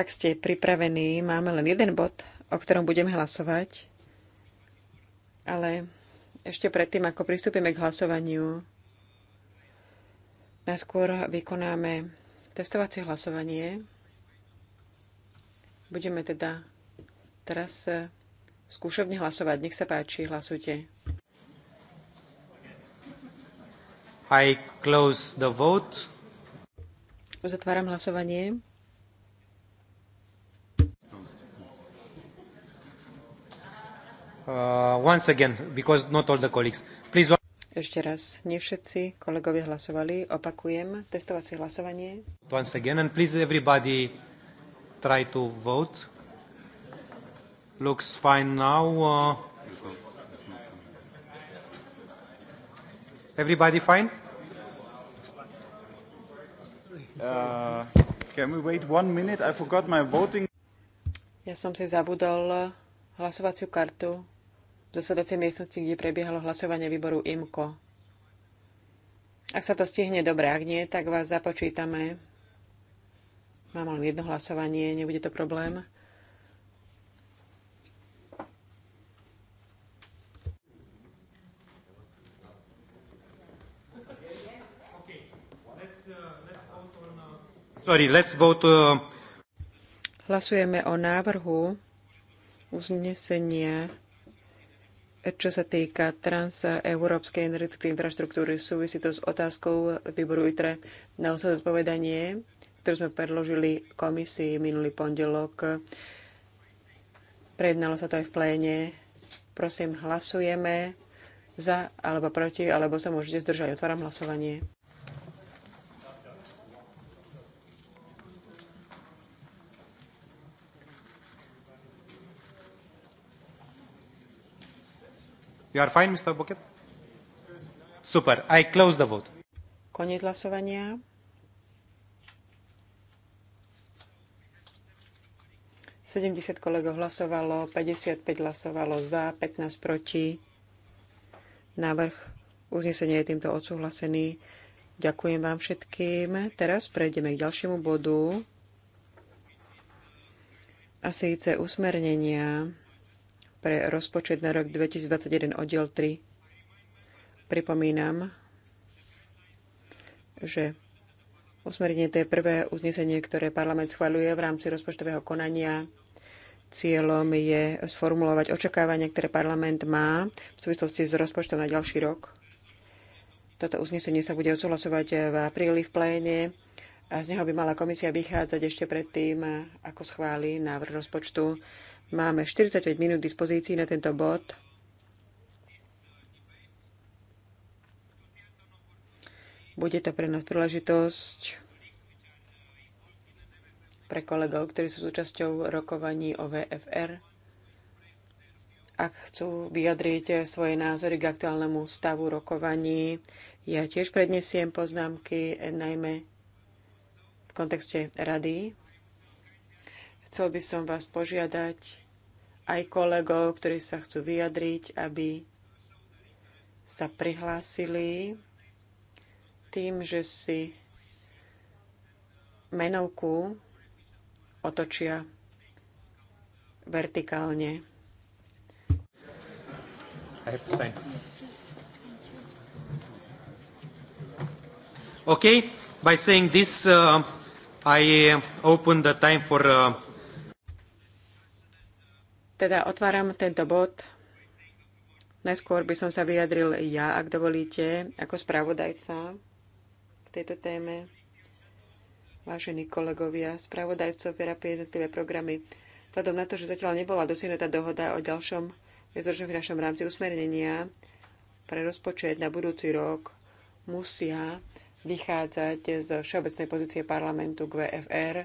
Ak ste pripravení, máme len jeden bod, o ktorom budeme hlasovať. Ale ešte predtým, ako pristúpime k hlasovaniu, najskôr vykonáme testovacie hlasovanie. Budeme teda teraz eh, skúšovne hlasovať. Nech sa páči, hlasujte. I close the vote. Uzatváram hlasovanie. uh, once again, because not all the colleagues. Please... Ešte raz, nie všetci kolegovia hlasovali. Opakujem, testovacie hlasovanie. Once again, and please everybody try to vote. Looks fine now. Uh, everybody fine? Uh, can we wait one minute? I forgot my voting. Ja som si zabudol hlasovaciu kartu zasadacej miestnosti, kde prebiehalo hlasovanie výboru IMKO. Ak sa to stihne, dobre, ak nie, tak vás započítame. Mám len jedno hlasovanie, nebude to problém. Sorry, let's vote, uh, Hlasujeme o návrhu uznesenia čo sa týka transeurópskej energetickej infraštruktúry, súvisí to s otázkou výboru ITRE na odpovedanie, ktoré sme predložili komisii minulý pondelok. Prejednalo sa to aj v pléne. Prosím, hlasujeme za alebo proti, alebo sa môžete zdržať. Otváram hlasovanie. You are fine, Mr. Bucket? Super. I close the vote. Koniec hlasovania. Sedemdesiat kolegov hlasovalo, 55 hlasovalo za, 15 proti. Návrh uznesenia je týmto odsúhlasený. Ďakujem vám všetkým. Teraz prejdeme k ďalšiemu bodu a síce usmernenia pre rozpočet na rok 2021 oddiel 3. Pripomínam, že usmernenie to je prvé uznesenie, ktoré parlament schvaľuje v rámci rozpočtového konania. Cieľom je sformulovať očakávania, ktoré parlament má v súvislosti s rozpočtom na ďalší rok. Toto uznesenie sa bude odsúhlasovať v apríli v pléne a z neho by mala komisia vychádzať ešte predtým, ako schváli návrh rozpočtu Máme 45 minút dispozícií na tento bod. Bude to pre nás príležitosť pre kolegov, ktorí sú súčasťou rokovaní o VFR. Ak chcú vyjadriť svoje názory k aktuálnemu stavu rokovaní, ja tiež prednesiem poznámky, najmä v kontexte rady Chcel by som vás požiadať, aj kolegov, ktorí sa chcú vyjadriť, aby sa prihlásili tým, že si menovku otočia vertikálne. I by saying this, uh, I open the time for uh, teda otváram tento bod. Najskôr by som sa vyjadril ja, ak dovolíte, ako spravodajca k tejto téme. Vážení kolegovia, spravodajcov terapie, jednotlivé programy, vzhľadom na to, že zatiaľ nebola dosiahnutá dohoda o ďalšom viacročnom finančnom rámci usmernenia pre rozpočet na budúci rok, musia vychádzať z všeobecnej pozície parlamentu k VFR,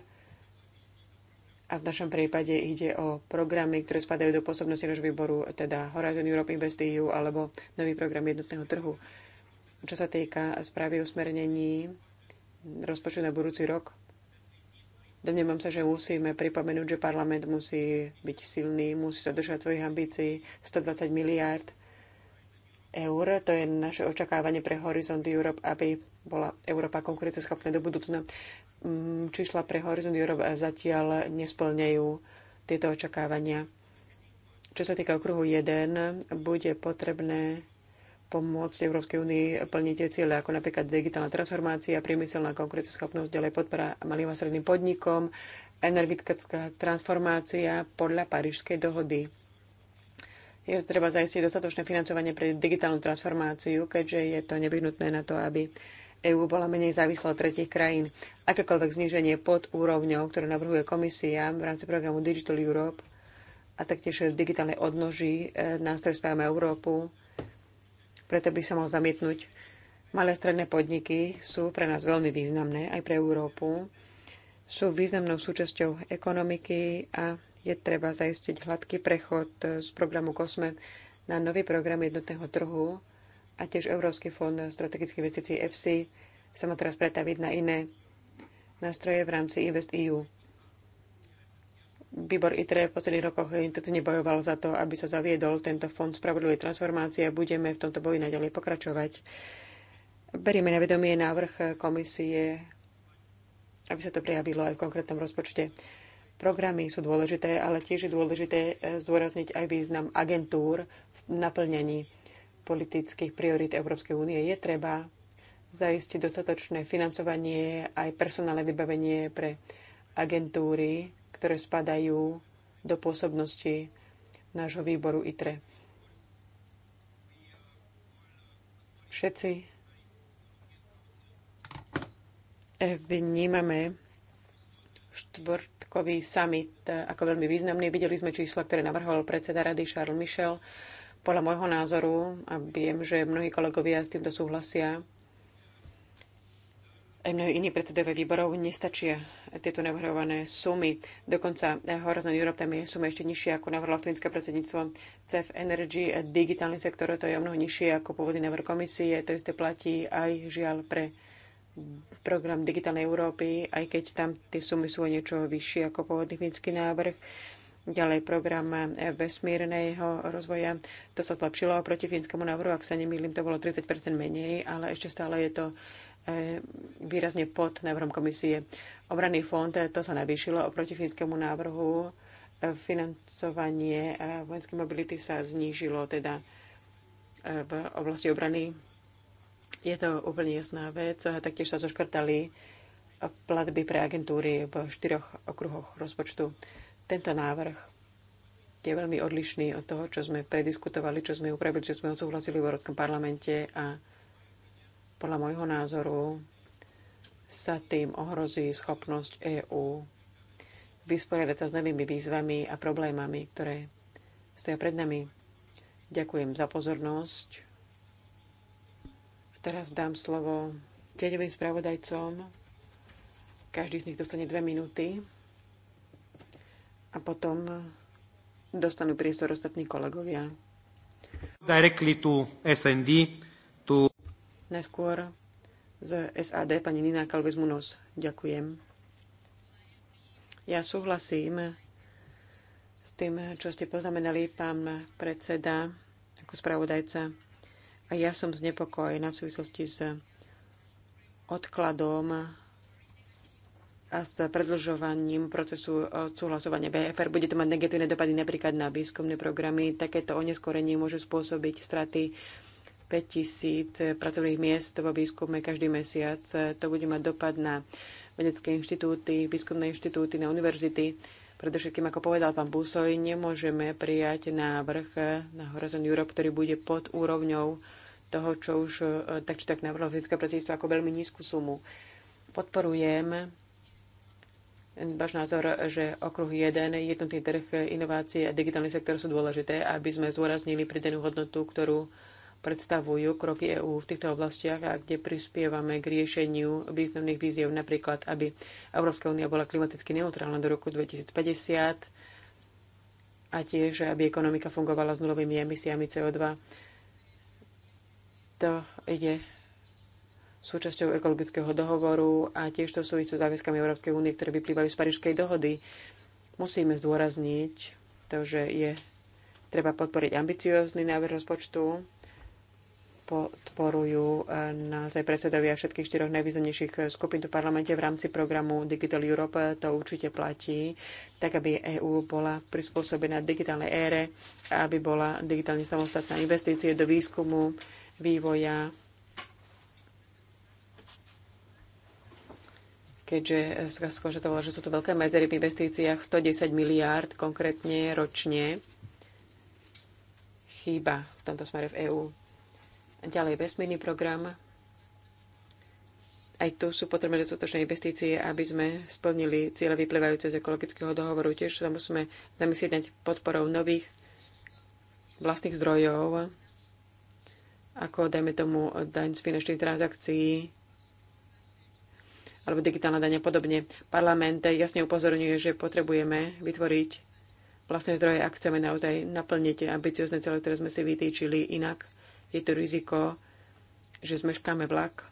a v našom prípade ide o programy, ktoré spadajú do pôsobnosti nášho výboru, teda Horizon Europe Invest EU alebo nový program jednotného trhu. Čo sa týka správy o smernení rozpočtu na budúci rok, domnievam sa, že musíme pripomenúť, že parlament musí byť silný, musí sa držať svojich ambícií. 120 miliárd eur. To je naše očakávanie pre Horizont Europe, aby bola Európa konkurenceschopná do budúcna. Mm, čísla pre Horizon Europe zatiaľ nesplňajú tieto očakávania. Čo sa týka okruhu 1, bude potrebné pomôcť Európskej únii plniť tie ciele, ako napríklad digitálna transformácia, priemyselná konkurenceschopnosť, ďalej podpora malým a stredným podnikom, energetická transformácia podľa Parížskej dohody. Je treba zaistiť dostatočné financovanie pre digitálnu transformáciu, keďže je to nevyhnutné na to, aby EÚ bola menej závislá od tretich krajín. Akékoľvek zníženie pod úrovňou, ktoré navrhuje komisia v rámci programu Digital Europe a taktiež v digitálnej odnoží e, nástroj Spájame Európu, preto by sa mal zamietnúť. Malé stredné podniky sú pre nás veľmi významné, aj pre Európu. Sú významnou súčasťou ekonomiky a je treba zaistiť hladký prechod e, z programu COSME na nový program jednotného trhu, a tiež Európsky fond strategických investícií FC sa má teraz pretaviť na iné nástroje v rámci Invest EU. Výbor ITRE v posledných rokoch intenzívne bojoval za to, aby sa zaviedol tento fond spravodlivej transformácie a budeme v tomto boji naďalej pokračovať. Berieme na vedomie návrh komisie, aby sa to prejavilo aj v konkrétnom rozpočte. Programy sú dôležité, ale tiež je dôležité eh, zdôrazniť aj význam agentúr v naplňaní politických priorít Európskej únie je treba zaistiť dostatočné financovanie aj personálne vybavenie pre agentúry, ktoré spadajú do pôsobnosti nášho výboru ITRE. Všetci vnímame štvrtkový summit ako veľmi významný. Videli sme čísla, ktoré navrhol predseda rady Charles Michel podľa môjho názoru, a viem, že mnohí kolegovia s týmto súhlasia, aj mnohí iní predsedové výborov nestačia tieto navrhované sumy. Dokonca Horizon Europe tam je suma ešte nižšia, ako navrhlo finské predsedníctvo CEF Energy. a Digitálny sektor to je o mnoho nižšie ako pôvodný návrh komisie. To isté platí aj žiaľ pre program Digitálnej Európy, aj keď tam tie sumy sú niečo vyššie ako pôvodný finský návrh. Ďalej program vesmírneho rozvoja. To sa zlepšilo proti fínskemu návrhu, ak sa nemýlim, to bolo 30 menej, ale ešte stále je to eh, výrazne pod návrhom komisie. Obranný fond, eh, to sa navýšilo oproti fínskemu návrhu. Eh, financovanie vojenskej mobility sa znížilo teda v oblasti obrany. Je to úplne jasná vec. Taktiež sa zoškrtali platby pre agentúry v štyroch okruhoch rozpočtu. Tento návrh je veľmi odlišný od toho, čo sme prediskutovali, čo sme upravili, čo sme odsúhlasili v Európskom parlamente a podľa môjho názoru sa tým ohrozí schopnosť EÚ vysporiadať sa s novými výzvami a problémami, ktoré stojí pred nami. Ďakujem za pozornosť. Teraz dám slovo tieňovým spravodajcom. Každý z nich dostane dve minúty a potom dostanú priestor ostatní kolegovia. Directly to SND, to... Najskôr z SAD, pani Nina Kalvez Munoz. Ďakujem. Ja súhlasím s tým, čo ste poznamenali, pán predseda, ako spravodajca. A ja som znepokojená v súvislosti s odkladom a s predlžovaním procesu súhlasovania BFR bude to mať negatívne dopady napríklad na výskumné programy. Takéto oneskorenie môže spôsobiť straty 5000 pracovných miest vo výskume každý mesiac. To bude mať dopad na vedecké inštitúty, výskumné inštitúty, na univerzity. Predovšetkým, ako povedal pán Busoj, nemôžeme prijať návrh na Horizon Europe, ktorý bude pod úrovňou toho, čo už eh, tak či tak navrhlo vedecké predsedníctvo ako veľmi nízku sumu. Podporujem váš názor, že okruh 1, jednotný trh, inovácie a digitálny sektor sú dôležité, aby sme zdôraznili pridanú hodnotu, ktorú predstavujú kroky EÚ v týchto oblastiach a kde prispievame k riešeniu významných víziev, napríklad, aby Európska únia bola klimaticky neutrálna do roku 2050 a tiež, aby ekonomika fungovala s nulovými emisiami CO2. To je súčasťou ekologického dohovoru a tiež to súvisí s záväzkami Európskej únie, ktoré vyplývajú z Parížskej dohody. Musíme zdôrazniť to, že je treba podporiť ambiciózny návrh rozpočtu, podporujú eh, naozaj predsedovia všetkých štyroch najvýznamnejších eh, skupín v parlamente v rámci programu Digital Europe. To určite platí, tak aby EÚ bola prispôsobená digitálnej ére, aby bola digitálne samostatná investície do výskumu, vývoja, keďže eh, skonštatovala, že sú tu veľké medzery v investíciách, 110 miliárd konkrétne ročne chýba v tomto smere v EÚ. Ďalej vesmírny program. Aj tu sú potrebné dostatočné investície, aby sme splnili ciele vyplývajúce z ekologického dohovoru. Tiež sa musíme zamyslieť nad podporou nových vlastných zdrojov, ako dajme tomu daň z finančných transakcií, alebo digitálna daň a podobne. Parlament jasne upozorňuje, že potrebujeme vytvoriť vlastné zdroje, ak chceme naozaj naplniť ambiciozne cele, ktoré sme si vytýčili. Inak je to riziko, že zmeškáme vlak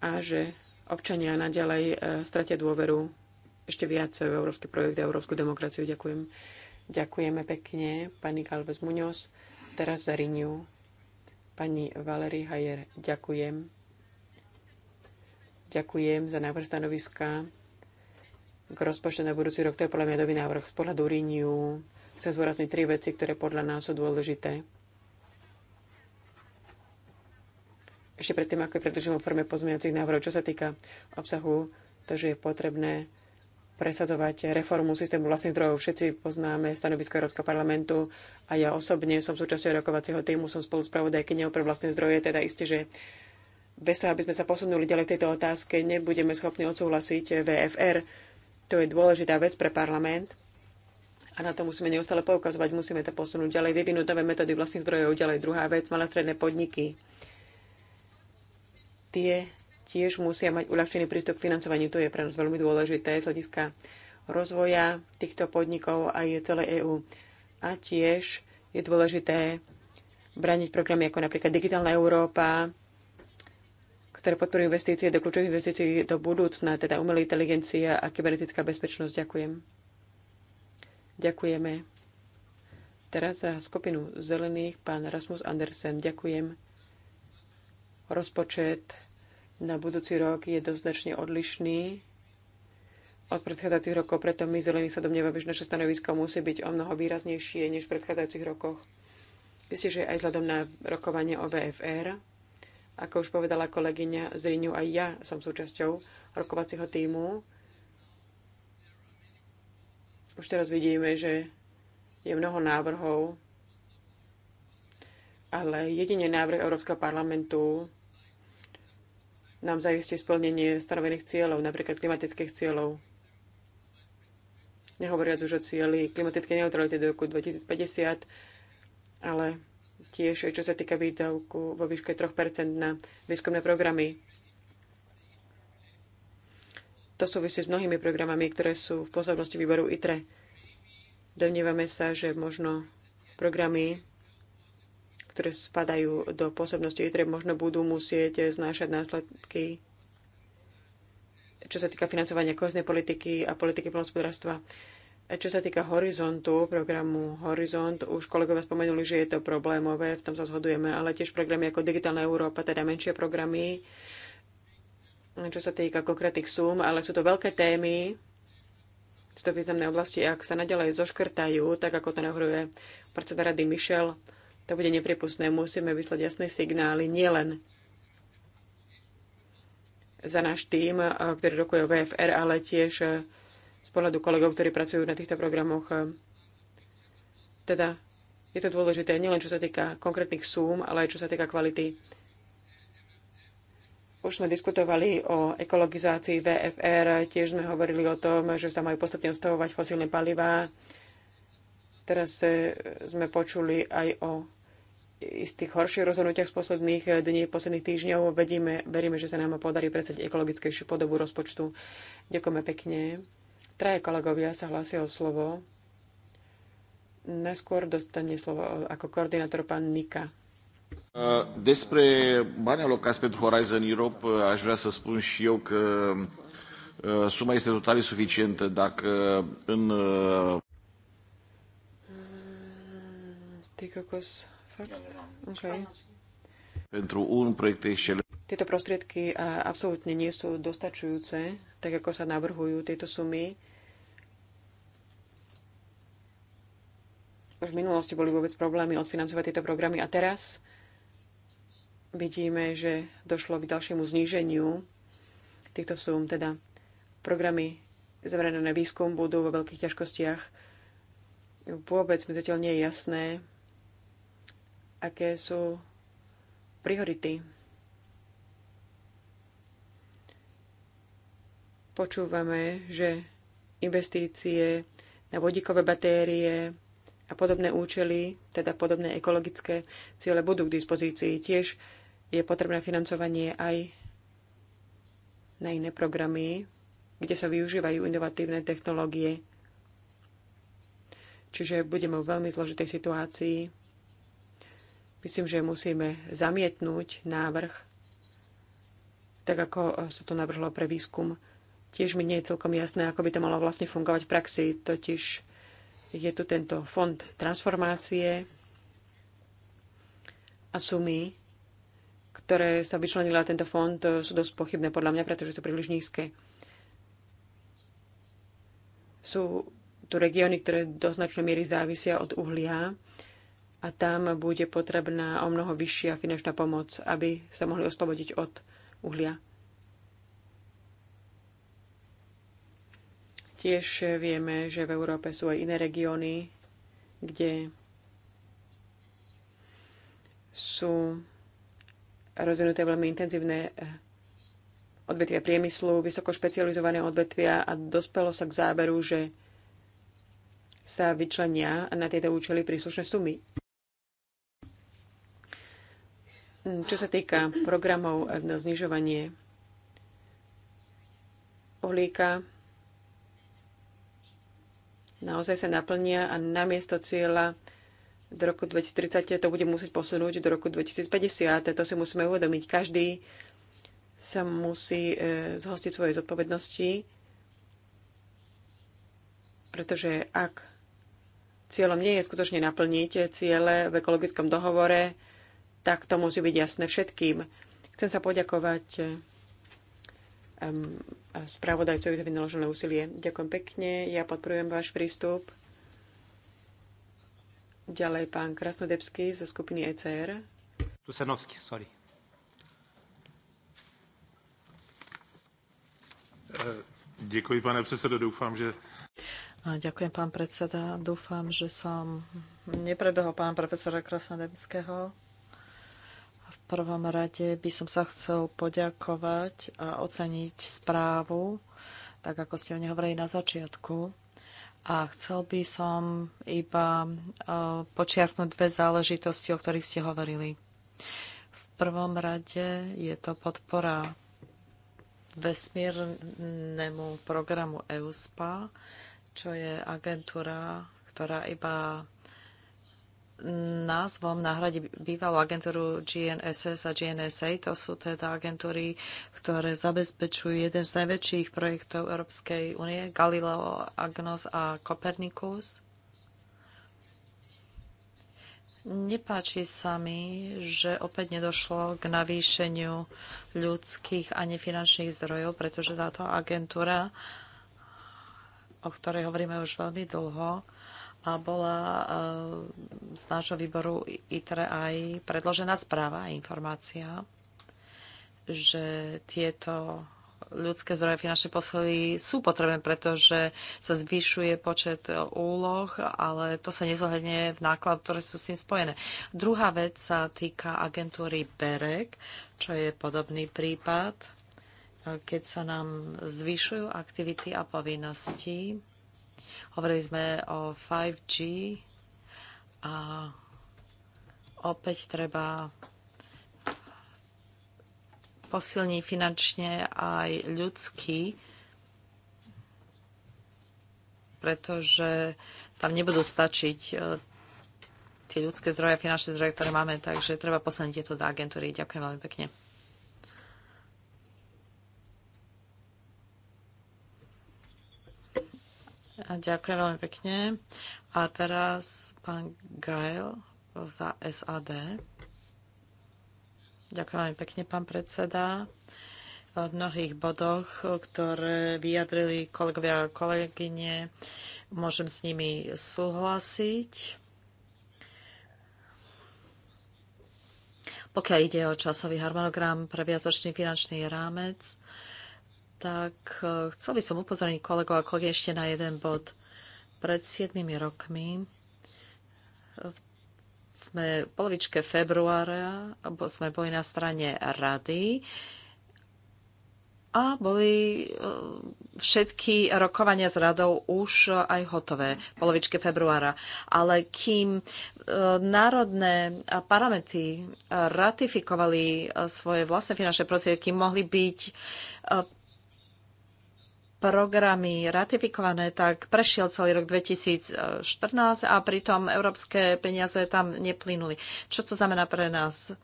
a že občania naďalej e, stratia dôveru ešte viac v európsky projekt a európsku demokraciu. Ďakujem. Ďakujeme pekne, pani Galvez Muñoz. Teraz za Riniu. Pani Valery Hajer, ďakujem. Ďakujem za návrh stanoviska k rozpočtu na budúci rok. To je podľa mňa nový návrh z pohľadu Riniu. Chcem zúrazniť tri veci, ktoré podľa nás sú dôležité. Ešte predtým, ako je predložím o forme pozmeňujúcich návrhov, čo sa týka obsahu, to, že je potrebné presadzovať reformu systému vlastných zdrojov. Všetci poznáme stanovisko Európskeho parlamentu a ja osobne som súčasťou rokovacieho týmu, som spolu spravodajkyňou pre vlastné zdroje, teda isté, že bez toho, aby sme sa posunuli ďalej k tejto otázke, nebudeme schopní odsúhlasiť VFR. To je dôležitá vec pre parlament. A na to musíme neustále poukazovať, musíme to posunúť ďalej, vyvinúť nové metódy vlastných zdrojov ďalej. Druhá vec, malé stredné podniky. Tie tiež musia mať uľahčený prístup k financovaniu. To je pre nás veľmi dôležité z hľadiska rozvoja týchto podnikov a je celé EÚ. A tiež je dôležité braniť programy ako napríklad Digitálna Európa, ktoré podporujú investície do kľúčových investícií do budúcna, teda umelá inteligencia a kybernetická bezpečnosť. Ďakujem. Ďakujeme. Teraz za skupinu zelených pán Rasmus Andersen. Ďakujem. Rozpočet na budúci rok je doznačne odlišný od predchádzajúcich rokov, preto my zelení sa domnievame, že naše stanovisko musí byť o mnoho výraznejšie než v predchádzajúcich rokoch. Myslím, že aj vzhľadom na rokovanie o VFR, ako už povedala kolegyňa z Ríňu, aj ja som súčasťou rokovacieho týmu. Už teraz vidíme, že je mnoho návrhov, ale jedine návrh Európskeho parlamentu nám zajistí splnenie stanovených cieľov, napríklad klimatických cieľov. Nehovoriac už o cieľi klimatickej neutrality do roku 2050, ale tiež čo sa týka výdavku vo výške 3% na výskumné programy. To súvisí s mnohými programami, ktoré sú v pozornosti výboru ITRE. Domnievame sa, že možno programy, ktoré spadajú do pôsobnosti ITRE, možno budú musieť znášať následky, čo sa týka financovania kohezné politiky a politiky plnospodárstva. Čo sa týka horizontu, programu Horizont, už kolegovia spomenuli, že je to problémové, v tom sa zhodujeme, ale tiež programy ako Digitálna Európa, teda menšie programy, čo sa týka konkrétnych súm, ale sú to veľké témy, sú to významné oblasti, ak sa nadalej zoškrtajú, tak ako to navrhuje predseda rady Michel, to bude nepripustné. Musíme vyslať jasné signály, nielen za náš tým, ktorý rokuje o VFR, ale tiež z pohľadu kolegov, ktorí pracujú na týchto programoch. Teda je to dôležité nielen čo sa týka konkrétnych súm, ale aj čo sa týka kvality. Už sme diskutovali o ekologizácii VFR, tiež sme hovorili o tom, že sa majú postupne odstavovať fosílne palivá. Teraz eh, sme počuli aj o istých horších rozhodnutiach z posledných dní, posledných týždňov. Vedíme, veríme, že sa nám podarí predsať ekologickejšiu podobu rozpočtu. Ďakujeme pekne. Traje kolegovia sa hlásia o slovo. Neskôr dostane slovo e, ako koordinátor pán Nika. Despre bani alocați pentru Horizon Europe, e, aș vrea să spun și eu că e, suma este total suficientă dacă în... Tikokos, fakt? Okay. Pentru un proiect excelent. Tieto prostriedky absolútne nie sú dostačujúce, tak ako sa navrhujú tieto sumy Už v minulosti boli vôbec problémy odfinancovať tieto programy a teraz vidíme, že došlo k ďalšiemu zníženiu týchto súm, teda programy zamerané na výskum budú vo veľkých ťažkostiach. Vôbec mi zatiaľ nie je jasné, aké sú priority. Počúvame, že investície na vodíkové batérie, a podobné účely, teda podobné ekologické ciele budú k dispozícii. Tiež je potrebné financovanie aj na iné programy, kde sa využívajú inovatívne technológie. Čiže budeme v veľmi zložitej situácii. Myslím, že musíme zamietnúť návrh, tak ako sa to navrhlo pre výskum. Tiež mi nie je celkom jasné, ako by to malo vlastne fungovať v praxi, totiž je tu tento fond transformácie a sumy, ktoré sa vyčlenila tento fond, sú dosť pochybné podľa mňa, pretože sú príliš nízke. Sú tu regióny, ktoré do značnej miery závisia od uhlia a tam bude potrebná o mnoho vyššia finančná pomoc, aby sa mohli oslobodiť od uhlia. Tiež vieme, že v Európe sú aj iné regióny, kde sú rozvinuté veľmi intenzívne eh, odvetvia priemyslu, vysoko špecializované odvetvia a dospelo sa k záberu, že sa vyčlenia na tieto účely príslušné sumy. Čo sa týka programov na znižovanie uhlíka, naozaj sa naplnia a namiesto cieľa do roku 2030 to bude musieť posunúť do roku 2050. To si musíme uvedomiť. Každý sa musí e, zhostiť svojej zodpovednosti, pretože ak cieľom nie je skutočne naplniť ciele v ekologickom dohovore, tak to musí byť jasné všetkým. Chcem sa poďakovať e, spravodajcovi za vynaložené úsilie. Ďakujem pekne, ja podporujem váš prístup. Ďalej pán Krasnodebský zo skupiny ECR. Tusanovský, sorry. Eh, ďakujem, pane predseda, dúfam, že... Ďakujem, pán predseda. Dúfam, že som neprebehol pán profesora Krasnodebského prvom rade by som sa chcel poďakovať a oceniť správu, tak ako ste o nej hovorili na začiatku. A chcel by som iba e, počiarknúť dve záležitosti, o ktorých ste hovorili. V prvom rade je to podpora vesmírnemu programu EUSPA, čo je agentúra, ktorá iba názvom nahradí bývalú agentúru GNSS a GNSA. To sú teda agentúry, ktoré zabezpečujú jeden z najväčších projektov Európskej únie, Galileo, Agnos a Copernicus. Nepáči sa mi, že opäť nedošlo k navýšeniu ľudských ani finančných zdrojov, pretože táto agentúra, o ktorej hovoríme už veľmi dlho, a bola eh, z nášho výboru ITRE aj predložená správa a informácia, že tieto ľudské zdroje finančné posledy sú potrebné, pretože sa zvyšuje počet úloh, ale to sa nezohľadne v náklad, ktoré sú s tým spojené. Druhá vec sa týka agentúry BEREK, čo je podobný prípad, keď sa nám zvyšujú aktivity a povinnosti Hovorili sme o 5G a opäť treba posilní finančne aj ľudský, pretože tam nebudú stačiť e, tie ľudské zdroje a finančné zdroje, ktoré máme, takže treba posilniť tieto dva agentúry. Ďakujem veľmi pekne. Ďakujem veľmi pekne. A teraz pán Gail za SAD. Ďakujem veľmi pekne, pán predseda. V mnohých bodoch, ktoré vyjadrili kolegovia a kolegyne, môžem s nimi súhlasiť. Pokiaľ ide o časový harmonogram pre viacročný finančný rámec, tak e, chcel by som upozorniť kolegov a kolegy ešte na jeden bod. Pred 7 rokmi e, sme v polovičke februára sme boli na strane rady a boli e, všetky rokovania s radou už aj hotové v polovičke februára. Ale kým národné parlamenty ratifikovali svoje vlastné finančné prostriedky, mohli byť programy ratifikované, tak prešiel celý rok 2014 a pritom európske peniaze tam neplynuli. Čo to znamená pre nás? E,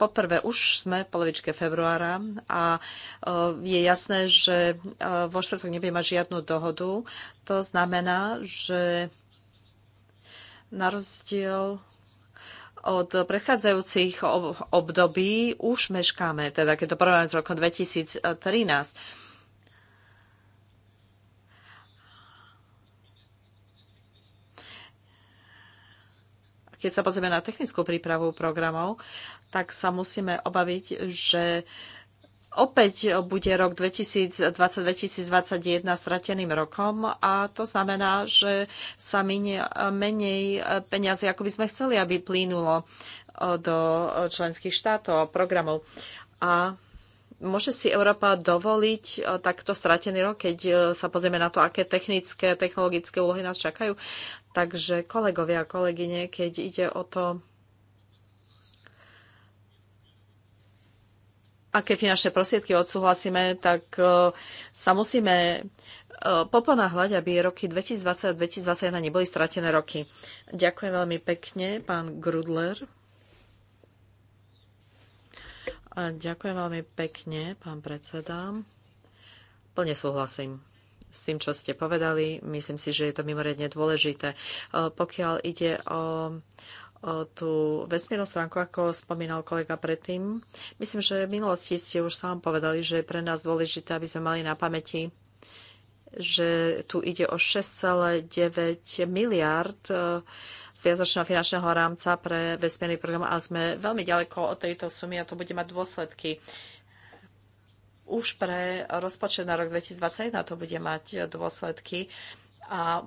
poprvé, už sme v polovičke februára a e, je jasné, že e, vo štvrtok nebude mať žiadnu dohodu. To znamená, že na rozdiel od predchádzajúcich období už meškáme, teda keď to porovnáme s rokom 2013 keď sa pozrieme na technickú prípravu programov, tak sa musíme obaviť, že opäť bude rok 2020-2021 strateným rokom a to znamená, že sa minie menej peniazy, ako by sme chceli, aby plínulo do členských štátov a programov. A Môže si Európa dovoliť e, takto stratený rok, keď e, sa pozrieme na to, aké technické, technologické úlohy nás čakajú? Takže kolegovia a kolegyne, keď ide o to, aké finančné prosiedky odsúhlasíme, tak e, sa musíme poponáhľať, aby roky 2020 a 2021 neboli stratené roky. Ďakujem veľmi pekne, pán Grudler ďakujem veľmi pekne, pán predseda. Plne súhlasím s tým, čo ste povedali. Myslím si, že je to mimoriadne dôležité. E, pokiaľ ide o, o tú vesmírnu stránku, ako spomínal kolega predtým, myslím, že v minulosti ste už sám povedali, že je pre nás dôležité, aby sme mali na pamäti že tu ide o 6,9 miliard e, z finančného rámca pre vesmierny program a sme veľmi ďaleko od tejto sumy a to bude mať dôsledky. Už pre rozpočet na rok 2021 to bude mať dôsledky a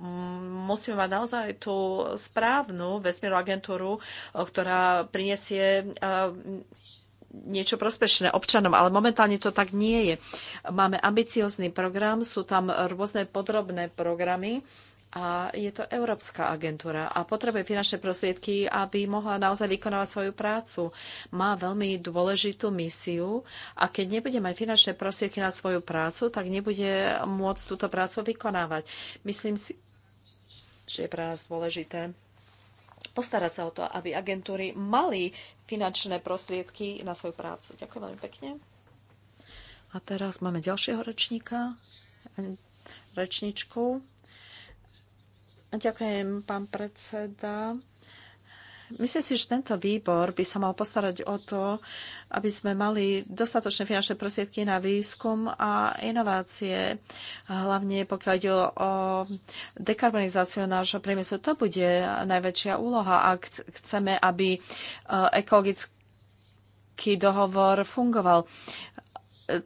musíme mať naozaj tú správnu vesmírnu agentúru, ktorá prinesie niečo prospešné občanom, ale momentálne to tak nie je. Máme ambiciózny program, sú tam rôzne podrobné programy, a je to Európska agentúra a potrebuje finančné prostriedky, aby mohla naozaj vykonávať svoju prácu. Má veľmi dôležitú misiu a keď nebude mať finančné prostriedky na svoju prácu, tak nebude môcť túto prácu vykonávať. Myslím si, že je pre nás dôležité postarať sa o to, aby agentúry mali finančné prostriedky na svoju prácu. Ďakujem veľmi pekne. A teraz máme ďalšieho rečníka, rečničku. Ďakujem, pán predseda. Myslím si, že tento výbor by sa mal postarať o to, aby sme mali dostatočné finančné prostriedky na výskum a inovácie, hlavne pokiaľ ide o dekarbonizáciu nášho priemyslu. To bude najväčšia úloha, ak chceme, aby e, ekologický dohovor fungoval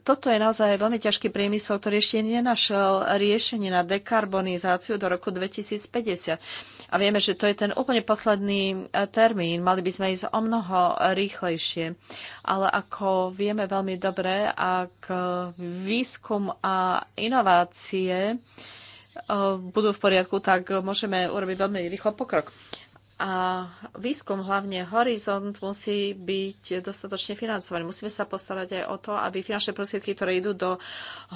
toto je naozaj veľmi ťažký priemysel, ktorý ešte nenašiel riešenie na dekarbonizáciu do roku 2050. A vieme, že to je ten úplne posledný e, termín. Mali by sme ísť o mnoho rýchlejšie. Ale ako vieme veľmi dobre, ak výskum a inovácie e, budú v poriadku, tak môžeme urobiť veľmi rýchlo pokrok. A výskum, hlavne Horizont, musí byť dostatočne financovaný. Musíme sa postarať aj o to, aby finančné prostriedky, ktoré idú do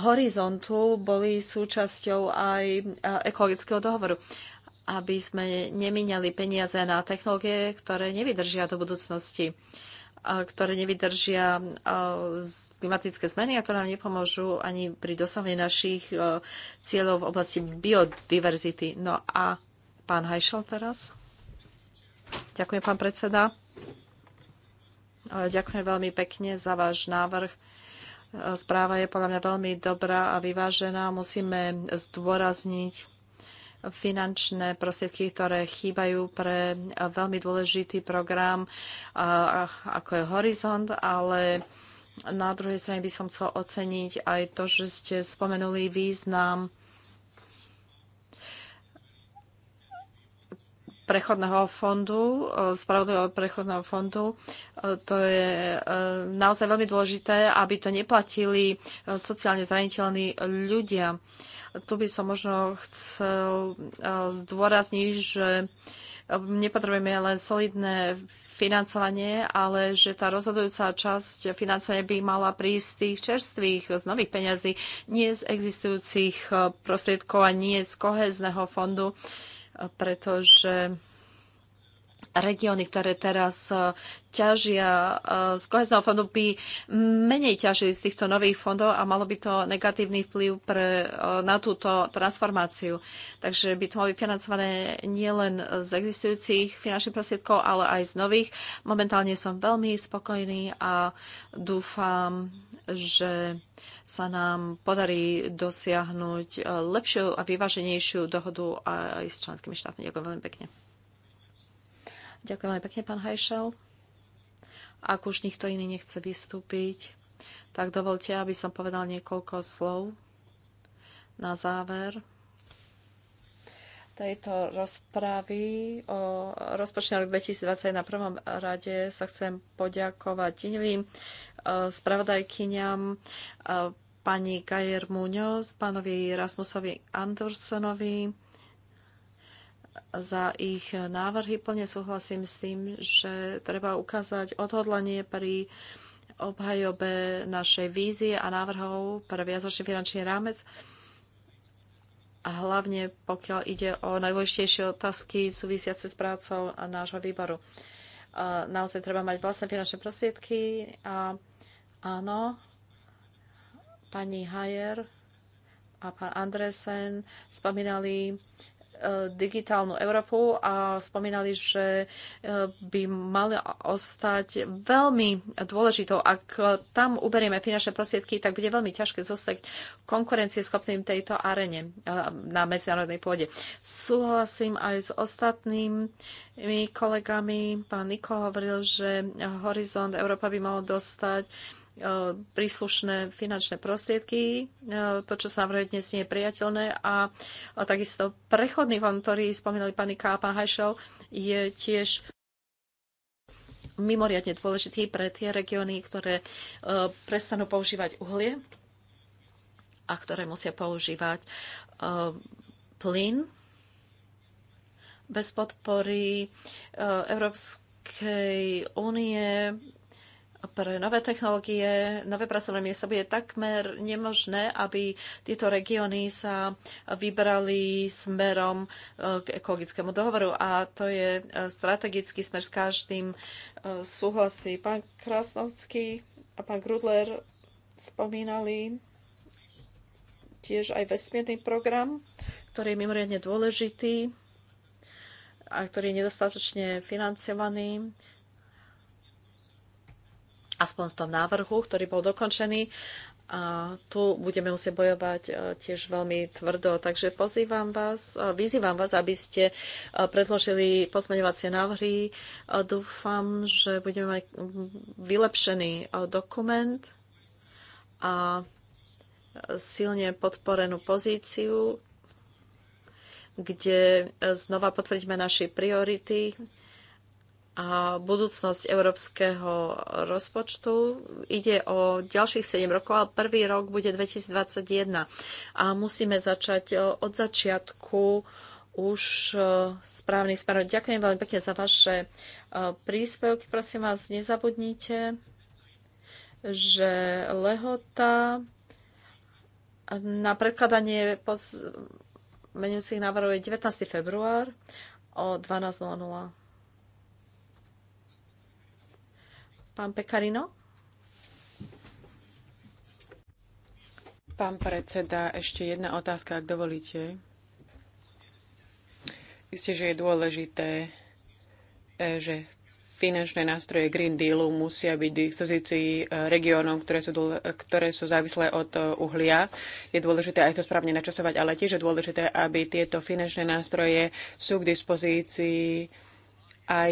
Horizontu, boli súčasťou aj ekologického dohovoru aby sme nemíňali peniaze na technológie, ktoré nevydržia do budúcnosti, ktoré nevydržia klimatické zmeny a ktoré nám nepomôžu ani pri dosahovaní našich e, cieľov v oblasti biodiverzity. No a pán Hajšel teraz? Ďakujem, pán predseda. Ďakujem veľmi pekne za váš návrh. Správa je podľa mňa veľmi dobrá a vyvážená. Musíme zdôrazniť finančné prostriedky, ktoré chýbajú pre veľmi dôležitý program, ako je Horizont, ale na druhej strane by som chcel oceniť aj to, že ste spomenuli význam prechodného fondu, e, spravodlivého prechodného fondu. E, to je e, naozaj veľmi dôležité, aby to neplatili sociálne zraniteľní ľudia. Tu by som možno chcel zdôrazniť, že nepotrebujeme len solidné financovanie, ale že tá rozhodujúca časť financovania by mala prísť z tých čerstvých, z nových peňazí, nie z existujúcich prostriedkov a nie z kohezného fondu pretože regióny, ktoré teraz e, ťažia e, z kohezného fondu, by menej ťažili z týchto nových fondov a malo by to negatívny vplyv pre, e, na túto transformáciu. Takže by to malo byť financované nielen z existujúcich finančných prostriedkov, ale aj z nových. Momentálne som veľmi spokojný a dúfam, že sa nám podarí dosiahnuť eh, lepšiu a vyváženejšiu dohodu aj s členskými štátmi. Ďakujem veľmi pekne. Ďakujem veľmi pekne, pán Hajšel. Ak už nikto iný nechce vystúpiť, tak dovolte, aby som povedal niekoľko slov na záver tejto rozpravy o rozpočne rok 2021 na prvom rade sa chcem poďakovať iným e, spravodajkyňam e, pani Gajer Muñoz, pánovi Rasmusovi Andersonovi za ich návrhy. Plne súhlasím s tým, že treba ukázať odhodlanie pri obhajobe našej vízie a návrhov pre viazočný finančný rámec a hlavne pokiaľ ide o najdôležitejšie otázky súvisiace s prácou a nášho výboru. Naozaj treba mať vlastné finančné prostriedky a áno, pani Hajer a pán Andresen spomínali Eh, digitálnu Európu a spomínali, že eh, by mali ostať veľmi dôležitou. Ak tam uberieme finančné prostriedky, tak bude veľmi ťažké zostať konkurencieschopným tejto arene eh, na medzinárodnej pôde. Súhlasím aj s ostatným kolegami. Pán Niko hovoril, že Horizont Európa by mal dostať príslušné finančné prostriedky. To, čo sa navrhuje dnes, nie je priateľné. A, a takisto prechodný fond, ktorý spomínali pani Ká a pán Hajšel, je tiež mimoriadne dôležitý pre tie regióny, ktoré prestanú používať uhlie a ktoré musia používať plyn. Bez podpory Európskej únie pre nové technológie, nové pracovné miesta bude takmer nemožné, aby tieto regióny sa vybrali smerom eh, k ekologickému dohovoru. A to je eh, strategický smer s každým eh, súhlasí. Pán Krasnovský a pán Grudler spomínali tiež aj vesmírny program, ktorý je mimoriadne dôležitý a ktorý je nedostatočne financovaný aspoň v tom návrhu, ktorý bol dokončený. A tu budeme musieť bojovať e, tiež veľmi tvrdo. Takže pozývam vás, e, vyzývam vás, aby ste e, predložili pozmeňovacie návrhy. Dúfam, že budeme mať vylepšený dokument a silne podporenú pozíciu, kde znova potvrdíme naše priority a budúcnosť európskeho rozpočtu. Ide o ďalších 7 rokov, ale prvý rok bude 2021. A musíme začať e, od začiatku už e, správny smer. Ďakujem veľmi pekne za vaše e, príspevky. Prosím vás, nezabudnite, že lehota na predkladanie menujúcich návrhov je 19. február o 12.00. Pán Pekarino? Pán predseda, ešte jedna otázka, ak dovolíte. Isté, že je dôležité, e, že finančné nástroje Green Dealu musia byť v dispozícii e, regiónov, ktoré sú, ktoré sú závislé od e, uhlia. Je dôležité aj to správne načasovať, ale tiež je dôležité, aby tieto finančné nástroje sú k dispozícii aj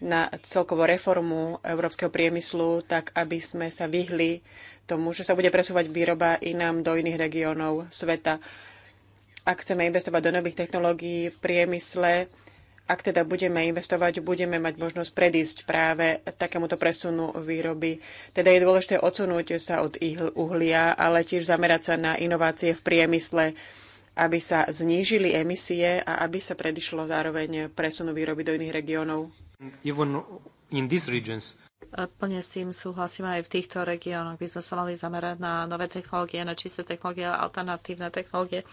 na celkovú reformu európskeho priemyslu, tak aby sme sa vyhli tomu, že sa bude presúvať výroba inám do iných regiónov sveta. Ak chceme investovať do nových technológií v priemysle, ak teda budeme investovať, budeme mať možnosť predísť práve takémuto presunu výroby. Teda je dôležité odsunúť sa od uhlia, ale tiež zamerať sa na inovácie v priemysle, aby sa znížili emisie a aby sa predišlo zároveň presunu výroby do iných regiónov. Plne s tým súhlasím aj v týchto regiónoch. By sme sa mali zamerať na nové technológie, na čisté technológie, alternatívne technológie.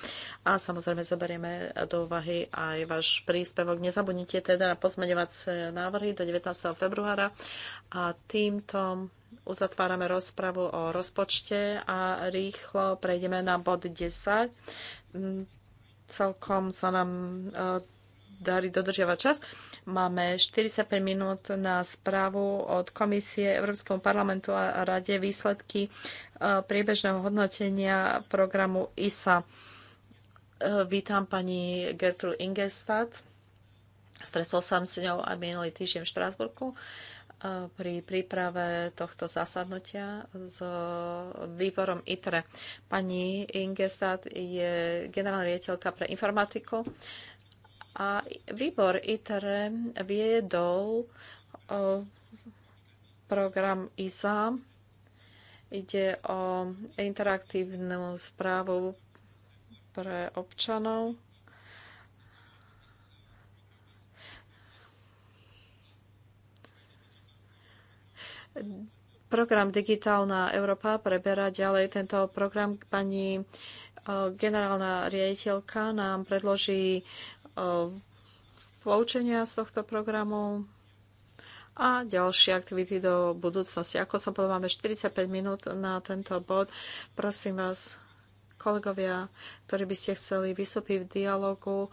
A samozrejme zoberieme do úvahy aj váš príspevok. Nezabudnite teda na pozmeňovacie návrhy do 19. februára. A týmto uzatvárame rozpravu o rozpočte a rýchlo prejdeme na bod 10. Mm, celkom sa nám e, darí dodržiavať čas. Máme 45 minút na správu od Komisie Európskeho parlamentu a Rade výsledky e, priebežného hodnotenia programu ISA. E, vítam pani Gertrude Ingestad. Stretol som s ňou aj minulý týždeň v Štrásburku e, pri príprave tohto zasadnutia s výborom ITRE. Pani Ingestad je generálna riaditeľka pre informatiku a výbor ITRE viedol program ISA. Ide o interaktívnu správu pre občanov. Program Digitálna Európa preberá ďalej tento program. Pani generálna riaditeľka nám predloží E, poučenia z tohto programu a ďalšie aktivity do budúcnosti. Ako som povedala, máme 45 minút na tento bod. Prosím vás, kolegovia, ktorí by ste chceli vystúpiť v dialogu,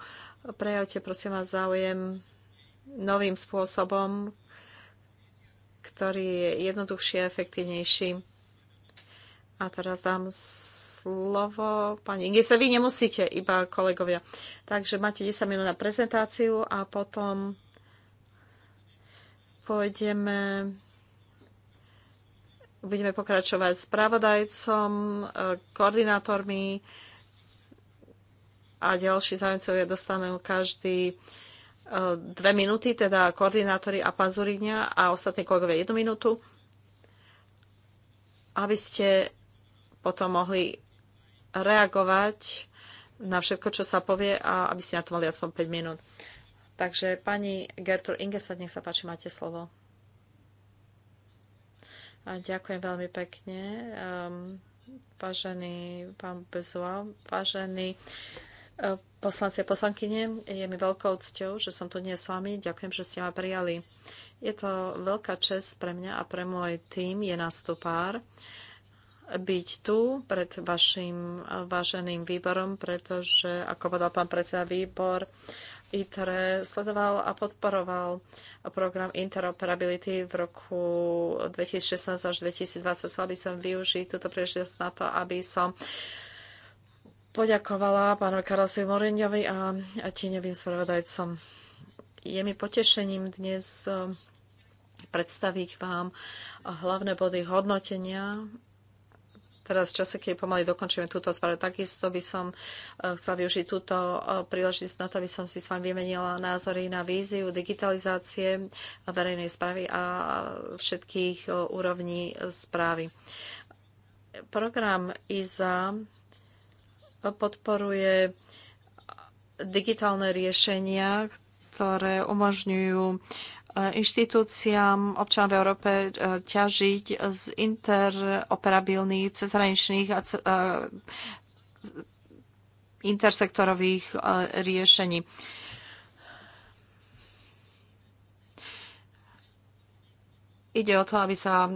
prejavte prosím vás záujem novým spôsobom, ktorý je jednoduchší a efektívnejší. A teraz dám slovo pani Inge, sa vy nemusíte, iba kolegovia. Takže máte 10 minút na prezentáciu a potom pôjdeme budeme pokračovať s pravodajcom, koordinátormi a ďalší zájemcovia dostanú každý e, dve minúty, teda koordinátori a pán Zuriňa a ostatní kolegovia jednu minútu, aby ste potom mohli reagovať na všetko, čo sa povie a aby ste na to mali aspoň 5 minút. Takže pani Gertrude Ingesad, nech sa páči, máte slovo. A ďakujem veľmi pekne. Um, vážený pán Bezua, vážený uh, poslanci a poslankyne, je mi veľkou cťou, že som tu dnes s vami. Ďakujem, že ste ma prijali. Je to veľká čest pre mňa a pre môj tým, je nás tu pár. Uh, byť tu pred vašim váženým výborom, pretože, ako povedal pán predseda, výbor ITRE sledoval a podporoval program interoperability v roku 2016 až 2020. Chcel by som využiť túto príležitosť na to, aby som poďakovala pánovi Karlosovi Moriňovi a tieňovým spravodajcom. Je mi potešením dnes eh, predstaviť vám hlavné body hodnotenia teraz v čase, keď pomaly dokončíme túto správu, takisto by som e, chcela využiť túto e, príležitosť na to, aby som si s vami vymenila názory na víziu digitalizácie verejnej správy a všetkých e, úrovní správy. Program IZA podporuje digitálne riešenia, ktoré umožňujú uh, inštitúciám občanov v Európe e, ťažiť z interoperabilných, cezhraničných a e, intersektorových e, riešení. Ide o to, aby sa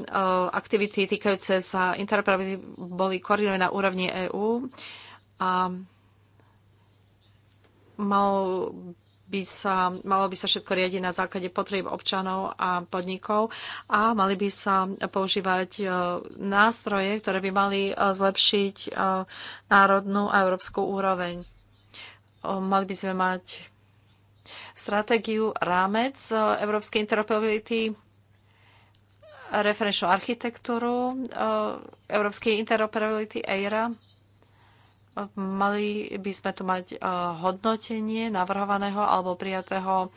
aktivity týkajúce sa interoperability boli koordinované na úrovni EÚ a mal by sa, malo by sa všetko riadiť na základe potrieb občanov a podnikov a mali by sa používať e, nástroje, ktoré by mali e, zlepšiť e, národnú a európsku úroveň. Mali by sme mať stratégiu, rámec európskej interoperability, referenčnú architektúru európskej interoperability EIRA, Mali by sme tu mať e, hodnotenie navrhovaného alebo prijatého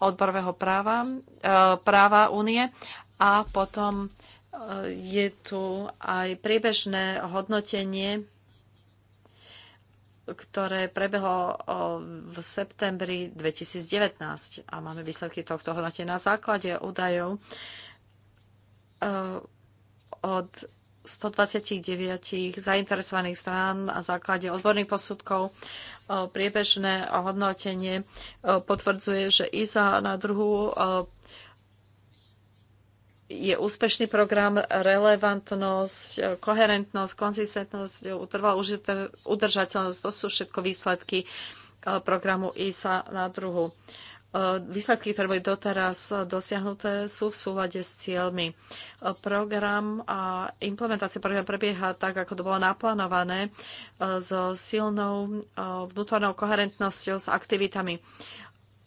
odborového práva, e, práva únie a potom e, je tu aj priebežné hodnotenie, ktoré prebehlo v septembri 2019 a máme výsledky tohto hodnotenia na základe údajov od 129 zainteresovaných strán na základe odborných posudkov priebežné hodnotenie potvrdzuje, že ISA na druhu je úspešný program, relevantnosť, koherentnosť, konzistentnosť, utrvalú udržateľnosť, to sú všetko výsledky programu ISA na druhu. E, výsledky, ktoré boli doteraz dosiahnuté, sú v súlade s cieľmi. E, program a implementácia programu prebieha tak, ako to bolo naplánované, e, so silnou vnútornou koherentnosťou s aktivitami.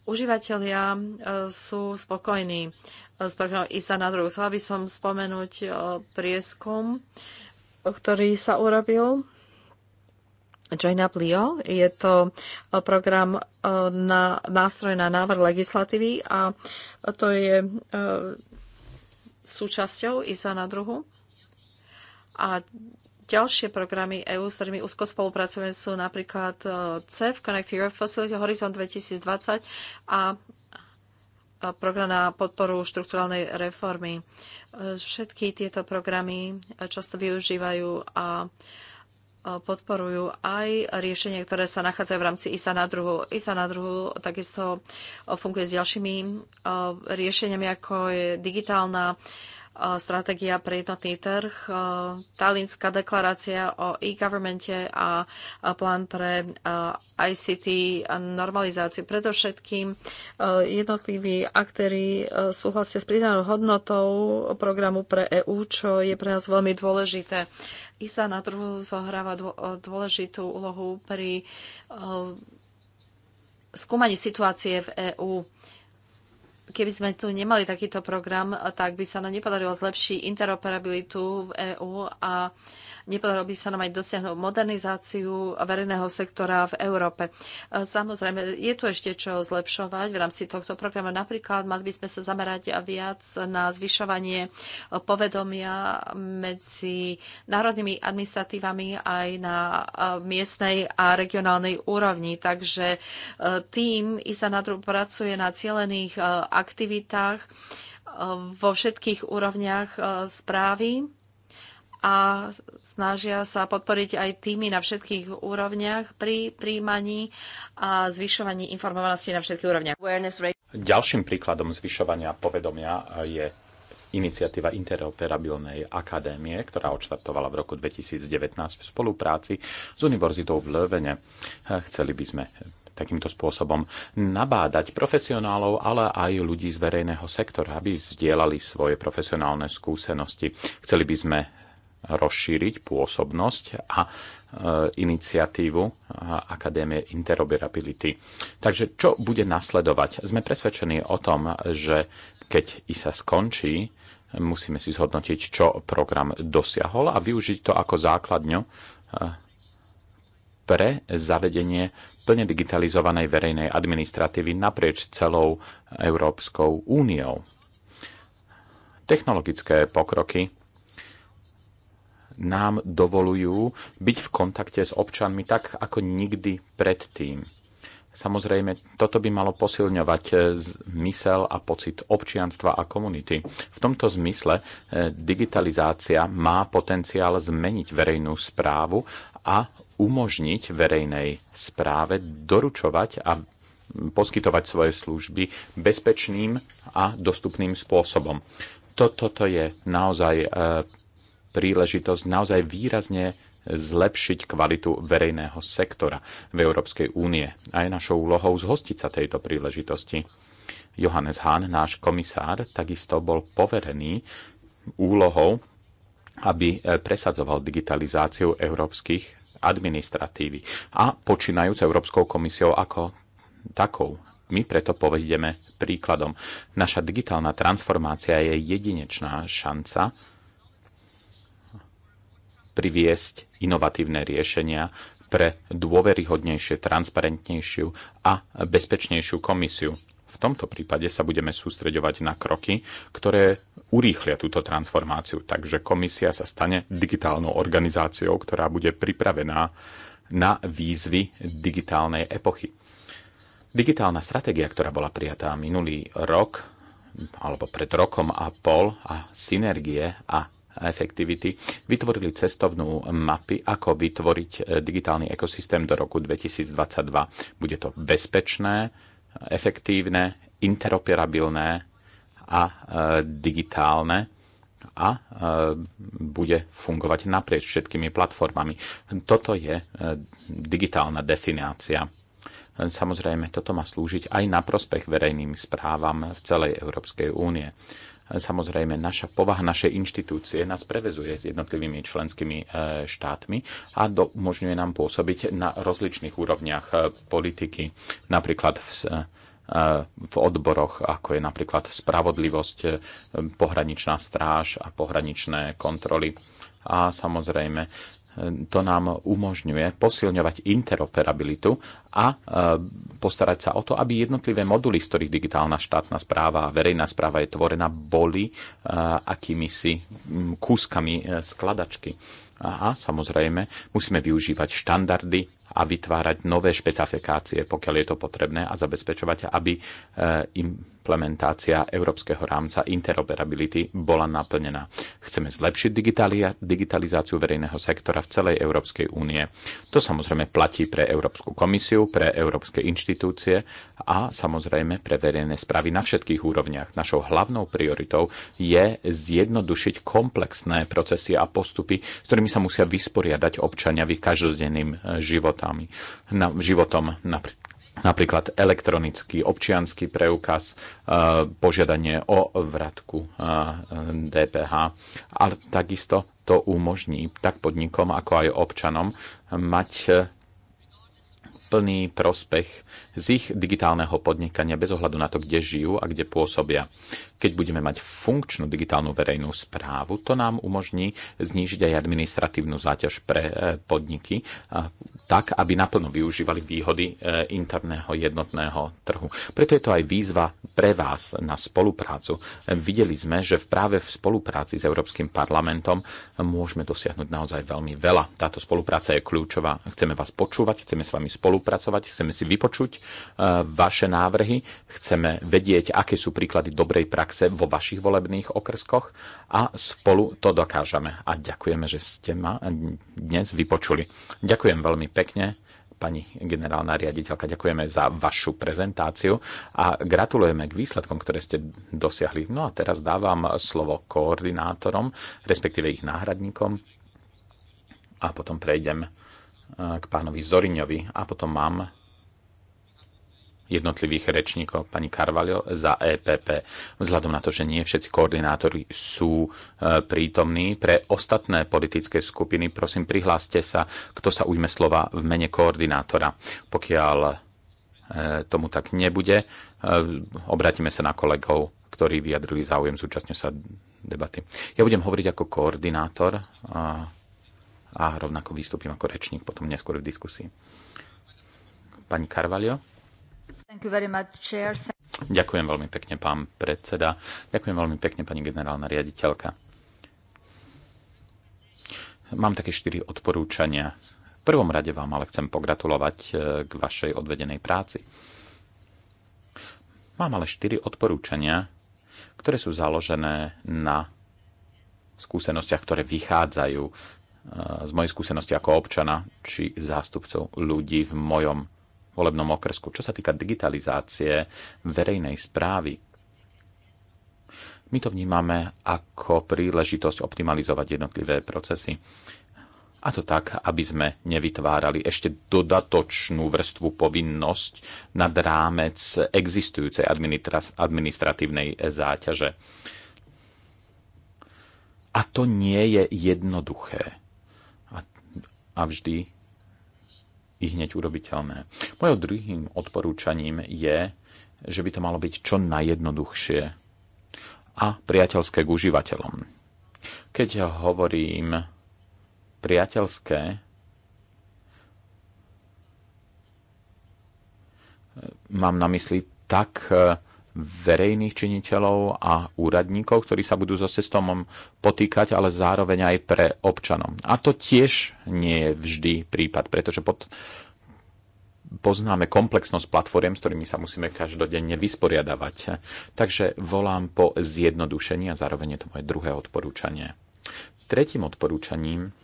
Užívateľia sú spokojní s programom ISA na druhú. Chcela by som spomenúť prieskum, ktorý sa urobil Join Up Leo. Je to e, program e, na nástroj na návrh legislatívy a to je e, súčasťou ISA na druhu. A ďalšie programy EÚ, s ktorými úzko spolupracujeme, sú napríklad CEF, Connect Europe Facility, Horizon 2020 a program na podporu štruktúralnej reformy. Všetky tieto programy často využívajú a podporujú aj riešenia, ktoré sa nachádzajú v rámci ISA na druhu. ISA na druhu takisto e, funguje s ďalšími e, riešeniami, ako je digitálna e, stratégia pre jednotný trh, Talinská deklarácia o e-governmente a plán pre ICT a normalizáciu. Predovšetkým jednotliví aktéry súhlasia s pridanou hodnotou programu pre EÚ, čo je pre nás veľmi dôležité. ISA na trhu zohráva e, dôležitú úlohu pri e, skúmaní situácie v EÚ. Keby sme tu nemali takýto program, tak by sa nám nepodarilo zlepšiť interoperabilitu v EÚ a Nepodarilo by sa nám aj dosiahnuť modernizáciu verejného sektora v Európe. Samozrejme, je tu ešte čo zlepšovať v rámci tohto programu. Napríklad mali by sme sa zamerať viac na zvyšovanie povedomia medzi národnými administratívami aj na miestnej a regionálnej úrovni. Takže e, tým ISA na pracuje na cielených e, aktivitách e, vo všetkých úrovniach správy a snažia sa podporiť aj týmy na všetkých úrovniach pri príjmaní a zvyšovaní informovanosti na všetkých úrovniach. Ďalším príkladom zvyšovania povedomia je iniciatíva Interoperabilnej akadémie, ktorá odštartovala v roku 2019 v spolupráci s Univerzitou v Lövene. Chceli by sme takýmto spôsobom nabádať profesionálov, ale aj ľudí z verejného sektora, aby vzdielali svoje profesionálne skúsenosti. Chceli by sme rozšíriť pôsobnosť a e, iniciatívu Akadémie Interoperability. Takže čo bude nasledovať? Sme presvedčení o tom, že keď ISA skončí, musíme si zhodnotiť, čo program dosiahol a využiť to ako základňu e, pre zavedenie plne digitalizovanej verejnej administratívy naprieč celou Európskou úniou. Technologické pokroky nám dovolujú byť v kontakte s občanmi tak, ako nikdy predtým. Samozrejme, toto by malo posilňovať eh, mysel a pocit občianstva a komunity. V tomto zmysle eh, digitalizácia má potenciál zmeniť verejnú správu a umožniť verejnej správe doručovať a poskytovať svoje služby bezpečným a dostupným spôsobom. Toto to je naozaj eh, príležitosť naozaj výrazne zlepšiť kvalitu verejného sektora v Európskej únie. A je našou úlohou zhostiť sa tejto príležitosti. Johannes Hahn, náš komisár, takisto bol poverený úlohou, aby presadzoval digitalizáciu európskych administratívy a počínajúc Európskou komisiou ako takou. My preto povedieme príkladom. Naša digitálna transformácia je jedinečná šanca priviesť inovatívne riešenia pre dôveryhodnejšie, transparentnejšiu a bezpečnejšiu komisiu. V tomto prípade sa budeme sústreďovať na kroky, ktoré urýchlia túto transformáciu, takže komisia sa stane digitálnou organizáciou, ktorá bude pripravená na výzvy digitálnej epochy. Digitálna stratégia, ktorá bola prijatá minulý rok, alebo pred rokom a pol a synergie a efektivity, vytvorili cestovnú mapy, ako vytvoriť e, digitálny ekosystém do roku 2022. Bude to bezpečné, efektívne, interoperabilné a e, digitálne a e, bude fungovať naprieč všetkými platformami. Toto je digitálna definícia. Samozrejme, toto má slúžiť aj na prospech verejným správam v celej Európskej únie. Samozrejme, naša povaha naše inštitúcie nás prevezuje s jednotlivými členskými e, štátmi a umožňuje nám pôsobiť na rozličných úrovniach e, politiky, napríklad v, e, v odboroch, ako je napríklad spravodlivosť, pohraničná stráž a pohraničné kontroly. A samozrejme to nám umožňuje posilňovať interoperabilitu a e, postarať sa o to, aby jednotlivé moduly, z ktorých digitálna štátna správa a verejná správa je tvorená, boli e, akýmisi kúskami e, skladačky. A samozrejme, musíme využívať štandardy a vytvárať nové špecifikácie, pokiaľ je to potrebné a zabezpečovať, aby im implementácia Európskeho rámca interoperability bola naplnená. Chceme zlepšiť digitalizáciu verejného sektora v celej Európskej únie. To samozrejme platí pre Európsku komisiu, pre európske inštitúcie a samozrejme pre verejné správy na všetkých úrovniach. Našou hlavnou prioritou je zjednodušiť komplexné procesy a postupy, s ktorými sa musia vysporiadať občania v ich každodenným životami. Na, životom napríklad napríklad elektronický občianský preukaz, e, požiadanie o vratku e, DPH. A takisto to umožní tak podnikom, ako aj občanom mať plný prospech z ich digitálneho podnikania bez ohľadu na to, kde žijú a kde pôsobia. Keď budeme mať funkčnú digitálnu verejnú správu, to nám umožní znížiť aj administratívnu záťaž pre e, podniky, e, tak, aby naplno využívali výhody e, interného jednotného trhu. Preto je to aj výzva pre vás na spoluprácu. Videli sme, že práve v spolupráci s Európskym parlamentom môžeme dosiahnuť naozaj veľmi veľa. Táto spolupráca je kľúčová. Chceme vás počúvať, chceme s vami spolupracovať, chceme si vypočuť vaše návrhy, chceme vedieť, aké sú príklady dobrej praxe praxe vo vašich volebných okrskoch a spolu to dokážeme. A ďakujeme, že ste ma dnes vypočuli. Ďakujem veľmi pekne pani generálna riaditeľka, ďakujeme za vašu prezentáciu a gratulujeme k výsledkom, ktoré ste dosiahli. No a teraz dávam slovo koordinátorom, respektíve ich náhradníkom a potom prejdem eh, k pánovi Zoriňovi a potom mám jednotlivých rečníkov, pani Carvalho za EPP. Vzhľadom na to, že nie všetci koordinátori sú e, prítomní, pre ostatné politické skupiny prosím prihláste sa, kto sa ujme slova v mene koordinátora. Pokiaľ e, tomu tak nebude, e, obratíme sa na kolegov, ktorí vyjadrili záujem, zúčastňujú sa debaty. Ja budem hovoriť ako koordinátor a, a rovnako vystúpim ako rečník potom neskôr v diskusii. Pani Carvalho? Ďakujem veľmi pekne, pán predseda. Ďakujem veľmi pekne, pani generálna riaditeľka. Mám také štyri odporúčania. V prvom rade vám ale chcem pogratulovať e, k vašej odvedenej práci. Mám ale štyri odporúčania, ktoré sú založené na skúsenostiach, ktoré vychádzajú e, z mojej skúsenosti ako občana či zástupcov ľudí v mojom volebnom okresku. Čo sa týka digitalizácie verejnej správy, my to vnímame ako príležitosť optimalizovať jednotlivé procesy. A to tak, aby sme nevytvárali ešte dodatočnú vrstvu povinnosť nad rámec existujúcej administratívnej záťaže. A to nie je jednoduché. A, a vždy i hneď urobiteľné. Mojou druhým odporúčaním je, že by to malo byť čo najjednoduchšie a priateľské k užívateľom. Keď hovorím priateľské, mám na mysli tak verejných činiteľov a úradníkov, ktorí sa budú so systémom potýkať, ale zároveň aj pre občanov. A to tiež nie je vždy prípad, pretože pod, poznáme komplexnosť platform, s ktorými sa musíme každodenne vysporiadavať. Takže volám po zjednodušení a zároveň je to moje druhé odporúčanie. Tretím odporúčaním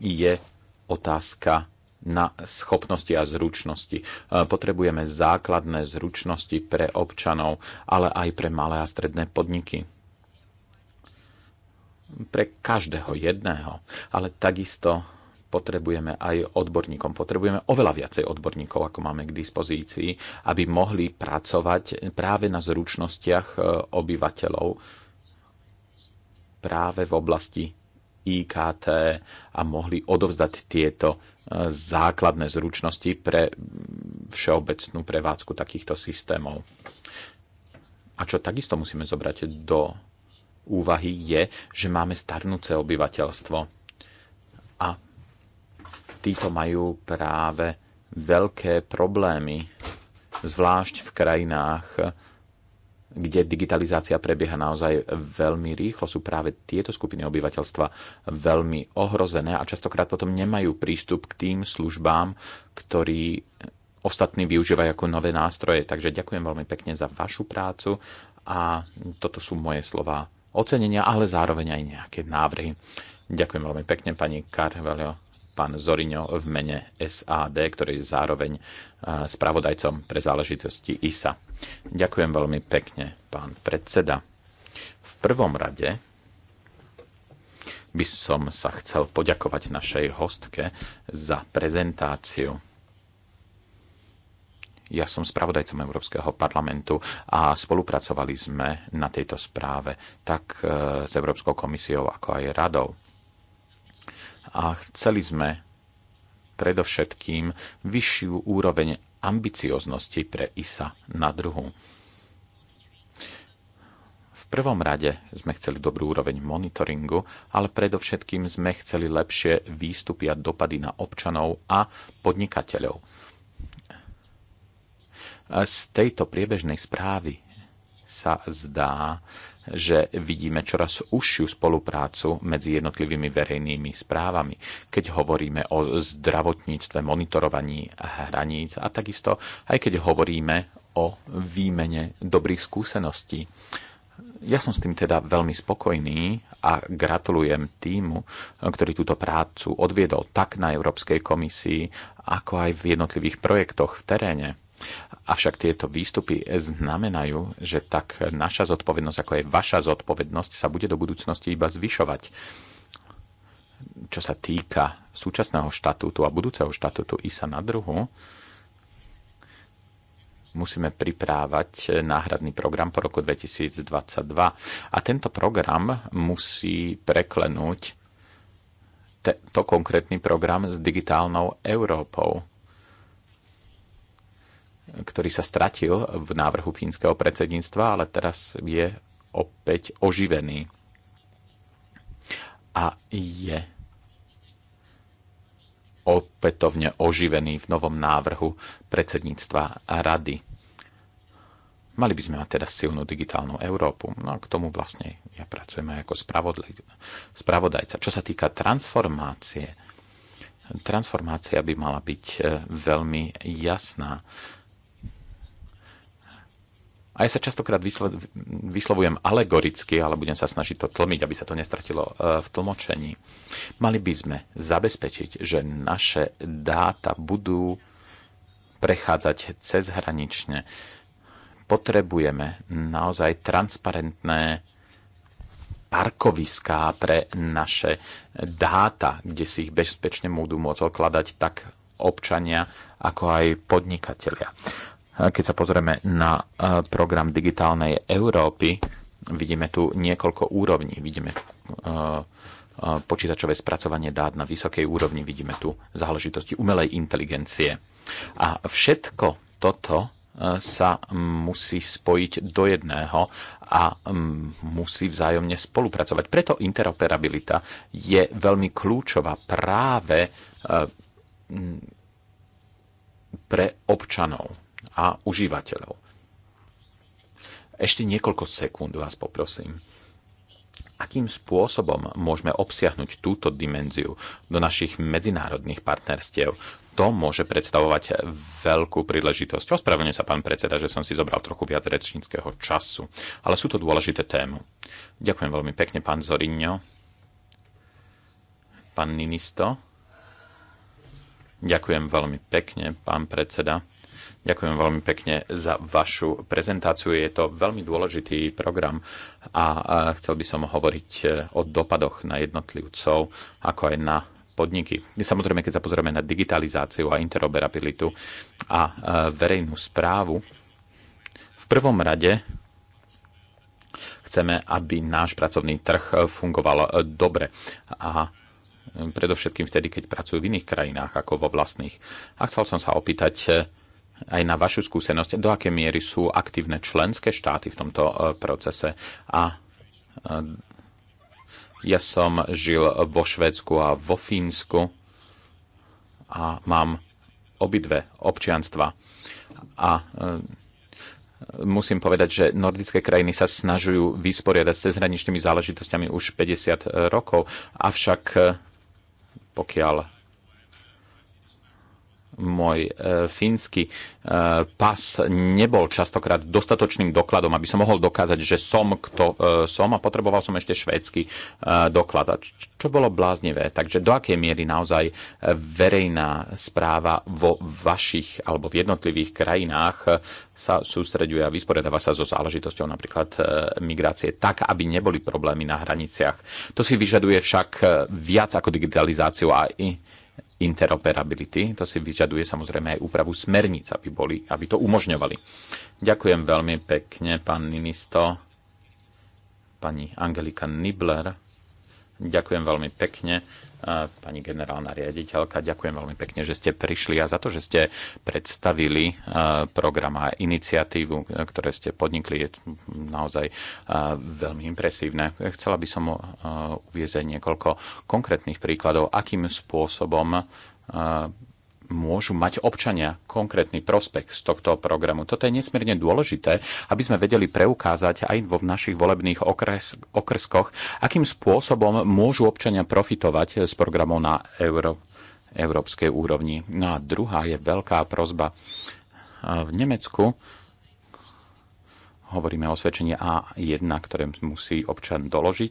je otázka na schopnosti a zručnosti. E, potrebujeme základné zručnosti pre občanov, ale aj pre malé a stredné podniky. Pre každého jedného. Ale takisto potrebujeme aj odborníkom. Potrebujeme oveľa viacej odborníkov, ako máme k dispozícii, aby mohli pracovať práve na zručnostiach e, obyvateľov práve v oblasti IKT a mohli odovzdať tieto e, základné zručnosti pre všeobecnú prevádzku takýchto systémov. A čo takisto musíme zobrať do úvahy je, že máme starnúce obyvateľstvo. A títo majú práve veľké problémy, zvlášť v krajinách, kde digitalizácia prebieha naozaj veľmi rýchlo, sú práve tieto skupiny obyvateľstva veľmi ohrozené a častokrát potom nemajú prístup k tým službám, ktorí ostatní využívajú ako nové nástroje. Takže ďakujem veľmi pekne za vašu prácu a toto sú moje slova ocenenia, ale zároveň aj nejaké návrhy. Ďakujem veľmi pekne, pani Carvalho pán Zoriňo v mene SAD, ktorý je zároveň e, spravodajcom pre záležitosti ISA. Ďakujem veľmi pekne, pán predseda. V prvom rade by som sa chcel poďakovať našej hostke za prezentáciu. Ja som spravodajcom Európskeho parlamentu a spolupracovali sme na tejto správe tak e, s Európskou komisiou, ako aj radou a chceli sme predovšetkým vyššiu úroveň ambicioznosti pre ISA na druhu. V prvom rade sme chceli dobrú úroveň monitoringu, ale predovšetkým sme chceli lepšie výstupy a dopady na občanov a podnikateľov. Z tejto priebežnej správy sa zdá, že vidíme čoraz užšiu spoluprácu medzi jednotlivými verejnými správami, keď hovoríme o zdravotníctve, monitorovaní hraníc a takisto aj keď hovoríme o výmene dobrých skúseností. Ja som s tým teda veľmi spokojný a gratulujem týmu, ktorý túto prácu odviedol tak na Európskej komisii, ako aj v jednotlivých projektoch v teréne Avšak tieto výstupy znamenajú, že tak naša zodpovednosť, ako aj vaša zodpovednosť, sa bude do budúcnosti iba zvyšovať. Čo sa týka súčasného štatútu a budúceho štatútu ISA na druhu, musíme priprávať náhradný program po roku 2022. A tento program musí preklenúť to konkrétny program s digitálnou Európou ktorý sa stratil v návrhu fínskeho predsedníctva, ale teraz je opäť oživený. A je opätovne oživený v novom návrhu predsedníctva rady. Mali by sme mať teda silnú digitálnu Európu. No a k tomu vlastne ja pracujem aj ako spravodajca. Čo sa týka transformácie, transformácia by mala byť e, veľmi jasná. A ja sa častokrát vyslo- vyslovujem alegoricky, ale budem sa snažiť to tlmiť, aby sa to nestratilo e, v tlmočení. Mali by sme zabezpečiť, že naše dáta budú prechádzať cezhranične. Potrebujeme naozaj transparentné parkoviská pre naše dáta, kde si ich bezpečne budú môcť okladať tak občania, ako aj podnikatelia. Keď sa pozrieme na e, program digitálnej Európy, vidíme tu niekoľko úrovní. Vidíme tu e, e, počítačové spracovanie dát na vysokej úrovni, vidíme tu záležitosti umelej inteligencie. A všetko toto sa musí spojiť do jedného a musí vzájomne spolupracovať. Preto interoperabilita je veľmi kľúčová práve pre občanov a užívateľov. Ešte niekoľko sekúnd vás poprosím. Akým spôsobom môžeme obsiahnuť túto dimenziu do našich medzinárodných partnerstiev? To môže predstavovať veľkú príležitosť. Ospravedlňujem sa, pán predseda, že som si zobral trochu viac rečníckého času, ale sú to dôležité témy. Ďakujem veľmi pekne, pán Zorinho. Pán Ninisto. Ďakujem veľmi pekne, pán predseda. Ďakujem veľmi pekne za vašu prezentáciu. Je to veľmi dôležitý program a chcel by som hovoriť e, o dopadoch na jednotlivcov, ako aj na podniky. Samozrejme, keď sa pozrieme na digitalizáciu a interoperabilitu a e, verejnú správu, v prvom rade chceme, aby náš pracovný trh fungoval e, dobre a predovšetkým vtedy, keď pracujú v iných krajinách ako vo vlastných. A chcel som sa opýtať, aj na vašu skúsenosť, do akej miery sú aktívne členské štáty v tomto e, procese. A e, ja som žil vo Švedsku a vo Fínsku a mám obidve občianstva. A e, musím povedať, že nordické krajiny sa snažujú vysporiadať s cezhraničnými záležitosťami už 50 rokov, avšak pokiaľ môj e, fínsky e, pas nebol častokrát dostatočným dokladom, aby som mohol dokázať, že som kto e, som a potreboval som ešte švédsky e, doklad, a čo bolo bláznivé. Takže do akej miery naozaj verejná správa vo vašich alebo v jednotlivých krajinách e, sa sústreďuje a vysporiadáva sa so záležitosťou napríklad e, migrácie tak, aby neboli problémy na hraniciach. To si vyžaduje však e, viac ako digitalizáciu a i interoperability. To si vyžaduje samozrejme aj úpravu smerníc, aby, boli, aby to umožňovali. Ďakujem veľmi pekne, pán ministro, pani Angelika Nibler. Ďakujem veľmi pekne pani generálna riaditeľka. Ďakujem veľmi pekne, že ste prišli a za to, že ste predstavili program a iniciatívu, ktoré ste podnikli. Je naozaj veľmi impresívne. Chcela by som uviezať niekoľko konkrétnych príkladov, akým spôsobom môžu mať občania konkrétny prospekt z tohto programu. Toto je nesmierne dôležité, aby sme vedeli preukázať aj vo našich volebných okres, okrskoch, akým spôsobom môžu občania profitovať z programov na euro, európskej úrovni. No a druhá je veľká prozba. V Nemecku hovoríme o svedčení A1, ktoré musí občan doložiť,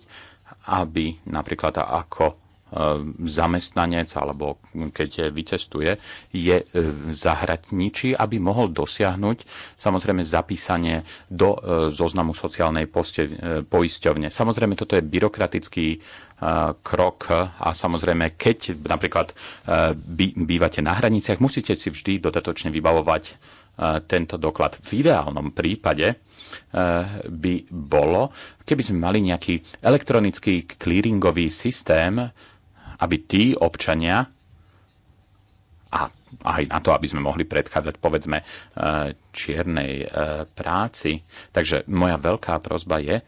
aby napríklad ako E, zamestnanec alebo keď vycestuje, je e, v zahraničí, aby mohol dosiahnuť samozrejme zapísanie do e, zoznamu sociálnej poisťovne. Samozrejme, toto je byrokratický krok a samozrejme, keď napríklad bývate na hraniciach, musíte si vždy dodatočne vybavovať tento doklad. V ideálnom prípade by bolo, keby sme mali nejaký elektronický clearingový systém, aby tí občania a aj na to, aby sme mohli predchádzať, povedzme, e, čiernej e, práci. Takže moja veľká prozba je,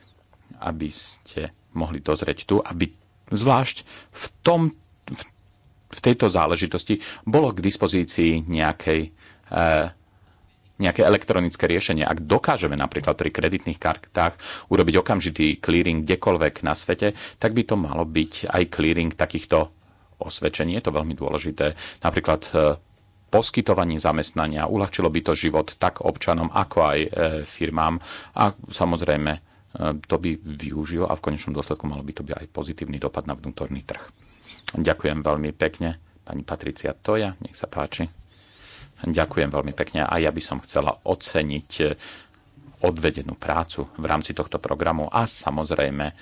aby ste mohli dozrieť tu, aby zvlášť v, tom, v tejto záležitosti bolo k dispozícii nejakej e, nejaké elektronické riešenie. Ak dokážeme napríklad pri kreditných kartách urobiť okamžitý clearing kdekoľvek na svete, tak by to malo byť aj clearing takýchto osvedčení. Je to veľmi dôležité. Napríklad e, poskytovanie zamestnania, uľahčilo by to život tak občanom, ako aj e, firmám a samozrejme e, to by využil a v konečnom dôsledku malo by to byť aj pozitívny dopad na vnútorný trh. Ďakujem veľmi pekne. Pani Patricia Toja, nech sa páči. Ďakujem veľmi pekne a ja by som chcela oceniť eh, odvedenú prácu v rámci tohto programu a samozrejme eh,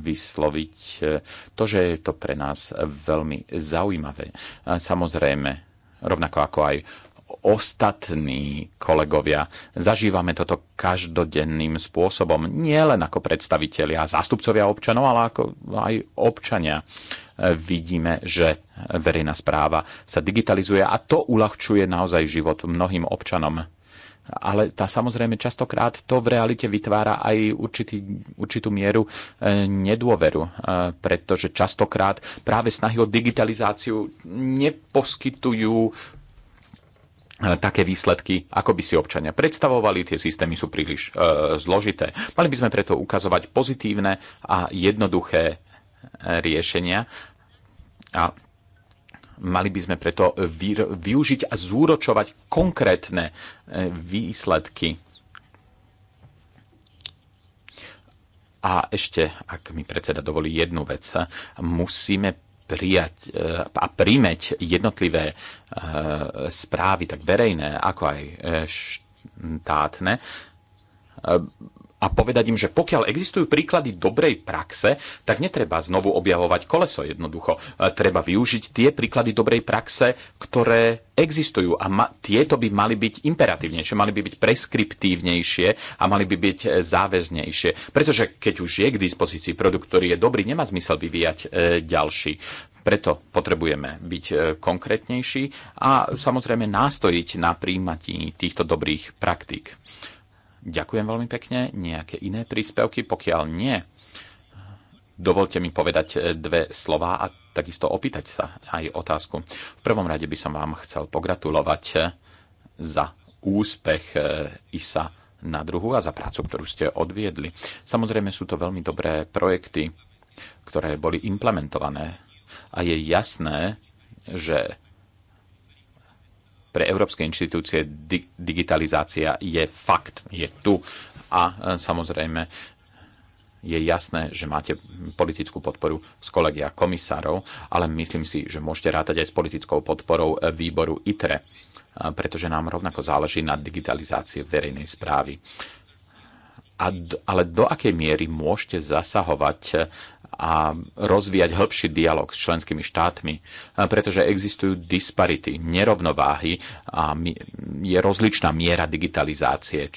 vysloviť eh, to, že je to pre nás veľmi zaujímavé. Samozrejme, rovnako ako aj ostatní kolegovia. Zažívame toto každodenným spôsobom, nie len ako predstavitelia a zástupcovia občanov, ale ako aj občania. Vidíme, že verejná správa sa digitalizuje a to uľahčuje naozaj život mnohým občanom. Ale tá samozrejme častokrát to v realite vytvára aj určitý, určitú mieru e, nedôveru, e, pretože častokrát práve snahy o digitalizáciu neposkytujú také výsledky, ako by si občania predstavovali. Tie systémy sú príliš e, zložité. Mali by sme preto ukazovať pozitívne a jednoduché e, riešenia a mali by sme preto využiť a zúročovať konkrétne e, výsledky. A ešte, ak mi predseda dovolí jednu vec, musíme prijať eh, a príjmeť jednotlivé eh, správy, tak verejné, ako aj eh, štátne, a povedať im, že pokiaľ existujú príklady dobrej praxe, tak netreba znovu objavovať koleso jednoducho. E, treba využiť tie príklady dobrej praxe, ktoré existujú a ma- tieto by mali byť imperatívnejšie, mali by byť preskriptívnejšie a mali by byť e, záväznejšie. Pretože keď už je k dispozícii produkt, ktorý je dobrý, nemá zmysel vyvíjať e, ďalší. Preto potrebujeme byť e, konkrétnejší a samozrejme nástojiť na príjmatí týchto dobrých praktík. Ďakujem veľmi pekne. Nejaké iné príspevky? Pokiaľ nie, dovolte mi povedať eh, dve slova a takisto opýtať sa aj otázku. V prvom rade by som vám chcel pogratulovať eh, za úspech eh, ISA na druhu a za prácu, ktorú ste odviedli. Samozrejme sú to veľmi dobré projekty, ktoré boli implementované a je jasné, že pre európske inštitúcie di- digitalizácia je fakt, je tu. A e, samozrejme je jasné, že máte politickú podporu z kolegia komisárov, ale myslím si, že môžete rátať aj s politickou podporou e, výboru ITRE, e, pretože nám rovnako záleží na digitalizácii verejnej správy a, ale do akej miery môžete zasahovať eh, a rozvíjať hĺbší dialog s členskými štátmi, eh, pretože existujú disparity, nerovnováhy a je rozličná miera digitalizácie.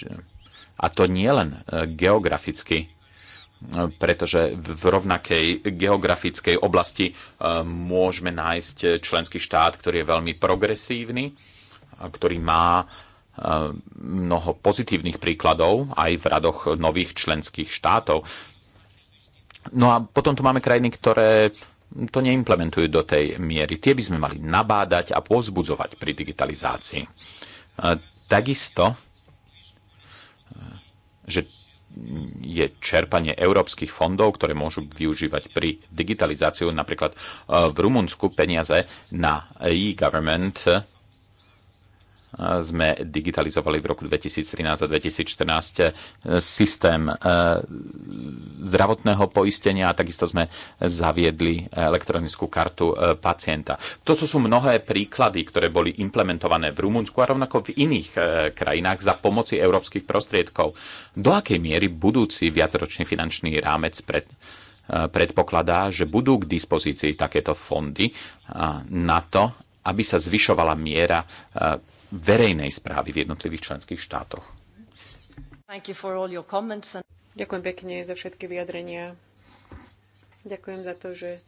A to nie len eh, geograficky, pretože v rovnakej geografickej oblasti môžeme nájsť členský štát, ktorý je veľmi progresívny, ktorý má mnoho pozitívnych príkladov aj v radoch nových členských štátov. No a potom tu máme krajiny, ktoré to neimplementujú do tej miery. Tie by sme mali nabádať a pozbudzovať pri digitalizácii. Takisto, e, že je čerpanie európskych fondov, ktoré môžu využívať pri digitalizáciu, napríklad e, v Rumunsku peniaze na e-government sme digitalizovali v roku 2013 a 2014 eh, systém eh, zdravotného poistenia a takisto sme zaviedli elektronickú kartu eh, pacienta. Toto sú mnohé príklady, ktoré boli implementované v Rumunsku a rovnako v iných krajinách za pomoci európskych prostriedkov. Do akej miery budúci viacročný finančný rámec pred predpokladá, že budú k dispozícii takéto fondy na to, aby sa zvyšovala miera verejnej správy v jednotlivých členských štátoch. Ďakujem pekne za všetky vyjadrenia. Ďakujem za to, že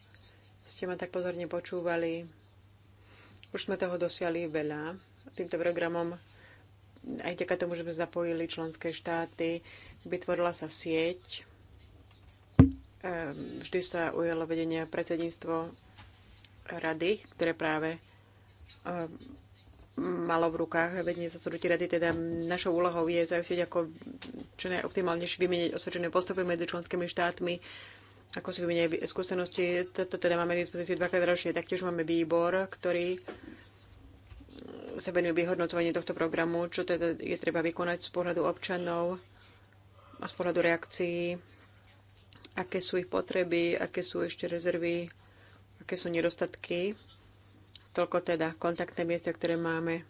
ste ma tak pozorne počúvali. Už sme toho dosiali veľa týmto programom. Aj ďaká tomu, že sme zapojili členské štáty, vytvorila sa sieť. Ehm, vždy sa ujelo vedenia predsedníctvo rady, ktoré práve ehm, malo v rukách vedenie zasadnutí rady, teda našou úlohou je zajistiť, ako čo najoptimálnejšie vymeniť osvedčené postupy medzi členskými štátmi, ako si vymeniať skúsenosti. Toto teda máme k dispozícii dvakrát ročne. Taktiež máme výbor, ktorý sa venuje vyhodnocovaniu tohto programu, čo teda je treba vykonať z pohľadu občanov a z pohľadu reakcií, aké sú ich potreby, aké sú ešte rezervy, aké sú nedostatky Toľko teda kontaktné miesta, ktoré máme.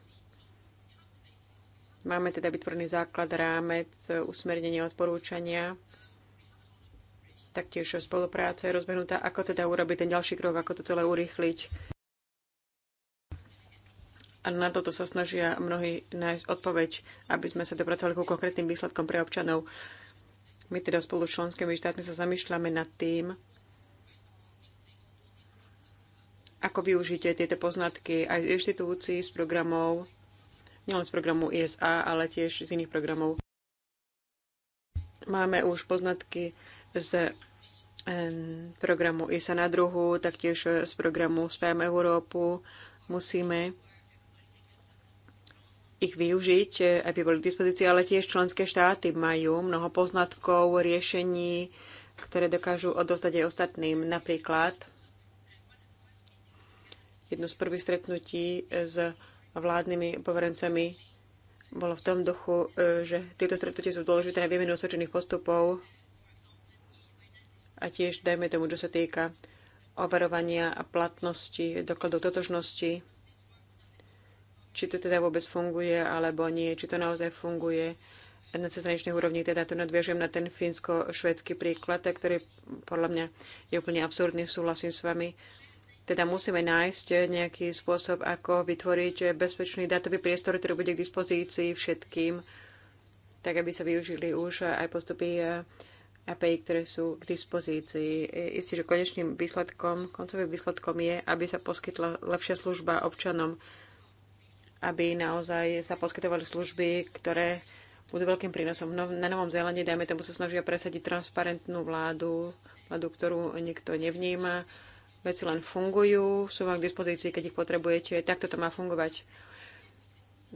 Máme teda vytvorený základ, rámec, usmernenie, odporúčania, taktiež spolupráca je rozbehnutá. Ako teda urobiť ten ďalší krok, ako to celé urýchliť? A na toto sa snažia mnohí nájsť odpoveď, aby sme sa dopracovali ku konkrétnym výsledkom pre občanov. My teda spolu s členskými štátmi sa zamýšľame nad tým, ako využite tieto poznatky aj z inštitúcií, z programov, nielen z programu ISA, ale tiež z iných programov. Máme už poznatky z programu ISA na druhu, taktiež z programu Spam Európu. Musíme ich využiť, aby boli k dispozícii, ale tiež členské štáty majú mnoho poznatkov, riešení, ktoré dokážu odovzdať aj ostatným. Napríklad Jedno z prvých stretnutí e, s vládnymi poverencami bolo v tom duchu, e, že tieto stretnutie sú dôležité na výmenu osvedčených postupov a tiež, dajme tomu, čo sa týka overovania a platnosti dokladov totožnosti, či to teda vôbec funguje alebo nie, či to naozaj funguje na cezhraničnej úrovni. Teda to nadviažem na ten fínsko-švédsky príklad, ktorý podľa mňa je úplne absurdný, súhlasím s vami. Teda musíme nájsť nejaký spôsob, ako vytvoriť bezpečný dátový priestor, ktorý bude k dispozícii všetkým, tak aby sa využili už aj postupy eh, API, ktoré sú k dispozícii. Isté, že konečným výsledkom, koncovým výsledkom je, aby sa poskytla lepšia služba občanom, aby naozaj sa poskytovali služby, ktoré budú veľkým prínosom. No, na Novom Zélande, dajme tomu, sa snažia presadiť transparentnú vládu, vládu, ktorú nikto nevníma, veci len fungujú, sú vám k dispozícii, keď ich potrebujete. Takto to má fungovať.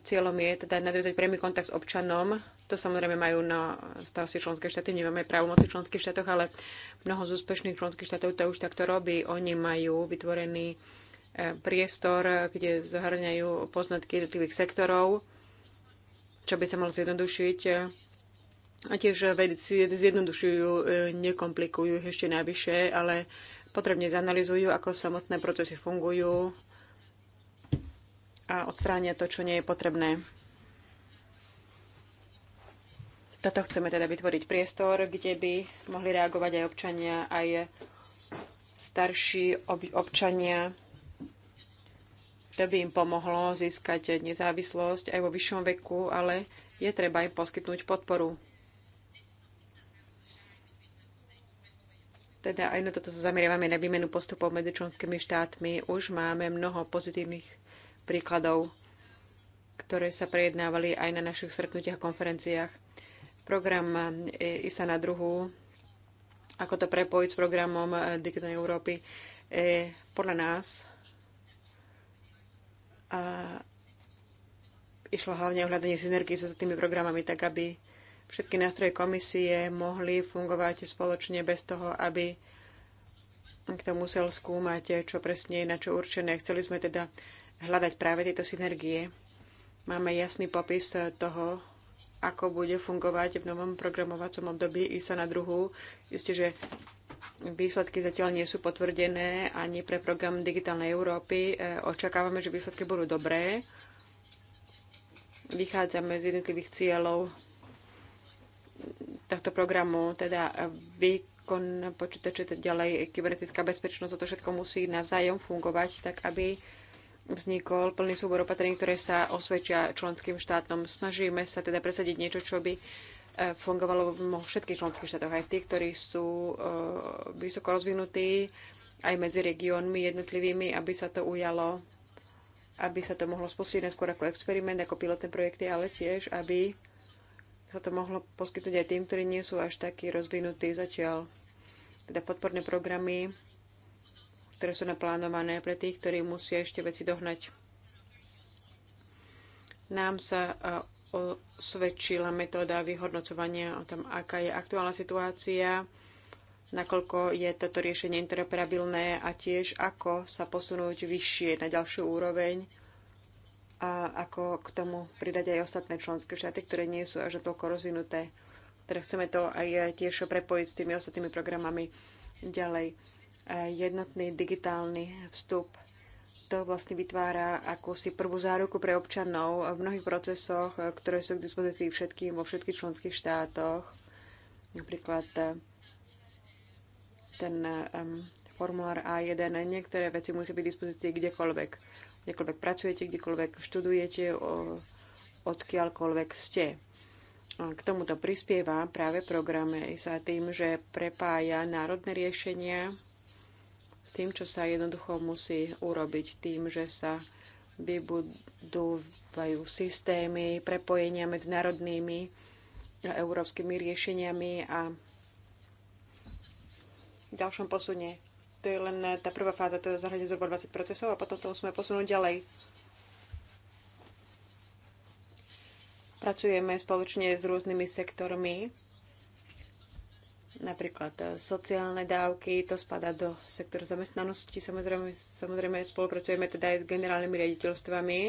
Cieľom je teda nadviazať priamy kontakt s občanom. To samozrejme majú na starosti členské štáty. Nemáme právomoci v členských štátoch, ale mnoho z úspešných členských štátov to už takto robí. Oni majú vytvorený e, priestor, kde zahrňajú poznatky jednotlivých sektorov, čo by sa malo zjednodušiť. A tiež vedci zjednodušujú, e, nekomplikujú ešte najvyššie, ale potrebne zanalizujú, ako samotné procesy fungujú a odstránia to, čo nie je potrebné. Toto chceme teda vytvoriť priestor, kde by mohli reagovať aj občania, aj starší ob- občania. To by im pomohlo získať nezávislosť aj vo vyššom veku, ale je treba im poskytnúť podporu. Teda aj na toto sa zameriavame na výmenu postupov medzi členskými štátmi. Už máme mnoho pozitívnych príkladov, ktoré sa prejednávali aj na našich stretnutiach a konferenciách. Program e, ISA na druhu, ako to prepojiť s programom e, Digitálnej Európy, e, podľa nás a išlo hlavne o hľadanie synergii so tými programami, tak aby všetky nástroje komisie mohli fungovať spoločne bez toho, aby kto musel skúmať, čo presne je na čo určené. Chceli sme teda hľadať práve tieto synergie. Máme jasný popis toho, ako bude fungovať v novom programovacom období i sa na druhú. Isté, že výsledky zatiaľ nie sú potvrdené ani pre program Digitálnej Európy. E, očakávame, že výsledky budú dobré. Vychádzame z jednotlivých cieľov tohto programu, teda výkon počítače, teda ďalej kybernetická bezpečnosť, toto všetko musí navzájom fungovať, tak aby vznikol plný súbor opatrení, ktoré sa osvedčia členským štátom. Snažíme sa teda presadiť niečo, čo by e, fungovalo vo všetkých členských štátoch, aj tých, ktorí sú e, vysoko rozvinutí, aj medzi regiónmi jednotlivými, aby sa to ujalo, aby sa to mohlo spustiť neskôr ako experiment, ako pilotné projekty, ale tiež, aby sa to mohlo poskytnúť aj tým, ktorí nie sú až takí rozvinutí zatiaľ. Teda podporné programy, ktoré sú naplánované pre tých, ktorí musia ešte veci dohnať. Nám sa osvedčila metóda vyhodnocovania o tom, aká je aktuálna situácia, nakoľko je toto riešenie interoperabilné a tiež ako sa posunúť vyššie na ďalšiu úroveň a ako k tomu pridať aj ostatné členské štáty, ktoré nie sú až toľko rozvinuté. Teda chceme to aj tiež prepojiť s tými ostatnými programami ďalej. Jednotný digitálny vstup. To vlastne vytvára akúsi prvú záruku pre občanov v mnohých procesoch, ktoré sú k dispozícii všetkým vo všetkých členských štátoch. Napríklad eh, ten um, formulár A1, niektoré veci musí byť v dispozícii kdekoľvek kdekoľvek pracujete, kdekoľvek študujete, odkiaľkoľvek ste. K tomuto prispieva práve program sa tým, že prepája národné riešenia s tým, čo sa jednoducho musí urobiť, tým, že sa vybudúvajú systémy prepojenia medzi národnými a európskymi riešeniami a v ďalšom posune to je len eh, tá prvá fáza, to je zahranie zhruba 20 procesov a potom to musíme posunúť ďalej. Pracujeme spoločne s rôznymi sektormi, napríklad eh, sociálne dávky, to spada do sektora zamestnanosti. Samozrejme, samozrejme spolupracujeme teda aj s generálnymi riaditeľstvami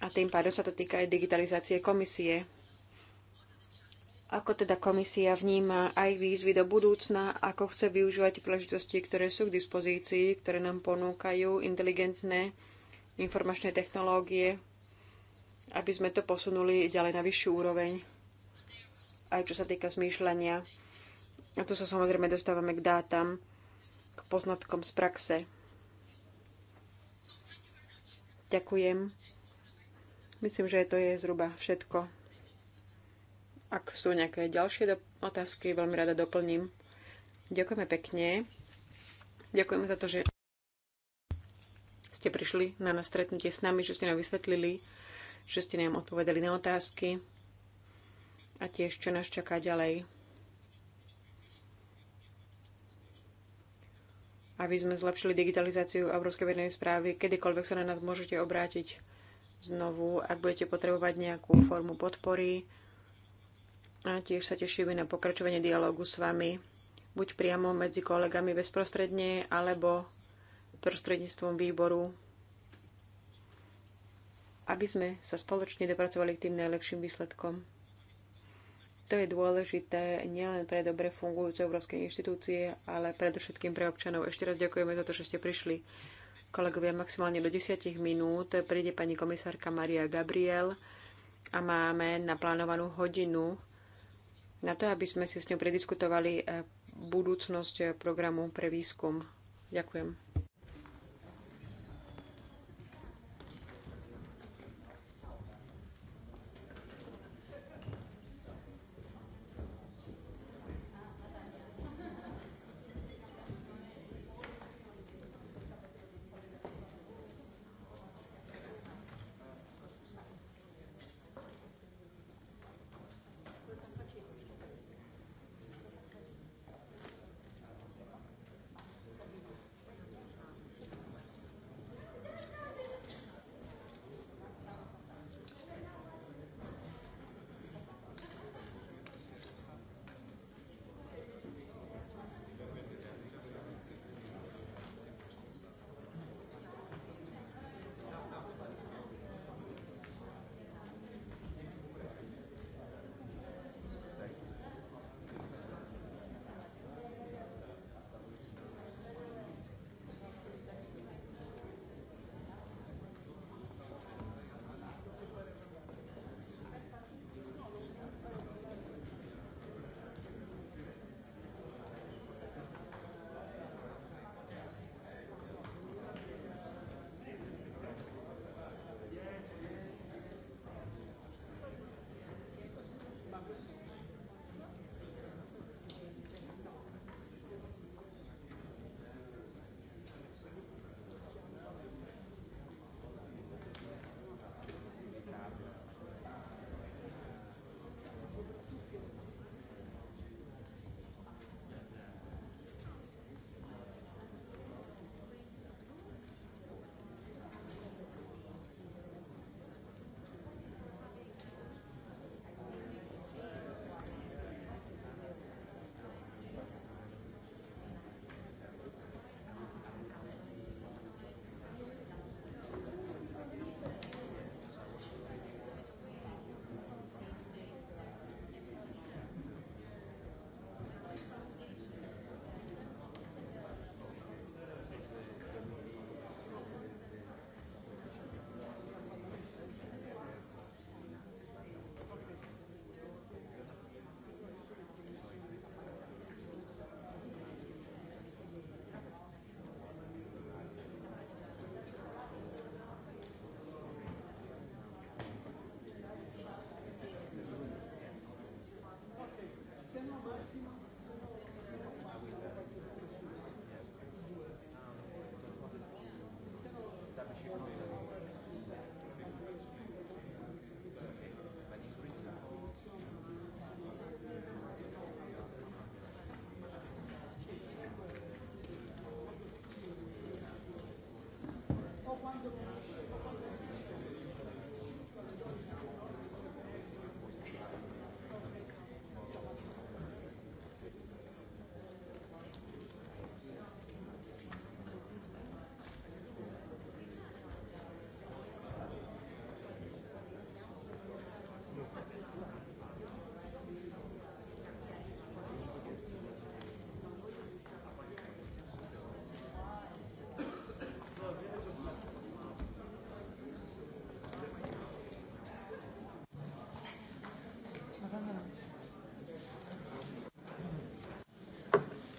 a tým pádom sa to týka aj digitalizácie komisie. Ako teda komisia vníma aj výzvy do budúcna, ako chce využívať príležitosti, ktoré sú k dispozícii, ktoré nám ponúkajú inteligentné informačné technológie, aby sme to posunuli ďalej na vyššiu úroveň, aj čo sa týka zmýšľania. A tu sa samozrejme dostávame k dátam, k poznatkom z praxe. Ďakujem. Myslím, že to je zhruba všetko. Ak sú nejaké ďalšie otázky, veľmi rada doplním. Ďakujeme pekne. Ďakujeme za to, že ste prišli na nás stretnutie s nami, že ste nám vysvetlili, že ste nám odpovedali na otázky a tiež, čo nás čaká ďalej. aby sme zlepšili digitalizáciu Európskej verejnej správy. Kedykoľvek sa na nás môžete obrátiť znovu, ak budete potrebovať nejakú formu podpory a tiež sa tešíme na pokračovanie dialógu s vami, buď priamo medzi kolegami bezprostredne, alebo prostredníctvom výboru, aby sme sa spoločne dopracovali k tým najlepším výsledkom. To je dôležité nielen pre dobre fungujúce európske inštitúcie, ale predovšetkým pre občanov. Ešte raz ďakujeme za to, že ste prišli. Kolegovia, maximálne do 10 minút príde pani komisárka Maria Gabriel a máme naplánovanú hodinu na to, aby sme si s ňou prediskutovali eh, budúcnosť eh, programu pre výskum. Ďakujem.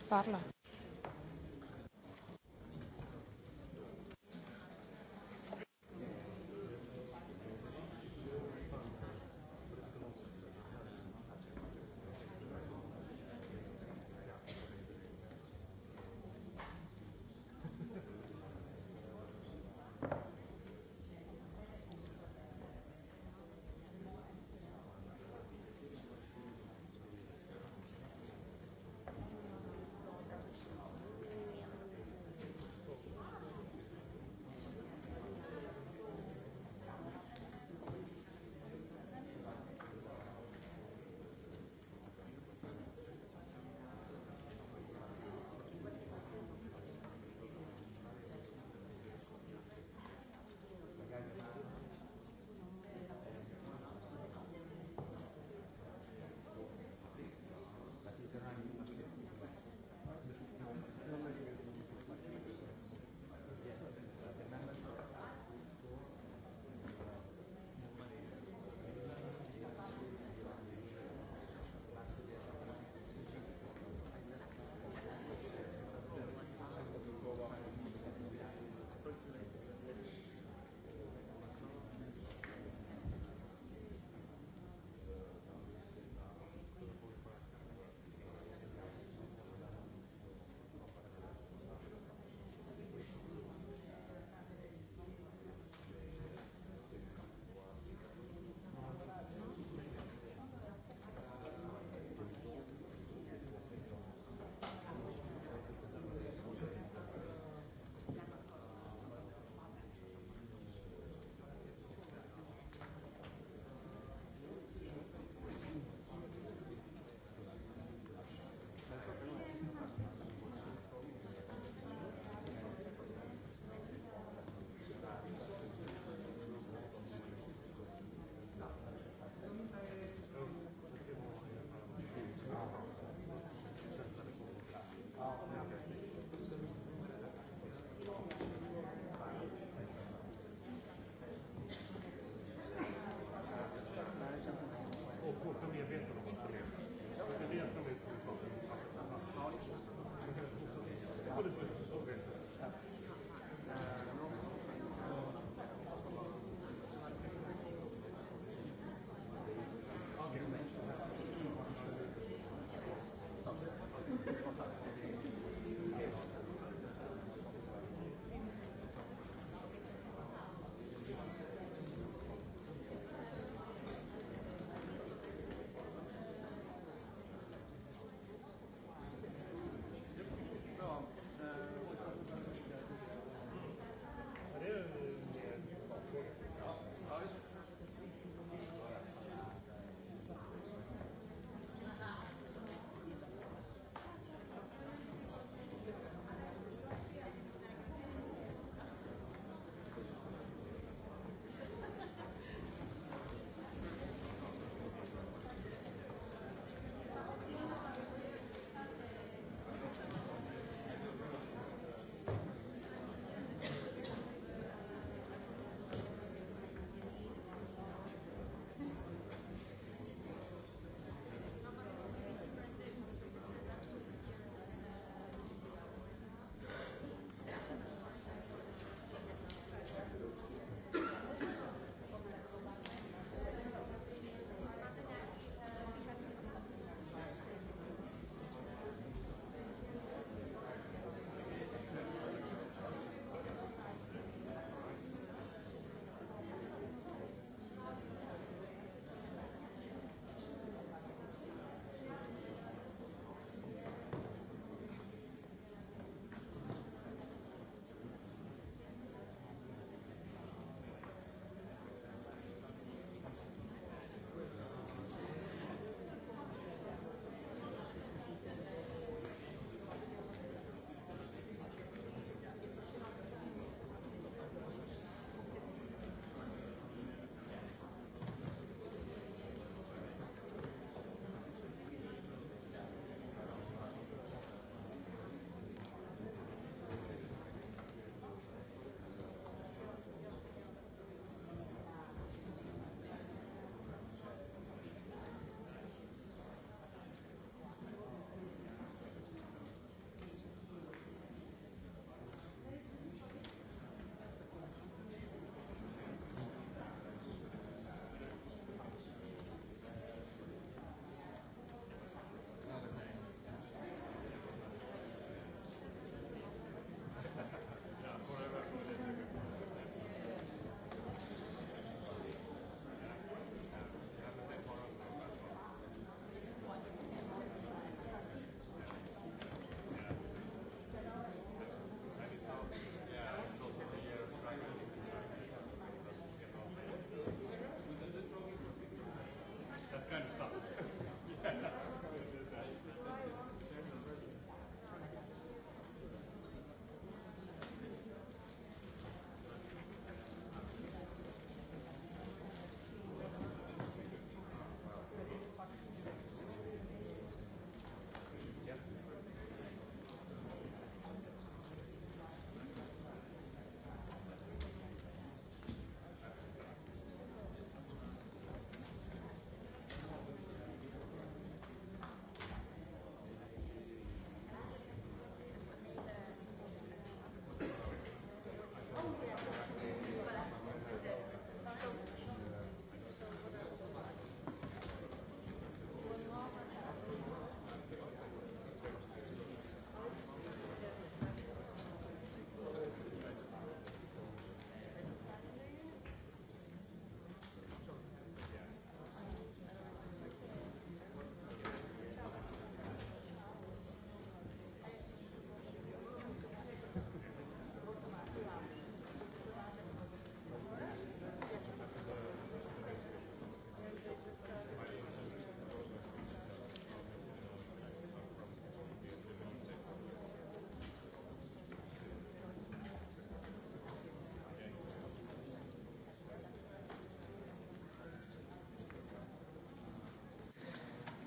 parla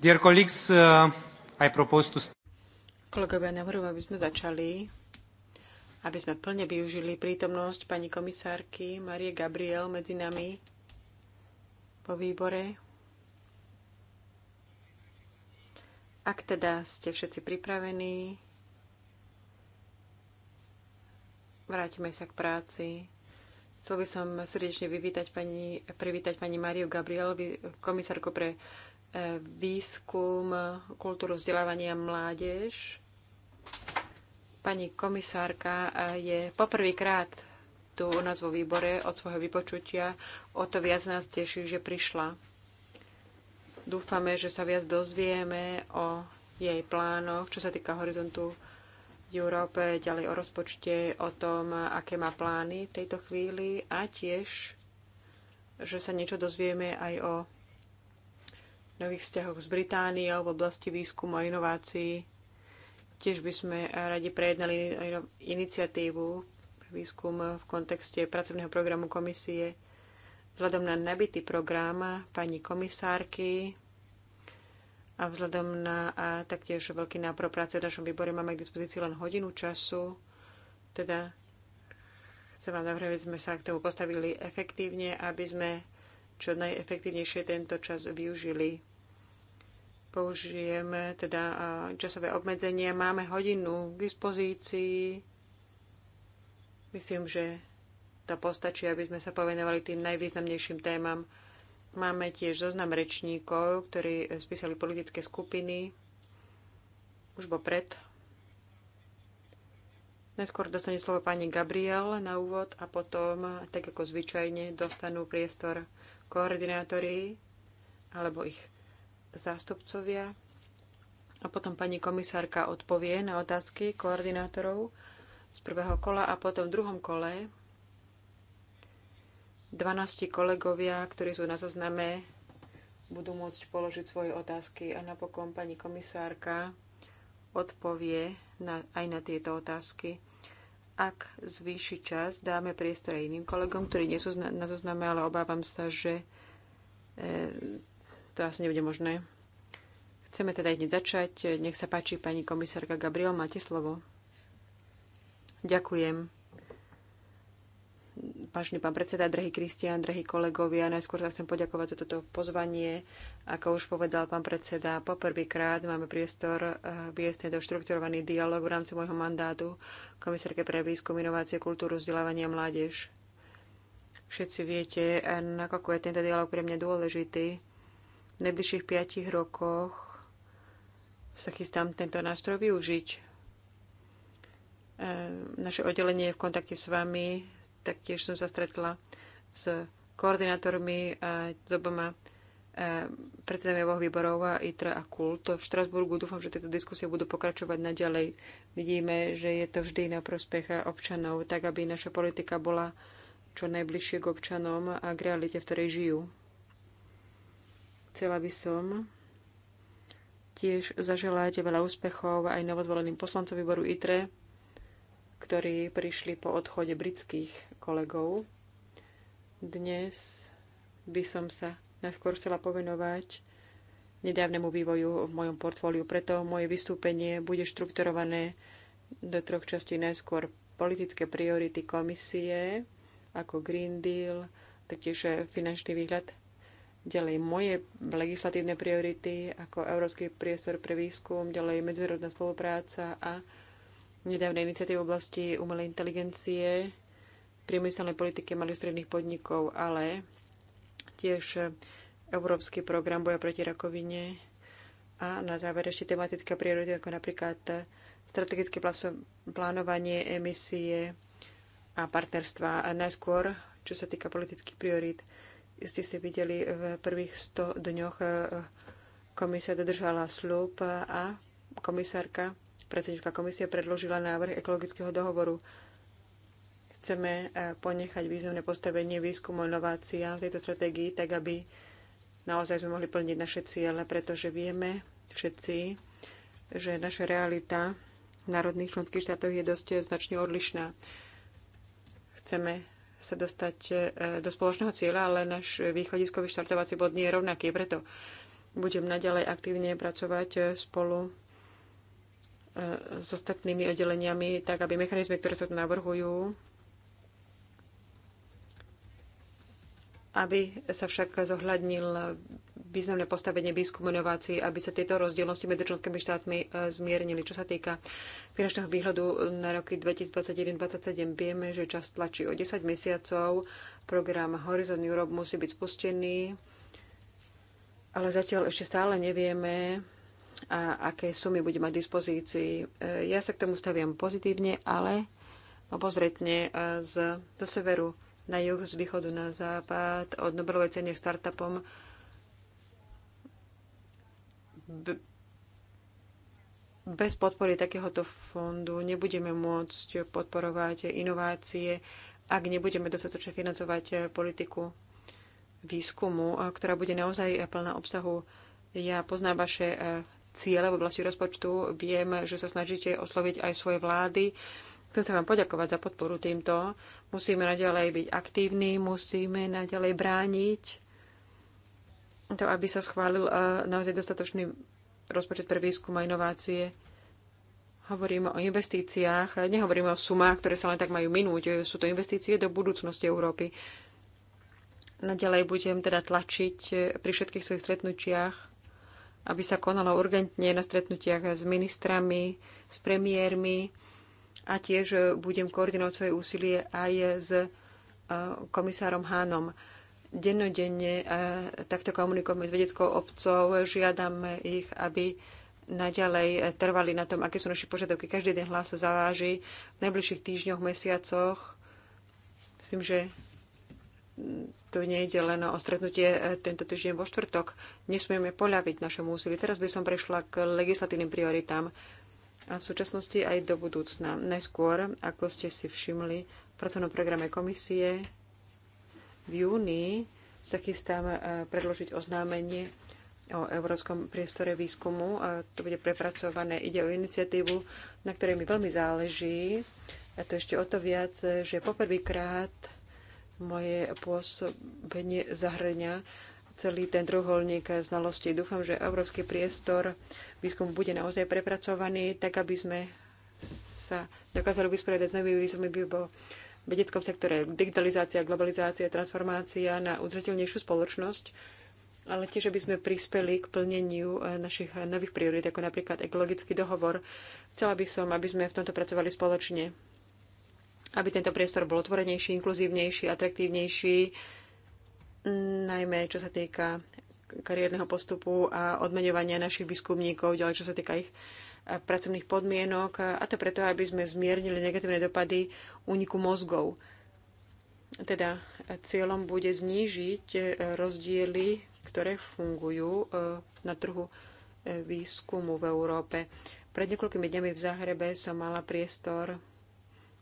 Dear colleagues, uh, I propose to... Kolegovia, navrhujem, aby sme začali, aby sme plne využili prítomnosť pani komisárky Marie Gabriel medzi nami po výbore. Ak teda ste všetci pripravení, vrátime sa k práci. Chcel by som srdečne privítať pani Mariu Gabriel, komisárku pre výskum, kultúru vzdelávania mládež. Pani komisárka je poprvýkrát tu u nás vo výbore od svojho vypočutia. O to viac nás teší, že prišla. Dúfame, že sa viac dozvieme o jej plánoch, čo sa týka horizontu Európe, ďalej o rozpočte, o tom, aké má plány v tejto chvíli a tiež, že sa niečo dozvieme aj o nových vzťahoch s Britániou v oblasti výskumu a inovácií. Tiež by sme radi prejednali iniciatívu výskum v kontexte pracovného programu komisie vzhľadom na nabitý program pani komisárky a vzhľadom na a taktiež veľký nápor práce v našom výbore máme k dispozícii len hodinu času, teda chcem vám navrhnúť, aby sme sa k tomu postavili efektívne, aby sme čo najefektívnejšie tento čas využili použijeme teda časové obmedzenie. Máme hodinu k dispozícii. Myslím, že to postačí, aby sme sa povenovali tým najvýznamnejším témam. Máme tiež zoznam rečníkov, ktorí spísali politické skupiny už vopred. Najskôr dostane slovo pani Gabriel na úvod a potom, tak ako zvyčajne, dostanú priestor koordinátori alebo ich zástupcovia a potom pani komisárka odpovie na otázky koordinátorov z prvého kola a potom v druhom kole 12 kolegovia, ktorí sú na zozname, budú môcť položiť svoje otázky a napokon pani komisárka odpovie na, aj na tieto otázky. Ak zvýši čas, dáme priestor aj iným kolegom, ktorí nie sú na, zozname, ale obávam sa, že eh, to asi nebude možné. Chceme teda hneď začať. Nech sa páči, pani komisárka Gabriel, máte slovo. Ďakujem. Vážený pán predseda, drahý Kristián, drahí kolegovia, najskôr sa chcem poďakovať za toto pozvanie. Ako už povedal pán predseda, poprvýkrát máme priestor eh, viesť tento štrukturovaný dialog v rámci môjho mandátu komisárke pre výskum, inovácie, kultúru, vzdelávanie a mládež. Všetci viete, eh, nakoľko je tento dialog pre mňa dôležitý v najbližších 5 rokoch sa chystám tento nástroj využiť. E, naše oddelenie je v kontakte s vami, taktiež som sa stretla s koordinátormi a s oboma e, predsedami oboch výborov a ITRA a KULT v Štrasburgu. Dúfam, že tieto diskusie budú pokračovať naďalej. Vidíme, že je to vždy na prospech občanov, tak aby naša politika bola čo najbližšie k občanom a k realite, v ktorej žijú. Chcela by som tiež zaželať veľa úspechov aj novozvoleným poslancom výboru ITRE, ktorí prišli po odchode britských kolegov. Dnes by som sa najskôr chcela povenovať nedávnemu vývoju v mojom portfóliu. Preto moje vystúpenie bude štrukturované do troch častí. Najskôr politické priority komisie, ako Green Deal, taktiež finančný výhľad ďalej moje legislatívne priority ako Európsky priestor pre výskum, ďalej medzinárodná spolupráca a nedávne iniciatívy v oblasti umelej inteligencie, priemyselnej politiky malých stredných podnikov, ale tiež Európsky program boja proti rakovine a na záver ešte tematické priority ako napríklad strategické plánovanie emisie a partnerstva. A najskôr, čo sa týka politických priorít, ste si videli, v prvých 100 dňoch e, komisia dodržala slúb a komisárka, predsednička komisie predložila návrh ekologického dohovoru. Chceme e, ponechať významné postavenie výskumu inovácia v tejto stratégii, tak aby naozaj sme mohli plniť naše ciele, pretože vieme všetci, že naša realita v národných členských štátoch je dosť značne odlišná. Chceme sa dostať e, do spoločného cieľa, ale náš východiskový štartovací bod nie je rovnaký. Preto budem naďalej aktívne pracovať e, spolu e, s ostatnými oddeleniami, tak aby mechanizmy, ktoré sa tu navrhujú, aby sa však zohľadnil významné postavenie výskumu inovácií, aby sa tieto rozdielnosti medzi členskými štátmi e, zmiernili. Čo sa týka finančného výhľadu na roky 2021-2027, vieme, že čas tlačí o 10 mesiacov. Program Horizon Europe musí byť spustený, ale zatiaľ ešte stále nevieme, a aké sumy bude mať dispozícii. E, ja sa k tomu staviam pozitívne, ale obozretne e, z, do severu na juh, z východu na západ, od Nobelovej ceny startupom bez podpory takéhoto fondu nebudeme môcť podporovať inovácie, ak nebudeme dostatočne financovať eh, politiku výskumu, eh, ktorá bude naozaj plná obsahu. Ja poznám vaše eh, ciele v oblasti rozpočtu, viem, že sa snažíte osloviť aj svoje vlády. Chcem sa vám poďakovať za podporu týmto. Musíme naďalej byť aktívni, musíme naďalej brániť to, aby sa schválil naozaj dostatočný rozpočet pre výskum a inovácie. Hovoríme o investíciách, nehovoríme o sumách, ktoré sa len tak majú minúť. Sú to investície do budúcnosti Európy. Naďalej budem teda tlačiť pri všetkých svojich stretnutiach, aby sa konalo urgentne na stretnutiach s ministrami, s premiérmi a tiež budem koordinovať svoje úsilie aj s komisárom Hánom dennodenne takto komunikujeme s vedeckou obcov, žiadame ich, aby naďalej trvali na tom, aké sú naše požiadavky. Každý den hlas sa zaváži v najbližších týždňoch, mesiacoch. Myslím, že to nejde len o stretnutie e, tento týždeň vo štvrtok. Nesmieme poľaviť našemu úsilí. Teraz by som prešla k legislatívnym prioritám a v súčasnosti aj do budúcna. Najskôr, ako ste si všimli, v pracovnom programe komisie v júni sa chystám e, predložiť oznámenie o Európskom priestore výskumu. E, to bude prepracované. Ide o iniciatívu, na ktorej mi veľmi záleží. A to ešte o to viac, že poprvýkrát moje pôsobenie zahrňa celý ten druholník znalostí. Dúfam, že európsky priestor výskum bude naozaj prepracovaný, tak aby sme sa dokázali vysporiadať s novými výzvami, by bol vedeckom sektore. Digitalizácia, globalizácia, transformácia na udržateľnejšiu spoločnosť, ale tiež, aby sme prispeli k plneniu eh, našich eh, nových priorít, ako napríklad ekologický dohovor. Chcela by som, aby sme v tomto pracovali spoločne, aby tento priestor bol otvorenejší, inkluzívnejší, atraktívnejší, najmä čo sa týka kariérneho postupu a odmeňovania našich výskumníkov, ďalej čo sa týka ich pracovných podmienok, a to preto, aby sme zmiernili negatívne dopady úniku mozgov. Teda cieľom bude znížiť e, rozdiely, ktoré fungujú e, na trhu e, výskumu v Európe. Pred niekoľkými dňami v Zahrebe som mala priestor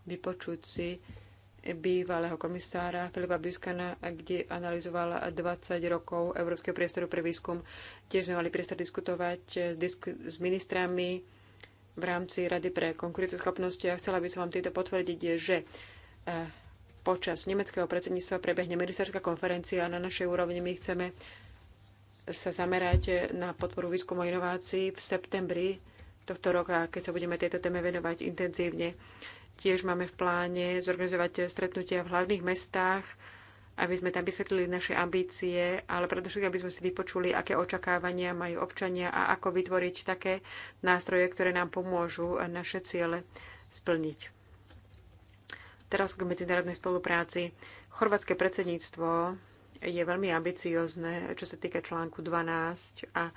vypočuť si bývalého komisára Filipa Buskana, kde analyzoval 20 rokov Európskeho priestoru pre výskum. Tiež sme mali priestor diskutovať s, disk- s ministrami v rámci Rady pre konkurencieschopnosť a chcela by som vám týto potvrdiť, že eh, počas nemeckého predsedníctva prebehne ministerská konferencia a na našej úrovni my chceme sa zamerať na podporu výskumu a inovácií v septembri tohto roka, keď sa budeme tejto téme venovať intenzívne. Tiež máme v pláne zorganizovať stretnutia v hlavných mestách, aby sme tam vysvetlili naše ambície, ale predovšetkým, aby sme si vypočuli, aké očakávania majú občania a ako vytvoriť také nástroje, ktoré nám pomôžu naše ciele splniť. Teraz k medzinárodnej spolupráci. Chorvátske predsedníctvo je veľmi ambiciozne, čo sa týka článku 12 a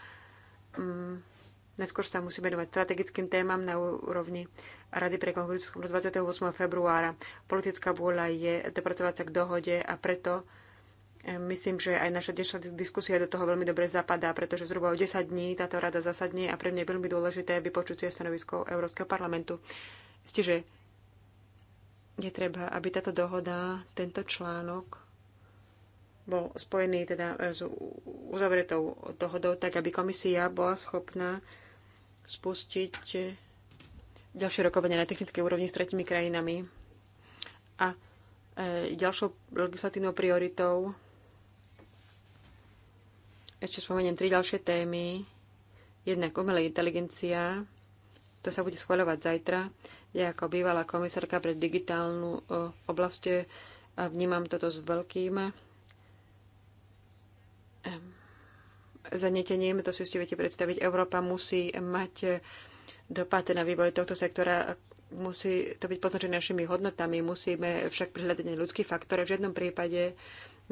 mm, Neskôr sa musí venovať strategickým témam na úrovni Rady pre konkurenciu 28. februára. Politická vôľa je dopracovať sa k dohode a preto eh, myslím, že aj naša dnešná diskusia do toho veľmi dobre zapadá, pretože zhruba o 10 dní táto rada zasadne a pre mňa je veľmi dôležité vypočuť si stanovisko Európskeho parlamentu. že je treba, aby táto dohoda, tento článok bol spojený teda eh, s uzavretou dohodou, tak aby komisia bola schopná spustiť ďalšie rokovania na technickej úrovni s tretimi krajinami. A e, ďalšou legislatívnou prioritou ešte spomeniem tri ďalšie témy. Jednak umelá inteligencia, to sa bude schváľovať zajtra. Ja ako bývalá komisárka pre digitálnu e, oblasť e, vnímam toto s veľkým zanetením, to si ste viete predstaviť, Európa musí mať dopad na vývoj tohto sektora, musí to byť poznačené našimi hodnotami, musíme však prihľadať na ľudský faktor. V žiadnom prípade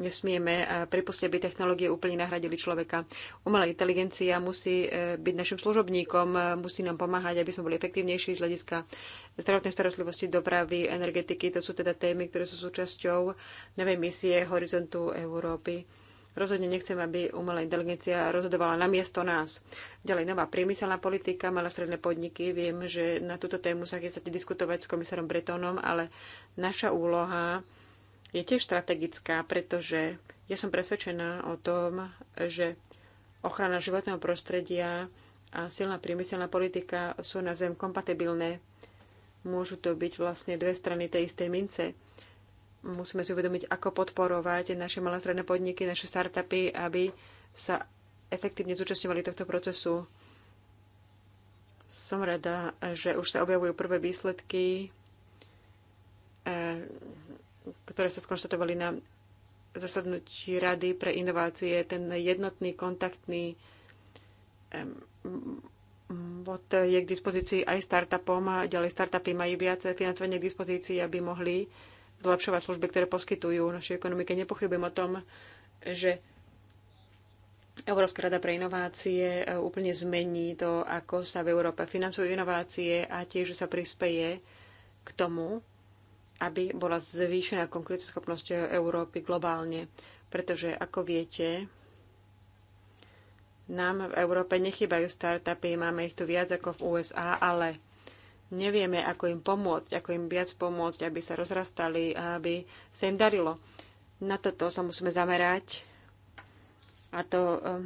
nesmieme pripustiť, aby technológie úplne nahradili človeka. Umelá inteligencia musí e, byť našim služobníkom, e, musí nám pomáhať, aby sme boli efektívnejší z hľadiska zdravotnej starostlivosti, dopravy, energetiky. To sú teda témy, ktoré sú súčasťou novej misie Horizontu Európy Rozhodne nechcem, aby umelá inteligencia rozhodovala na miesto nás. Ďalej, nová priemyselná politika, malé stredné podniky. Viem, že na túto tému sa chystáte diskutovať s komisárom Bretónom, ale naša úloha je tiež strategická, pretože ja som presvedčená o tom, že ochrana životného prostredia a silná priemyselná politika sú zem kompatibilné. Môžu to byť vlastne dve strany tej istej mince musíme si uvedomiť, ako podporovať naše malé stredné podniky, naše startupy, aby sa efektívne zúčastňovali tohto procesu. Som rada, že už sa objavujú prvé výsledky, eh, ktoré sa skonštatovali na zasadnutí Rady pre inovácie. Ten jednotný kontaktný eh, bod je k dispozícii aj startupom a ďalej startupy majú viac financovania k dispozícii, aby mohli zlepšovať služby, ktoré poskytujú našej ekonomike. Nepochybujem o tom, že Európska rada pre inovácie e, úplne zmení to, ako sa v Európe financujú inovácie a tiež sa prispeje k tomu, aby bola zvýšená konkurenceschopnosť Európy globálne. Pretože, ako viete, nám v Európe nechybajú startupy, máme ich tu viac ako v USA, ale nevieme, ako im pomôcť, ako im viac pomôcť, aby sa rozrastali a aby sa im darilo. Na toto sa musíme zamerať a to um,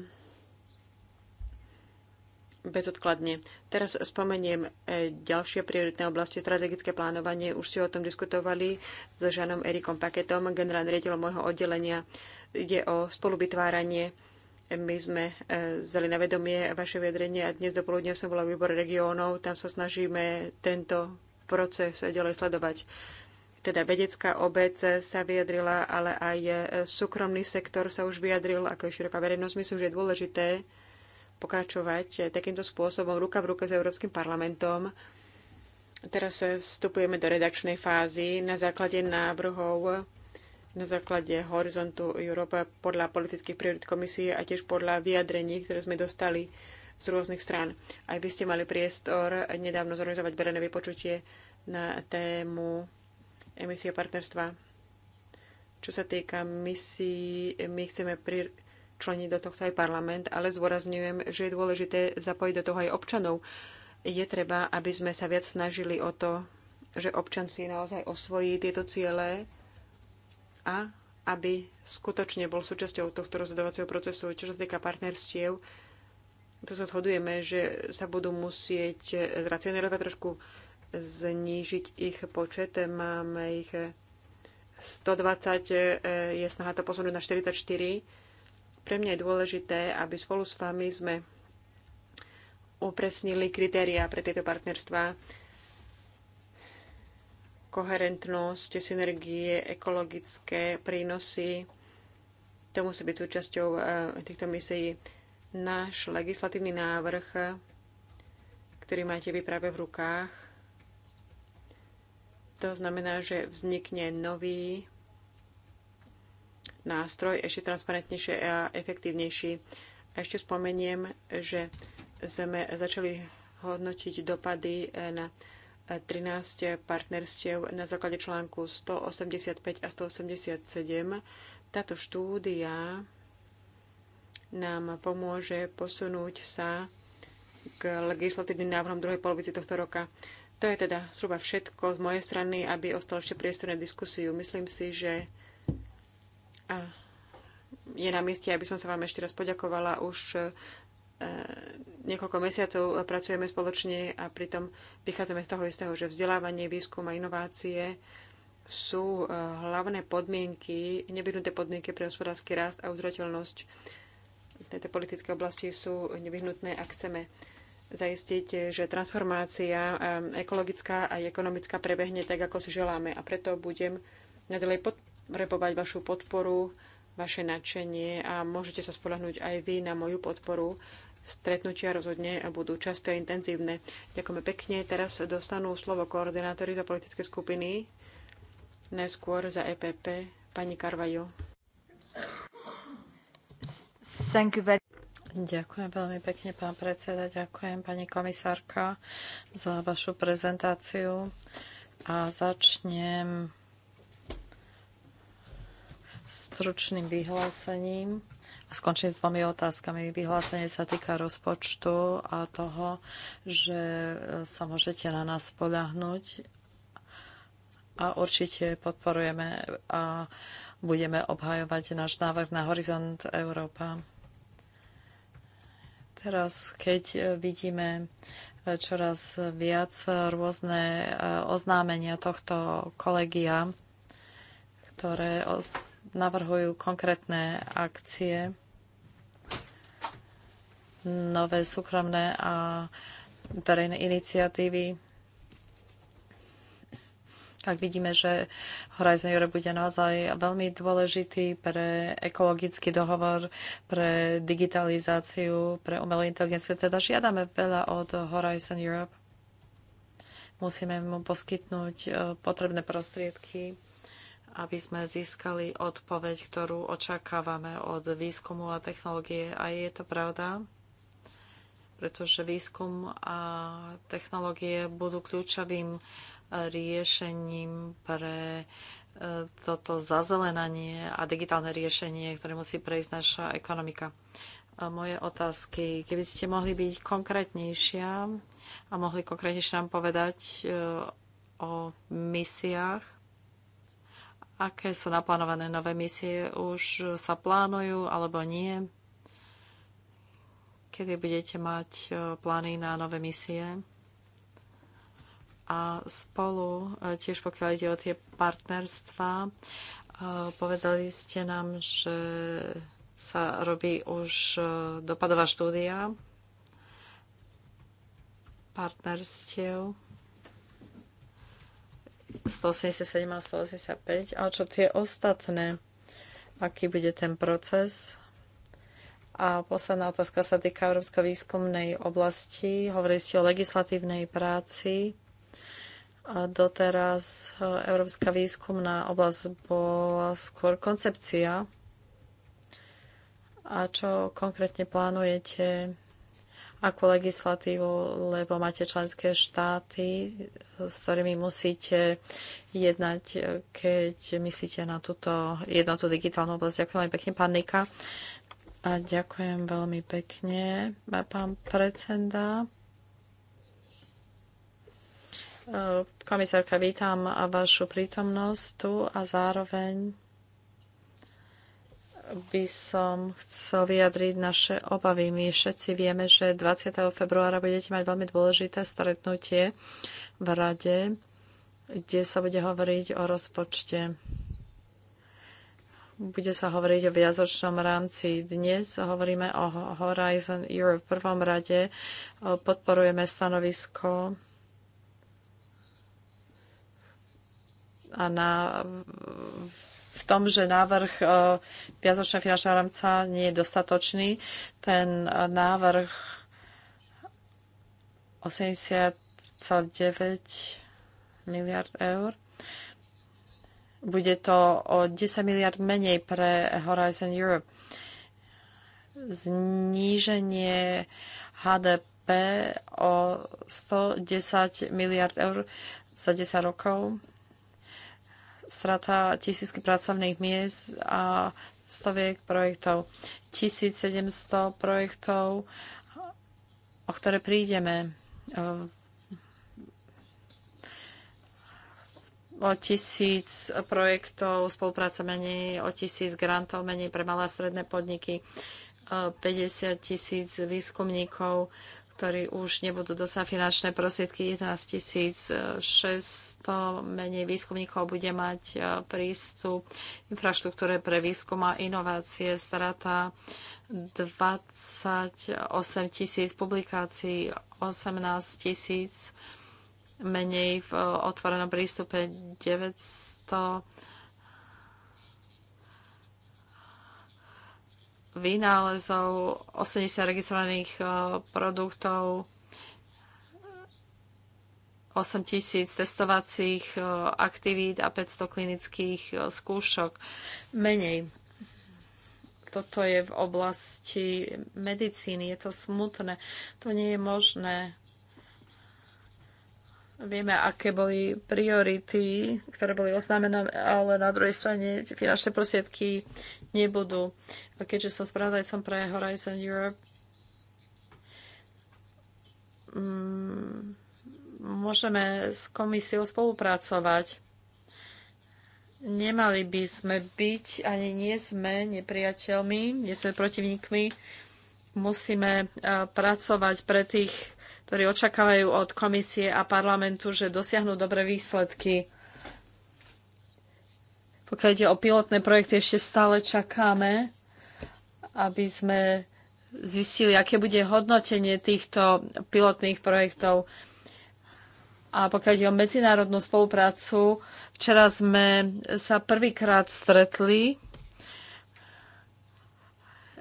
bezodkladne. Teraz spomeniem e, ďalšie prioritné oblasti, strategické plánovanie. Už si o tom diskutovali s Žanom Erikom Paketom, generálnym riaditeľom môjho oddelenia. Ide o spoluvytváranie my sme e, vzali na vedomie vaše vyjadrenie a dnes dopoludne som bola výbor regiónov. Tam sa snažíme tento proces ďalej sledovať. Teda vedecká obec sa vyjadrila, ale aj e, súkromný sektor sa už vyjadril, ako je široká verejnosť. Myslím, že je dôležité pokračovať e, takýmto spôsobom ruka v ruke s Európskym parlamentom. Teraz vstupujeme do redakčnej fázy na základe návrhov na základe Horizontu Európa podľa politických priorit komisie a tiež podľa vyjadrení, ktoré sme dostali z rôznych strán. Aj vy ste mali priestor nedávno zorganizovať verejné vypočutie na tému emisie partnerstva. Čo sa týka misií, my chceme pričleniť do tohto aj parlament, ale zdôrazňujem, že je dôležité zapojiť do toho aj občanov. Je treba, aby sme sa viac snažili o to, že občan si naozaj osvojí tieto ciele a aby skutočne bol súčasťou tohto rozhodovacieho procesu. Čo sa týka partnerstiev, to sa zhodujeme, že sa budú musieť zracionalizovať trošku znížiť ich počet. Máme ich 120, je snaha to posunúť na 44. Pre mňa je dôležité, aby spolu s vami sme upresnili kritéria pre tieto partnerstvá koherentnosť, synergie, ekologické prínosy. To musí byť súčasťou e, týchto misií. Náš legislatívny návrh, ktorý máte vy práve v rukách, to znamená, že vznikne nový nástroj, ešte transparentnejšie a efektívnejší. A ešte spomeniem, že sme začali hodnotiť dopady e, na 13 partnerstiev na základe článku 185 a 187. Táto štúdia nám pomôže posunúť sa k legislatívnym návrhom druhej polovici tohto roka. To je teda zhruba všetko z mojej strany, aby ostal ešte priestor na diskusiu. Myslím si, že je na mieste, aby som sa vám ešte raz poďakovala. Už E, niekoľko mesiacov pracujeme spoločne a pritom vychádzame z toho istého, že vzdelávanie, výskum a inovácie sú e, hlavné podmienky, nevyhnuté podmienky pre hospodársky rast a uzrateľnosť v tejto politické oblasti sú nevyhnutné, a chceme zaistiť, že transformácia e, ekologická a ekonomická prebehne tak, ako si želáme. A preto budem nadalej potrebovať vašu podporu, vaše nadšenie a môžete sa spolahnúť aj vy na moju podporu stretnutia rozhodne budú časté a intenzívne. Ďakujeme pekne. Teraz dostanú slovo koordinátori za politické skupiny, neskôr za EPP, pani Karvajo. Ďakujem veľmi pekne, pán predseda. Ďakujem, pani komisárka, za vašu prezentáciu. A začnem stručným vyhlásením skončím s dvomi otázkami. Vyhlásenie sa týka rozpočtu a toho, že e, sa môžete na nás poľahnúť a určite podporujeme a budeme obhajovať náš návrh na Horizont Európa. Teraz, keď e, vidíme e, čoraz viac rôzne oznámenia tohto kolegia, ktoré navrhujú konkrétne akcie, nové súkromné a verejné iniciatívy. Ak vidíme, že Horizon Europe bude naozaj veľmi dôležitý pre ekologický dohovor, pre digitalizáciu, pre umelú inteligenciu, teda žiadame veľa od Horizon Europe. Musíme mu poskytnúť e, potrebné prostriedky, aby sme získali odpoveď, ktorú očakávame od výskumu a technológie. A je to pravda, pretože výskum a technológie budú kľúčovým e, riešením pre e, toto zazelenanie a digitálne riešenie, ktoré musí prejsť naša ekonomika. A moje otázky, keby ste mohli byť konkrétnejšia a mohli konkrétnejšie nám povedať e, o misiách, aké sú naplánované nové misie, už sa plánujú alebo nie? kedy budete mať e, plány na nové misie. A spolu, e, tiež pokiaľ ide o tie partnerstva, e, povedali ste nám, že sa robí už dopadová štúdia partnerstiev 187 a 185. A čo tie ostatné? Aký bude ten proces? A posledná otázka sa týka Európskej výskumnej oblasti. Hovorili ste o legislatívnej práci. A doteraz e, Európska výskumná oblasť bola skôr koncepcia. A čo konkrétne plánujete ako legislatívu, lebo máte členské štáty, s ktorými musíte jednať, e, keď myslíte na túto jednotu digitálnu oblasť. Ďakujem veľmi pekne, pán Nika. A ďakujem veľmi pekne, pán predseda. E, komisárka, vítam a vašu prítomnosť tu a zároveň by som chcel vyjadriť naše obavy. My všetci vieme, že 20. februára budete mať veľmi dôležité stretnutie v Rade, kde sa bude hovoriť o rozpočte bude sa hovoriť o viacročnom rámci. Dnes hovoríme o Horizon Europe. V prvom rade e, podporujeme stanovisko a na, v tom, že návrh e, viazočného finančného rámca nie je dostatočný. Ten návrh 80,9 miliard eur bude to o 10 miliard menej pre Horizon Europe. Zníženie HDP o 110 miliard eur za 10 rokov, strata tisícky pracovných miest a stoviek projektov. 1700 projektov, o ktoré prídeme eh, o tisíc projektov, spolupráca menej, o tisíc grantov menej pre malé a stredné podniky, 50 e, tisíc výskumníkov, ktorí už nebudú dostať finančné prostriedky, 11 600 e, menej výskumníkov bude mať e, prístup infraštruktúre pre výskum a inovácie, strata 28 tisíc publikácií, 18 tisíc 000 menej v otvorenom prístupe 900 vynálezov, 80 registrovaných e, produktov, 8 tisíc testovacích e, aktivít a 500 klinických e, skúšok. Menej. Toto je v oblasti medicíny. Je to smutné. To nie je možné Vieme, aké boli priority, ktoré boli oznámené, ale na druhej strane finančné prosiedky nebudú. A keďže som spravodajcom pre Horizon Europe, mm, môžeme s komisiou spolupracovať. Nemali by sme byť, ani nie sme nepriateľmi, nie sme protivníkmi. Musíme pracovať pre tých ktorí očakávajú od komisie a parlamentu, že dosiahnu dobré výsledky. Pokiaľ ide o pilotné projekty, ešte stále čakáme, aby sme zistili, aké bude hodnotenie týchto pilotných projektov. A pokiaľ ide o medzinárodnú spoluprácu, včera sme sa prvýkrát stretli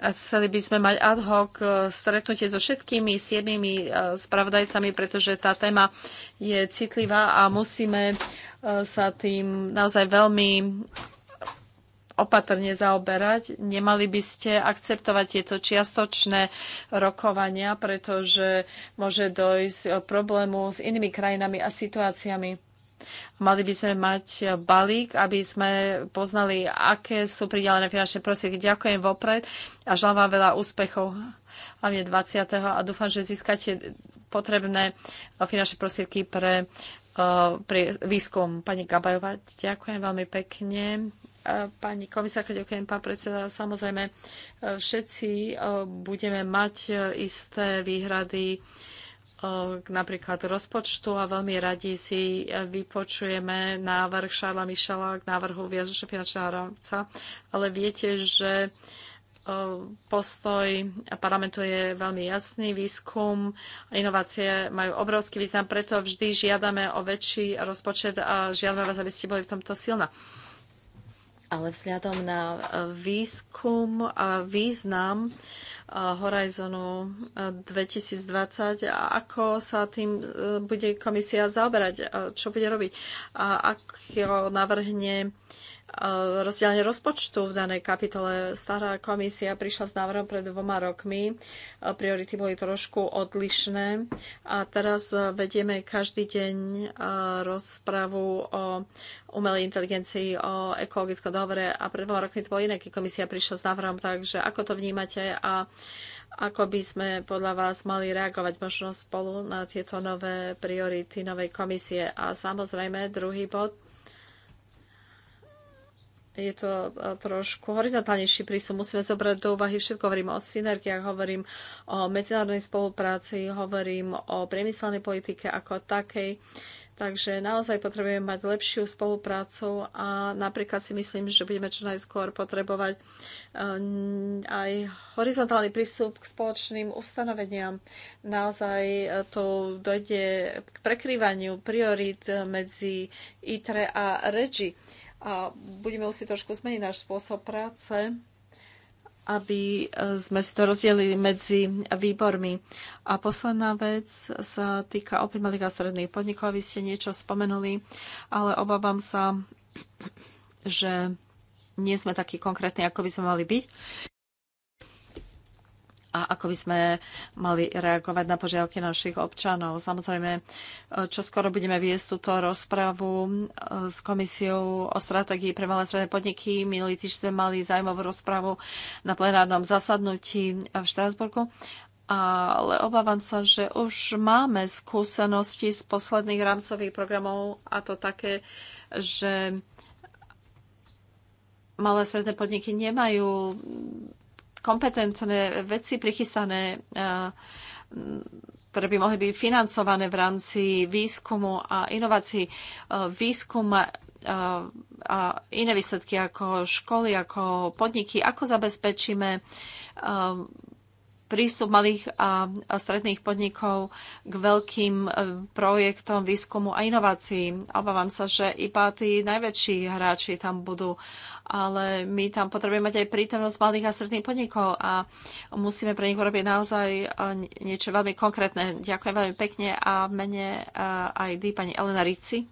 a chceli by sme mať ad hoc e, stretnutie so všetkými siedmimi e, spravodajcami, pretože tá téma je citlivá a musíme e, sa tým naozaj veľmi opatrne zaoberať. Nemali by ste akceptovať tieto čiastočné rokovania, pretože môže dojsť problému s inými krajinami a situáciami. Mali by sme mať balík, aby sme poznali, aké sú pridelené finančné prostriedky. Ďakujem vopred a želám vám veľa úspechov hlavne 20. a dúfam, že získate potrebné eh, finančné prostriedky pre, eh, pre výskum. Pani Gabajová, ďakujem veľmi pekne. Pani komisárka, ďakujem, pán predseda. Samozrejme, eh, všetci budeme mať isté výhrady napríklad rozpočtu a veľmi radi si e, vypočujeme návrh Šarla Mišela k návrhu viazučného finančného rámca, ale viete, že e, postoj parlamentu je veľmi jasný, výskum a inovácie majú obrovský význam, preto vždy žiadame o väčší rozpočet a žiadame vás, aby ste boli v tomto silná ale vzhľadom na e, výskum a význam e, Horizonu 2020 e, ako sa tým bude komisia zaoberať, čo bude robiť, a ako navrhne Eh, rozdielne rozpočtu v danej kapitole. Stará komisia prišla s návrhom pred dvoma rokmi, eh, priority boli trošku odlišné a teraz eh, vedieme každý deň rozpravu o umelej inteligencii, o ekologickom dohovore a pred dvoma rokmi to bolo iné, keď komisia prišla s návrhom, takže ako to vnímate a ako by sme podľa vás mali reagovať možno spolu na tieto nové priority novej komisie. A samozrejme, druhý bod, je to e, trošku horizontálnejší prísun. Musíme zobrať do úvahy všetko. Hovorím o synergiách, hovorím o medzinárodnej spolupráci, hovorím o priemyselnej politike ako takej. Takže naozaj potrebujeme mať lepšiu spoluprácu a napríklad si myslím, že budeme čo najskôr potrebovať e, aj horizontálny prístup k spoločným ustanoveniam. Naozaj e, to dojde k prekrývaniu priorít medzi ITRE a REGI a budeme musieť trošku zmeniť náš spôsob práce, aby e, sme si to rozdielili medzi výbormi. A posledná vec sa týka opäť malých a stredných podnikov. Vy ste niečo spomenuli, ale obávam sa, že nie sme takí konkrétni, ako by sme mali byť a ako by sme mali reagovať na požiadavky našich občanov. Samozrejme, čo skoro budeme viesť túto rozpravu e, s komisiou o stratégii pre malé stredné podniky. Minulý týždeň sme mali zaujímavú rozpravu na plenárnom zasadnutí v Štrásburgu ale obávam sa, že už máme skúsenosti z posledných rámcových programov a to také, že malé stredné podniky nemajú kompetentné veci prichystané, ktoré by mohli byť financované v rámci výskumu a inovácií. E, výskum e, a iné výsledky ako školy, ako podniky, ako zabezpečíme e, prístup malých a stredných podnikov k veľkým e, projektom výskumu a inovácií. Obávam sa, že iba tí najväčší hráči tam budú, ale my tam potrebujeme mať aj prítomnosť malých a stredných podnikov a musíme pre nich urobiť naozaj e, niečo veľmi konkrétne. Ďakujem veľmi pekne a mene e, aj ID pani Elena Rici.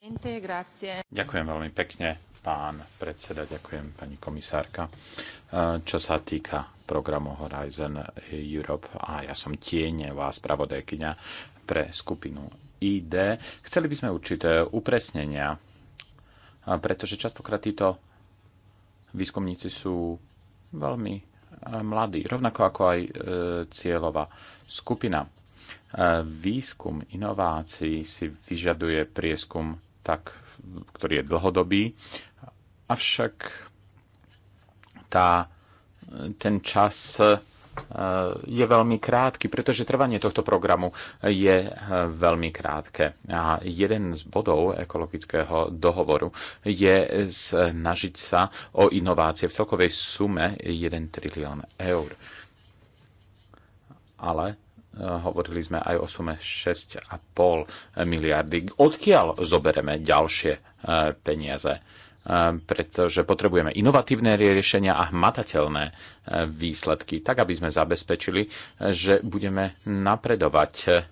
Integrácie. Ďakujem veľmi pekne, pán predseda, ďakujem pani komisárka. Čo sa týka programu Horizon Europe a ja som vás, pravodajkyňa pre skupinu ID. Chceli by sme určité upresnenia, pretože častokrát títo výskumníci sú veľmi e, mladí, rovnako ako aj e, cieľová skupina. E, výskum inovácií si vyžaduje prieskum tak, ktorý je dlhodobý, avšak tá ten čas e, je veľmi krátky, pretože trvanie tohto programu je e, veľmi krátke. A jeden z bodov ekologického dohovoru je snažiť sa o inovácie v celkovej sume 1 trilión eur. Ale e, hovorili sme aj o sume 6,5 miliardy. Odkiaľ zobereme ďalšie peniaze? pretože potrebujeme inovatívne riešenia a hmatateľné e, výsledky, tak aby sme zabezpečili, e, že budeme napredovať.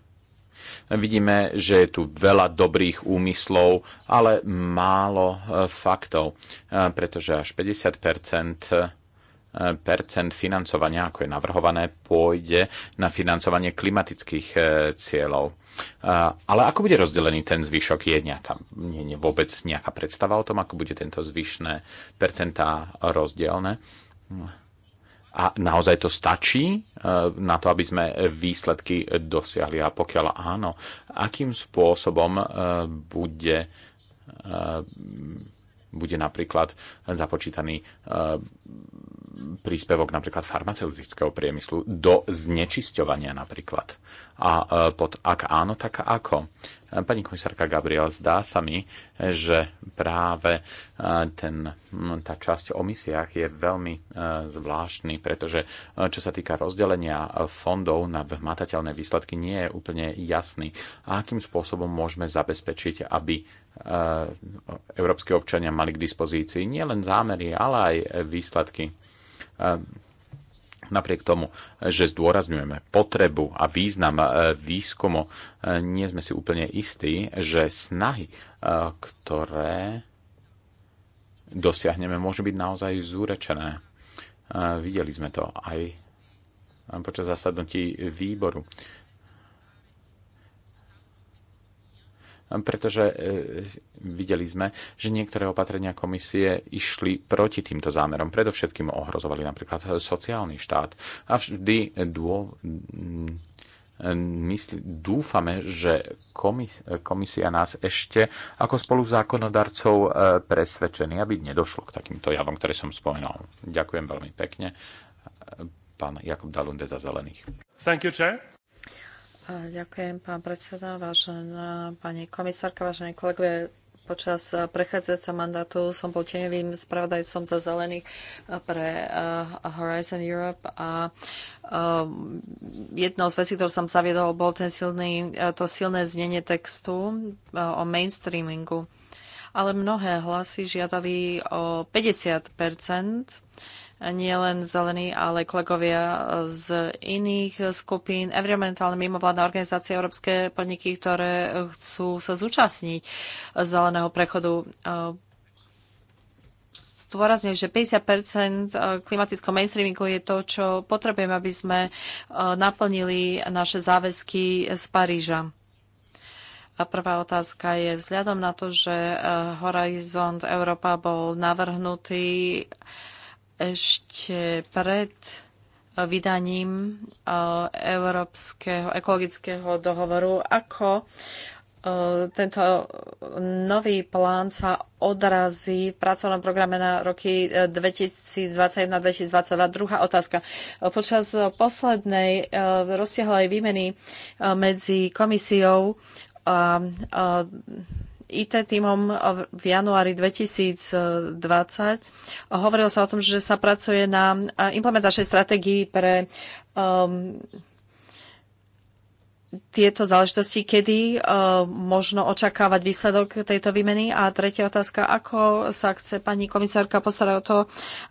Vidíme, že je tu veľa dobrých úmyslov, ale málo e, faktov, pretože až 50 Percent financovania, ako je navrhované, pôjde na financovanie klimatických e, cieľov. Ale ako bude rozdelený ten zvyšok? Je nejaká, nie, nie vôbec nejaká predstava o tom, ako bude tento zvyšné percentá rozdielne? A naozaj to stačí e, na to, aby sme výsledky dosiahli? A pokiaľ áno, akým spôsobom e, bude, bude napríklad započítaný príspevok napríklad farmaceutického priemyslu do znečisťovania napríklad. A e, pod ak áno, tak ako? E, pani komisárka Gabriel, zdá sa mi, že práve e, ten, tá časť o misiách je veľmi zvláštny, pretože čo sa týka rozdelenia fondov na hmatateľné výsledky, nie je úplne jasný. A akým spôsobom môžeme zabezpečiť, aby európske občania mali k dispozícii nielen zámery, ale aj výsledky výsledky. Napriek tomu, že zdôrazňujeme potrebu a význam e, výskumu, e, nie sme si úplne istí, že snahy, e, ktoré dosiahneme, môžu byť naozaj zúrečené. Videli sme to aj počas zasadnutí výboru pretože e, videli sme, že niektoré opatrenia komisie išli proti týmto zámerom. Predovšetkým ohrozovali napríklad sociálny štát a vždy dô, mysli, dúfame, že komis, komisia nás ešte ako spolu zákonodarcov e, presvedčení, aby nedošlo k takýmto javom, ktoré som spomenul. Ďakujem veľmi pekne. Pán Jakub Dalunde za zelených. Thank you, chair. Ďakujem, pán predseda, vážená pani komisárka, vážení kolegovia. Počas prechádzajúceho mandátu som bol tieňovým spravodajcom za zelených eh, pre eh, Horizon Europe a eh, jednou z vecí, ktorú som zaviedol, bol ten silný, to silné znenie textu o mainstreamingu. Ale mnohé hlasy žiadali o 50 nie len zelení, ale kolegovia z iných skupín, environmentálne mimovládne organizácie, európske podniky, ktoré chcú sa zúčastniť zeleného prechodu. Stôrazne, že 50 klimatického mainstreamingu je to, čo potrebujeme, aby sme e, naplnili naše záväzky z Paríža. A prvá otázka je vzhľadom na to, že e, Horizont Európa bol navrhnutý ešte pred vydaním e, Európskeho ekologického dohovoru, ako e, tento nový plán sa odrazí v pracovnom programe na roky 2021-2022. E, Druhá otázka. Počas poslednej rozsiahlej výmeny medzi komisiou a IT týmom v januári 2020. Hovorilo sa o tom, že sa pracuje na implementačnej stratégii pre um, tieto záležitosti, kedy uh, možno očakávať výsledok tejto výmeny. A tretia otázka, ako sa chce pani komisárka postarať o to,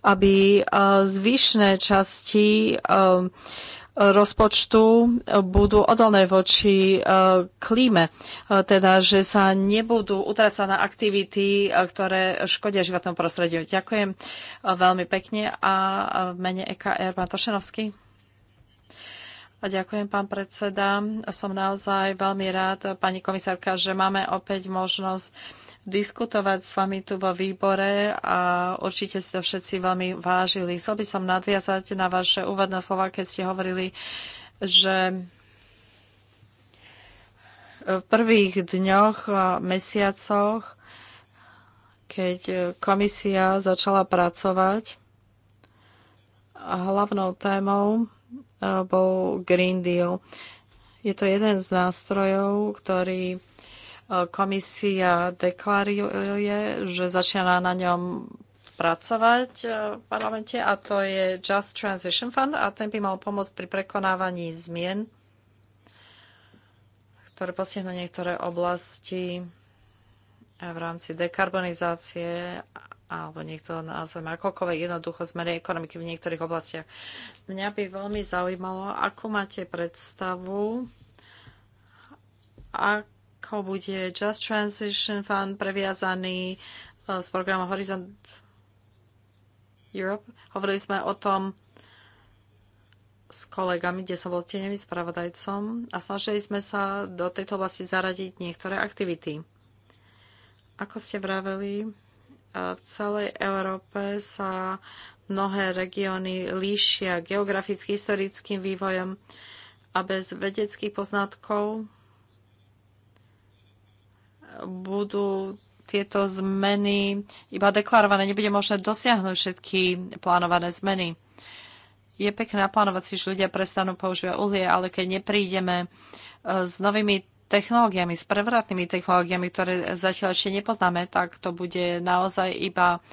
aby uh, zvyšné časti uh, rozpočtu budú odolné voči e, klíme, e, teda že sa nebudú utracať na aktivity, e, ktoré škodia životnom prostrediu. Ďakujem veľmi pekne a v mene EKR pán Tošenovský. A ďakujem, pán predseda. Som naozaj veľmi rád, pani komisárka, že máme opäť možnosť diskutovať s vami tu vo výbore a určite ste to všetci veľmi vážili. Chcel by som nadviazať na vaše úvodné slova, keď ste hovorili, že v prvých dňoch a mesiacoch, keď komisia začala pracovať, a hlavnou témou e, bol Green Deal. Je to jeden z nástrojov, ktorý Komisia deklaruje, že začína na ňom pracovať e, v parlamente a to je Just Transition Fund a ten by mal pomôcť pri prekonávaní zmien, ktoré postihnú niektoré oblasti e, v rámci dekarbonizácie alebo niekto nazveme akokoľvek jednoducho zmeny ekonomiky v niektorých oblastiach. Mňa by veľmi zaujímalo, akú máte predstavu, ak ako bude Just Transition Fund previazaný s eh, programom Horizont Europe. Hovorili sme o tom s kolegami, kde som bol tieňovým spravodajcom a snažili sme sa do tejto oblasti zaradiť niektoré aktivity. Ako ste vraveli, eh, v celej Európe sa mnohé regióny líšia geograficky, historickým vývojom a bez vedeckých poznatkov budú tieto zmeny iba deklarované, nebude možné dosiahnuť všetky plánované zmeny. Je pekné naplánovať si, že ľudia prestanú používať uhlie, ale keď neprídeme e, s novými technológiami, s prevratnými technológiami, ktoré zatiaľ ešte nepoznáme, tak to bude naozaj iba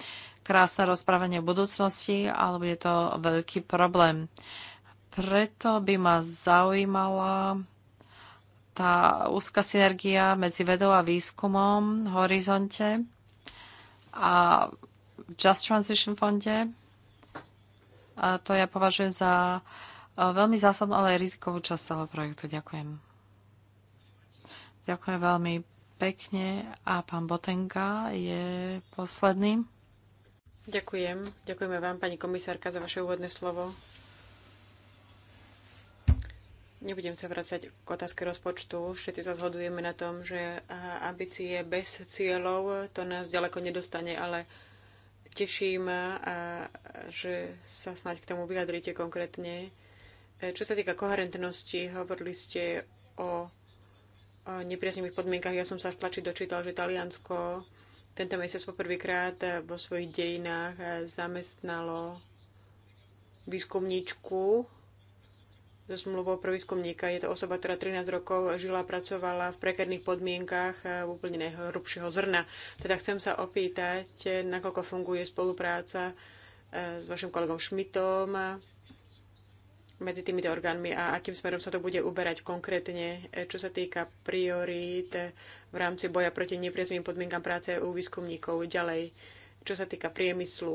krásne rozprávanie o budúcnosti, ale bude to veľký problém. Preto by ma zaujímala tá úzka synergia medzi vedou a výskumom v Horizonte a Just Transition fonde. A to ja považujem za e, veľmi zásadnú, ale aj rizikovú časť celého projektu. Ďakujem. Ďakujem veľmi pekne a pán Botenka je posledný. Ďakujem. Ďakujeme vám, pani komisárka, za vaše úvodné slovo. Nebudem sa vrácať k otázke rozpočtu. Všetci sa zhodujeme na tom, že ambície bez cieľov to nás ďaleko nedostane, ale teší ma, že sa snáď k tomu vyjadrite konkrétne. E, čo sa týka koherentnosti, hovorili ste o, o nepriaznivých podmienkach. Ja som sa v tlači dočítal, že Taliansko tento mesiac poprvýkrát vo svojich dejinách e, zamestnalo výskumníčku so zmluvou pro výskumníka. Je to osoba, ktorá 13 rokov žila a pracovala v prekerných podmienkách e, úplne najhrubšieho zrna. Teda chcem sa opýtať, e, nakoľko funguje spolupráca e, s vašim kolegom Šmitom medzi týmito orgánmi a akým smerom sa to bude uberať konkrétne, čo sa týka priorít v rámci boja proti nepriezvým podmienkam práce u výskumníkov ďalej, čo sa týka priemyslu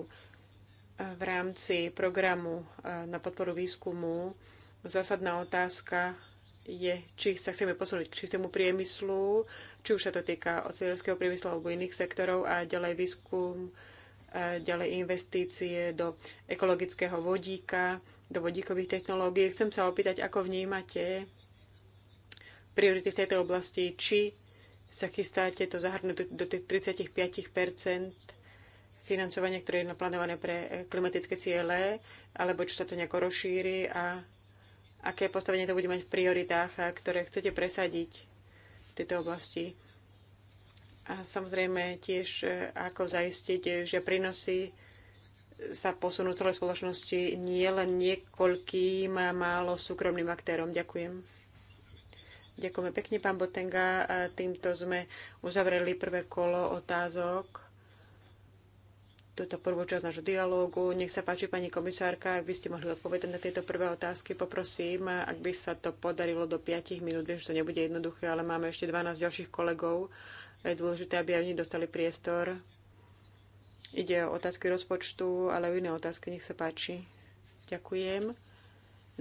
v rámci programu na podporu výskumu Zásadná otázka je, či sa chceme posunúť k čistému priemyslu, či už sa to týka ocelierského priemyslu alebo iných sektorov a ďalej výskum, a ďalej investície do ekologického vodíka, do vodíkových technológií. Chcem sa opýtať, ako vnímate priority v tejto oblasti, či sa chystáte to zahrnúť do tých 35 financovania, ktoré je naplánované pre klimatické ciele, alebo či sa to nejako rozšíri a aké postavenie to bude mať v prioritách, ktoré chcete presadiť v tejto oblasti. A samozrejme tiež, e, ako zaistiť, e, že prínosy sa posunú celej spoločnosti nie len niekoľkým málo súkromným aktérom. Ďakujem. Ďakujeme pekne, pán Botenga. Týmto sme uzavreli prvé kolo otázok túto prvú časť nášho dialógu. Nech sa páči, pani komisárka, ak by ste mohli odpovedať na tieto prvé otázky, poprosím, ak by sa to podarilo do 5 minút. Viem, že to nebude jednoduché, ale máme ešte 12 ďalších kolegov. Je dôležité, aby aj oni dostali priestor. Ide o otázky rozpočtu, ale o iné otázky. Nech sa páči. Ďakujem.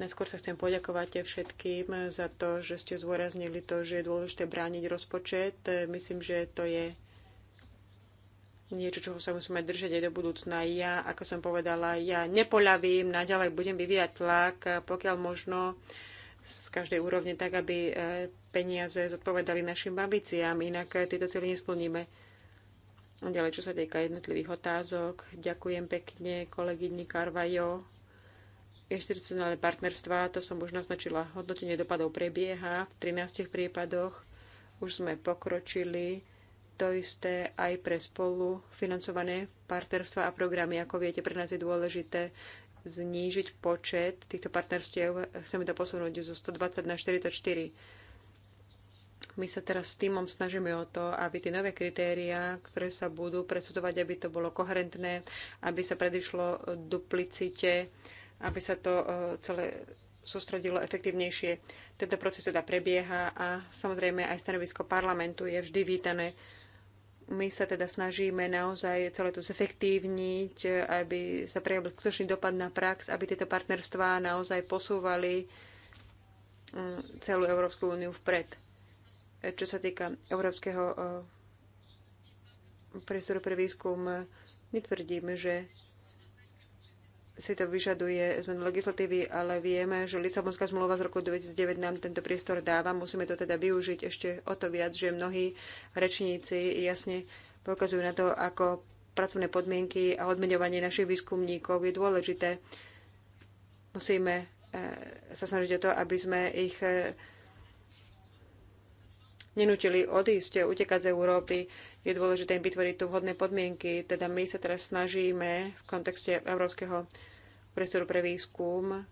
Najskôr sa chcem poďakovať všetkým za to, že ste zúraznili to, že je dôležité brániť rozpočet. Myslím, že to je niečo, čoho sa musíme držať aj do budúcna. Ja, ako som povedala, ja nepoľavím, naďalej budem vyvíjať tlak, pokiaľ možno z každej úrovne tak, aby e, peniaze zodpovedali našim ambíciám, inak e, tieto cieľe nesplníme. A ďalej, čo sa týka jednotlivých otázok, ďakujem pekne kolegyni Karvajo. Inštitucionálne partnerstva, to som už naznačila, hodnotenie dopadov prebieha v 13 prípadoch, už sme pokročili to isté aj pre spolu financované partnerstva a programy. Ako viete, pre nás je dôležité znížiť počet týchto partnerstiev. Chceme to posunúť zo 120 na 44. My sa teraz s týmom snažíme o to, aby tie nové kritériá, ktoré sa budú presudovať, aby to bolo koherentné, aby sa predišlo duplicite, aby sa to e, celé sústredilo efektívnejšie. Tento proces teda prebieha a samozrejme aj stanovisko parlamentu je vždy vítané my sa teda snažíme naozaj celé to zefektívniť, aby sa prejavil skutočný dopad na prax, aby tieto partnerstvá naozaj posúvali mm, celú Európsku úniu vpred. Čo sa týka Európskeho eh, priestoru pre výskum, netvrdíme, že si to vyžaduje zmenu legislatívy, ale vieme, že Lisabonská zmluva z roku 2009 nám tento priestor dáva. Musíme to teda využiť ešte o to viac, že mnohí rečníci jasne poukazujú na to, ako pracovné podmienky a odmeňovanie našich výskumníkov je dôležité. Musíme e, sa snažiť o to, aby sme ich e, nenútili odísť, utekať z Európy je dôležité im vytvoriť tu vhodné podmienky. Teda my sa teraz snažíme v kontexte Európskeho priestoru pre výskum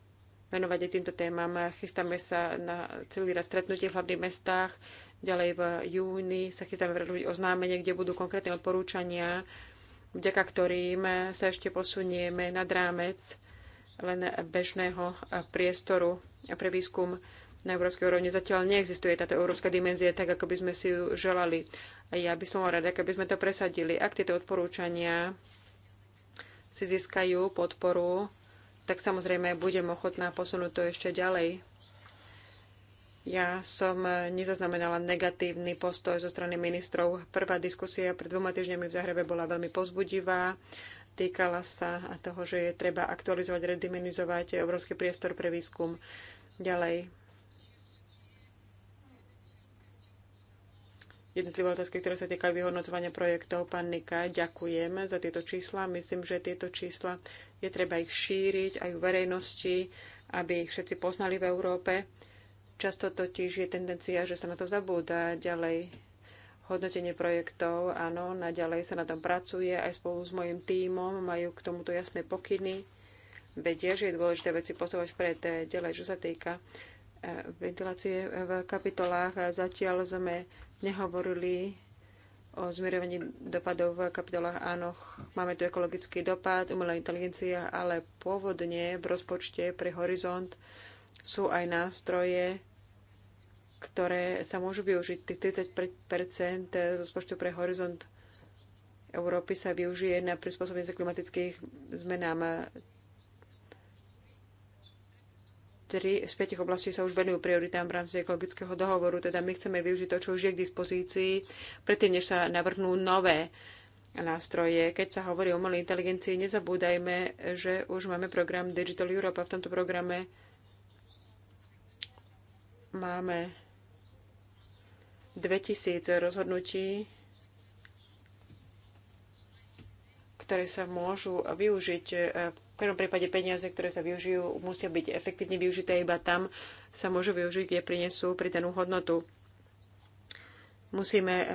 venovať aj týmto témam. Chystáme sa na celý raz stretnutie v hlavných mestách. Ďalej v júni sa chystáme vrátiť oznámenie, kde budú konkrétne odporúčania, vďaka ktorým sa ešte posunieme nad rámec len bežného priestoru pre výskum na európskej úrovni. Zatiaľ neexistuje táto európska dimenzia tak, ako by sme si ju želali. Ja by som rada, keby sme to presadili. Ak tieto odporúčania si získajú podporu, tak samozrejme budem ochotná posunúť to ešte ďalej. Ja som nezaznamenala negatívny postoj zo strany ministrov. Prvá diskusia pred dvoma týždňami v Zahrebe bola veľmi pozbudivá. Týkala sa toho, že je treba aktualizovať, redimenizovať obrovský priestor pre výskum. Ďalej, jednotlivé otázky, ktoré sa týkajú vyhodnocovania projektov. Pán Nika, ďakujem za tieto čísla. Myslím, že tieto čísla je treba ich šíriť aj v verejnosti, aby ich všetci poznali v Európe. Často totiž je tendencia, že sa na to zabúda ďalej. Hodnotenie projektov, áno, naďalej sa na tom pracuje, aj spolu s mojim tímom majú k tomuto jasné pokyny. Vedia, že je dôležité veci posúvať vpred ďalej, čo sa týka eh, ventilácie v kapitolách. Zatiaľ sme nehovorili o zmierovaní dopadov v kapitolách. Áno, máme tu ekologický dopad, umelá inteligencia, ale pôvodne v rozpočte pre Horizont sú aj nástroje, ktoré sa môžu využiť. Tých 30 rozpočtu pre Horizont Európy sa využije na prispôsobenie sa klimatických zmenám tri z piatich oblastí sa už venujú prioritám v rámci ekologického dohovoru, teda my chceme využiť to, čo už je k dispozícii, predtým, než sa navrhnú nové nástroje. Keď sa hovorí o umelej inteligencii, nezabúdajme, že už máme program Digital Europe a v tomto programe máme 2000 rozhodnutí, ktoré sa môžu využiť v v každom prípade peniaze, ktoré sa využijú, musia byť efektívne využité iba tam, sa môžu využiť, kde prinesú pridanú hodnotu. Musíme eh,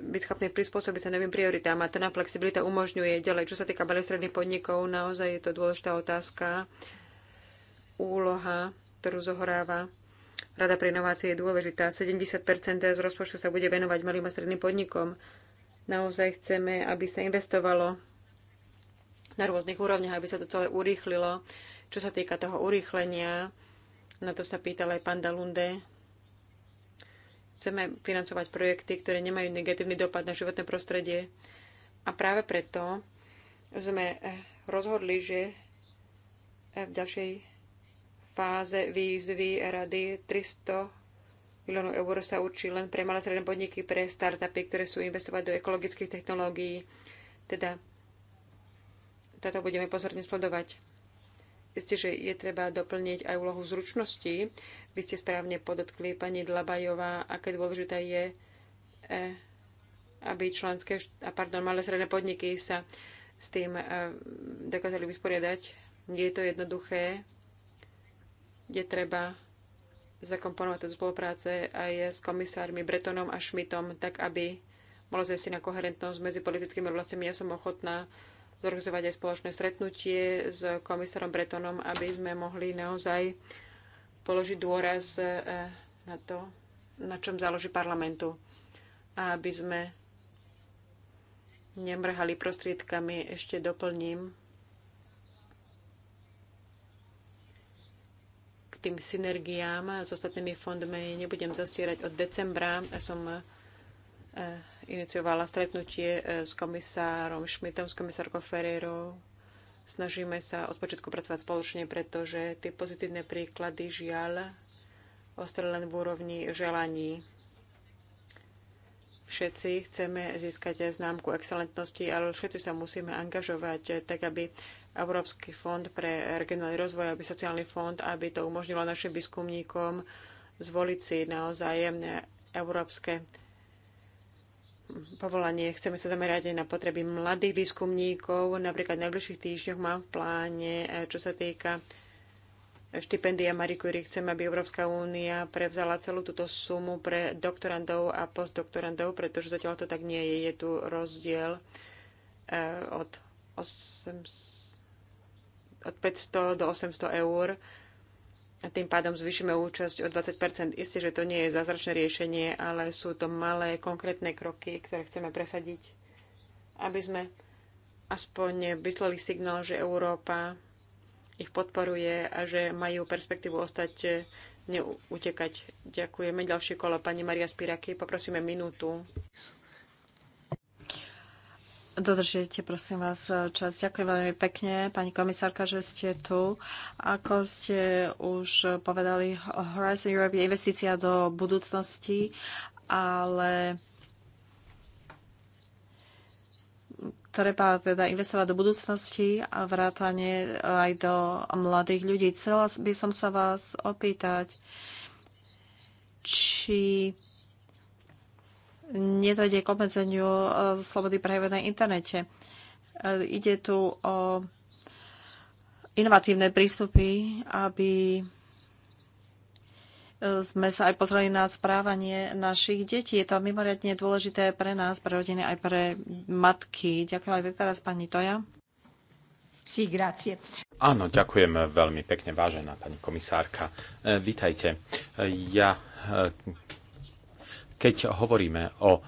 byť schopní prispôsobiť sa novým prioritám a to na flexibilita umožňuje ďalej. Čo sa týka balestredných podnikov, naozaj je to dôležitá otázka. Úloha, ktorú zohráva Rada pre inovácie je dôležitá. 70 z rozpočtu sa bude venovať malým a stredným podnikom. Naozaj chceme, aby sa investovalo na rôznych úrovniach, aby sa to celé urýchlilo. Čo sa týka toho urýchlenia, na to sa pýtal aj pán Dalunde, chceme financovať projekty, ktoré nemajú negatívny dopad na životné prostredie. A práve preto sme rozhodli, že v ďalšej fáze výzvy rady 300 miliónov eur sa určí len pre malé stredné podniky, pre startupy, ktoré sú investovať do ekologických technológií. Teda toto budeme pozorne sledovať. Viete, že je treba doplniť aj úlohu zručnosti. Vy ste správne podotkli, pani Dlabajová, aké dôležité je, e, aby členské, a pardon, malé sredné podniky sa s tým e, dokázali vysporiadať. Nie je to jednoduché. Je treba zakomponovať do spolupráce aj s komisármi Bretonom a Schmidtom, tak aby bola zistená koherentnosť medzi politickými oblastiami. Ja som ochotná zorganizovať aj spoločné stretnutie s komisárom Bretonom, aby sme mohli naozaj položiť dôraz e, na to, na čom záloží parlamentu. A aby sme nemrhali prostriedkami, ešte doplním k tým synergiám s ostatnými fondmi. Nebudem zastierať od decembra. Som e, iniciovala stretnutie e, s komisárom Šmitom, s komisárkou Ferrerou. Snažíme sa od počiatku pracovať spoločne, pretože tie pozitívne príklady žiaľ ostali len v úrovni želaní. Všetci chceme získať známku excelentnosti, ale všetci sa musíme angažovať tak, aby Európsky fond pre regionálny rozvoj, aby sociálny fond, aby to umožnilo našim výskumníkom zvoliť si naozaj e, európske povolanie. Chceme sa zamerať aj na potreby mladých výskumníkov. Napríklad v najbližších týždňoch mám v pláne, e, čo sa týka štipendia Marie Curie. Chcem, aby Európska únia prevzala celú túto sumu pre doktorandov a postdoktorandov, pretože zatiaľ to tak nie je. Je tu rozdiel e, od, od 500 do 800 eur a tým pádom zvyšíme účasť o 20 Isté, že to nie je zázračné riešenie, ale sú to malé konkrétne kroky, ktoré chceme presadiť, aby sme aspoň vyslali signál, že Európa ich podporuje a že majú perspektívu ostať neutekať. Ďakujeme. Ďalšie kolo pani Maria Spiraky. Poprosíme minútu. Dodržujete, prosím vás, čas. Ďakujem veľmi pekne, pani komisárka, že ste tu. Ako ste už povedali, Horizon Europe je investícia do budúcnosti, ale treba teda investovať do budúcnosti a vrátane aj do mladých ľudí. Chcela by som sa vás opýtať, či nedojde k obmedzeniu e, slobody prejavu na internete. E, ide tu o inovatívne prístupy, aby e, sme sa aj pozreli na správanie našich detí. Je to mimoriadne dôležité pre nás, pre rodiny, aj pre matky. Ďakujem aj teraz pani Toja. Sí, grazie. Áno, ďakujem veľmi pekne, vážená pani komisárka. Vítajte. Ja keď hovoríme o e,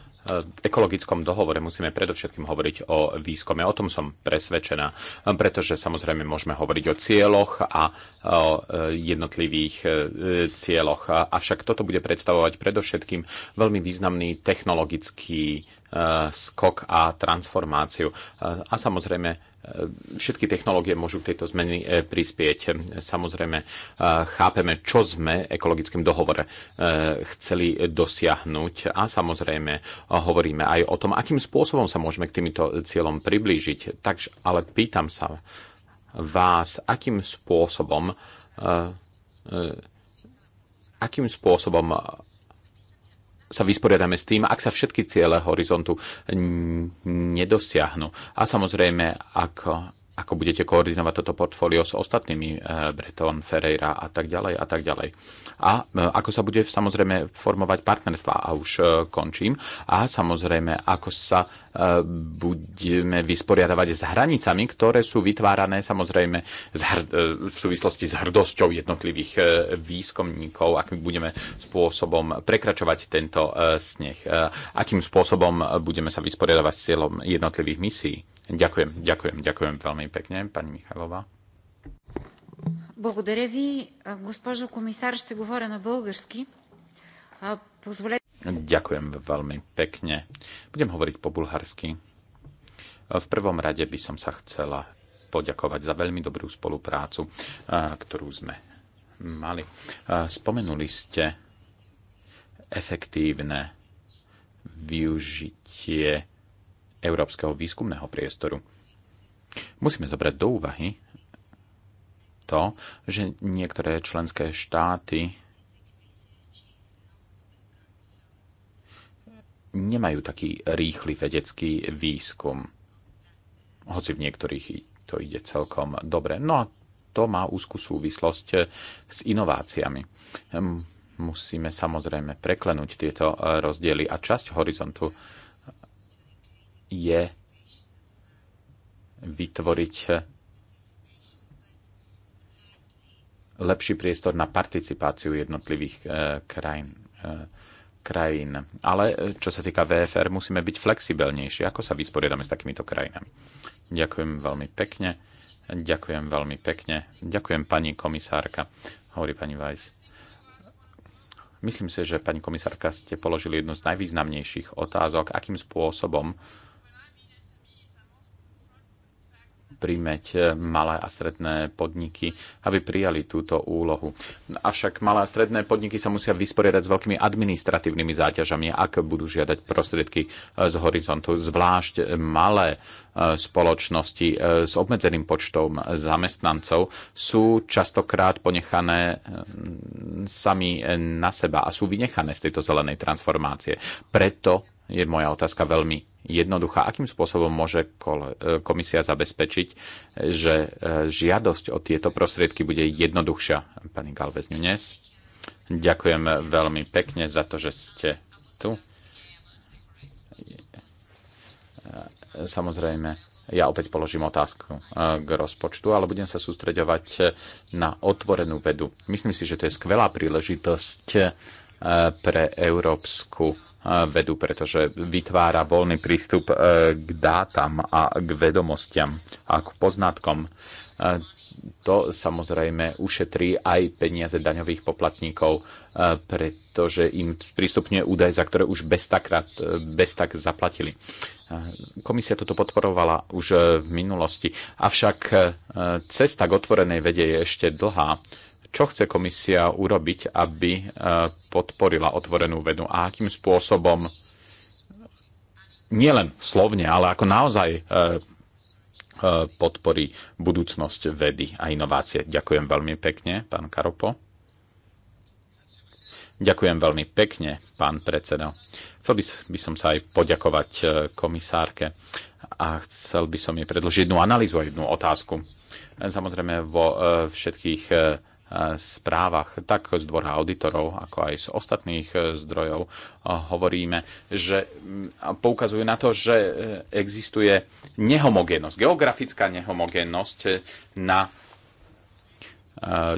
ekologickom dohovore musíme predovšetkým hovoriť o výskume. O tom som presvedčená, pretože samozrejme môžeme hovoriť o cieľoch a e, o e, jednotlivých cieľoch. Avšak toto bude predstavovať predovšetkým veľmi významný technologický skok a transformáciu. A samozrejme všetky technológie môžu k tejto zmeny e, prispieť. Samozrejme, e, chápeme, čo sme ekologickým dohovore e, chceli dosiahnuť a samozrejme hovoríme aj o tom, akým spôsobom sa môžeme k týmto cieľom priblížiť. Takže, ale pýtam sa vás, akým spôsobom akým spôsobom sa vysporiadame s tým, ak sa všetky ciele horizontu nedosiahnu. A samozrejme, ak ako budete koordinovať toto portfólio s ostatnými e, Breton, Ferreira a tak ďalej a tak ďalej. A e, ako sa bude samozrejme formovať partnerstva a už e, končím. A samozrejme, ako sa budeme vysporiadavať s hranicami, ktoré sú vytvárané samozrejme v súvislosti s hrdosťou jednotlivých výskumníkov, akým budeme spôsobom prekračovať tento sneh, akým spôsobom budeme sa vysporiadavať s cieľom jednotlivých misií. Ďakujem, ďakujem, ďakujem veľmi veľmi pekne, pani Michalová. Ďakujem veľmi pekne. Budem hovoriť po bulharsky. V prvom rade by som sa chcela poďakovať za veľmi dobrú spoluprácu, ktorú sme mali. Spomenuli ste efektívne využitie európskeho výskumného priestoru Musíme zobrať do úvahy to, že niektoré členské štáty nemajú taký rýchly vedecký výskum. Hoci v niektorých to ide celkom dobre. No a to má úzkú súvislosť s inováciami. Ehm, musíme samozrejme preklenúť tieto rozdiely a časť horizontu je vytvoriť eh, lepší priestor na participáciu jednotlivých eh, krajín. Eh, krajín. Ale čo sa týka VFR, musíme byť flexibilnejší. Ako sa vysporiadame s takýmito krajinami? Ďakujem veľmi pekne. Ďakujem veľmi pekne. Ďakujem pani komisárka, hovorí pani Weiss. Myslím si, že pani komisárka ste položili jednu z najvýznamnejších otázok, akým spôsobom príjmeť eh, malé a stredné podniky, aby prijali túto úlohu. Avšak malé a stredné podniky sa musia vysporiadať s veľkými administratívnymi záťažami, ak budú žiadať prostriedky eh, z horizontu, zvlášť eh, malé spoločnosti s obmedzeným počtom zamestnancov sú častokrát ponechané sami na seba a sú vynechané z tejto zelenej transformácie. Preto je moja otázka veľmi jednoduchá. Akým spôsobom môže e, komisia zabezpečiť, že e, žiadosť o tieto prostriedky bude jednoduchšia? Pani Galvez Nunes, ďakujem veľmi pekne za to, že ste tu. E, samozrejme, ja opäť položím otázku k rozpočtu, ale budem sa sústreďovať na otvorenú vedu. Myslím si, že to je skvelá príležitosť pre Európsku vedu, pretože vytvára voľný prístup e, k dátam a k vedomostiam a k poznatkom. E, to samozrejme ušetrí aj peniaze daňových poplatníkov, e, pretože im prístupňuje údaj, za ktoré už bez, takrát, bez tak zaplatili. Komisia toto podporovala už v minulosti, avšak cesta k otvorenej vede je ešte dlhá čo chce komisia urobiť, aby e, podporila otvorenú vedu a akým spôsobom nielen slovne, ale ako naozaj e, e, podporí budúcnosť vedy a inovácie. Ďakujem veľmi pekne, pán Karopo. Ďakujem veľmi pekne, pán predseda. Chcel by, som sa aj poďakovať komisárke a chcel by som jej predložiť jednu analýzu a jednu otázku. Samozrejme, vo všetkých E, správach, tak z dvora auditorov, ako aj z ostatných e, zdrojov e, hovoríme, že mm, poukazujú na to, že existuje nehomogénnosť, geografická nehomogénnosť na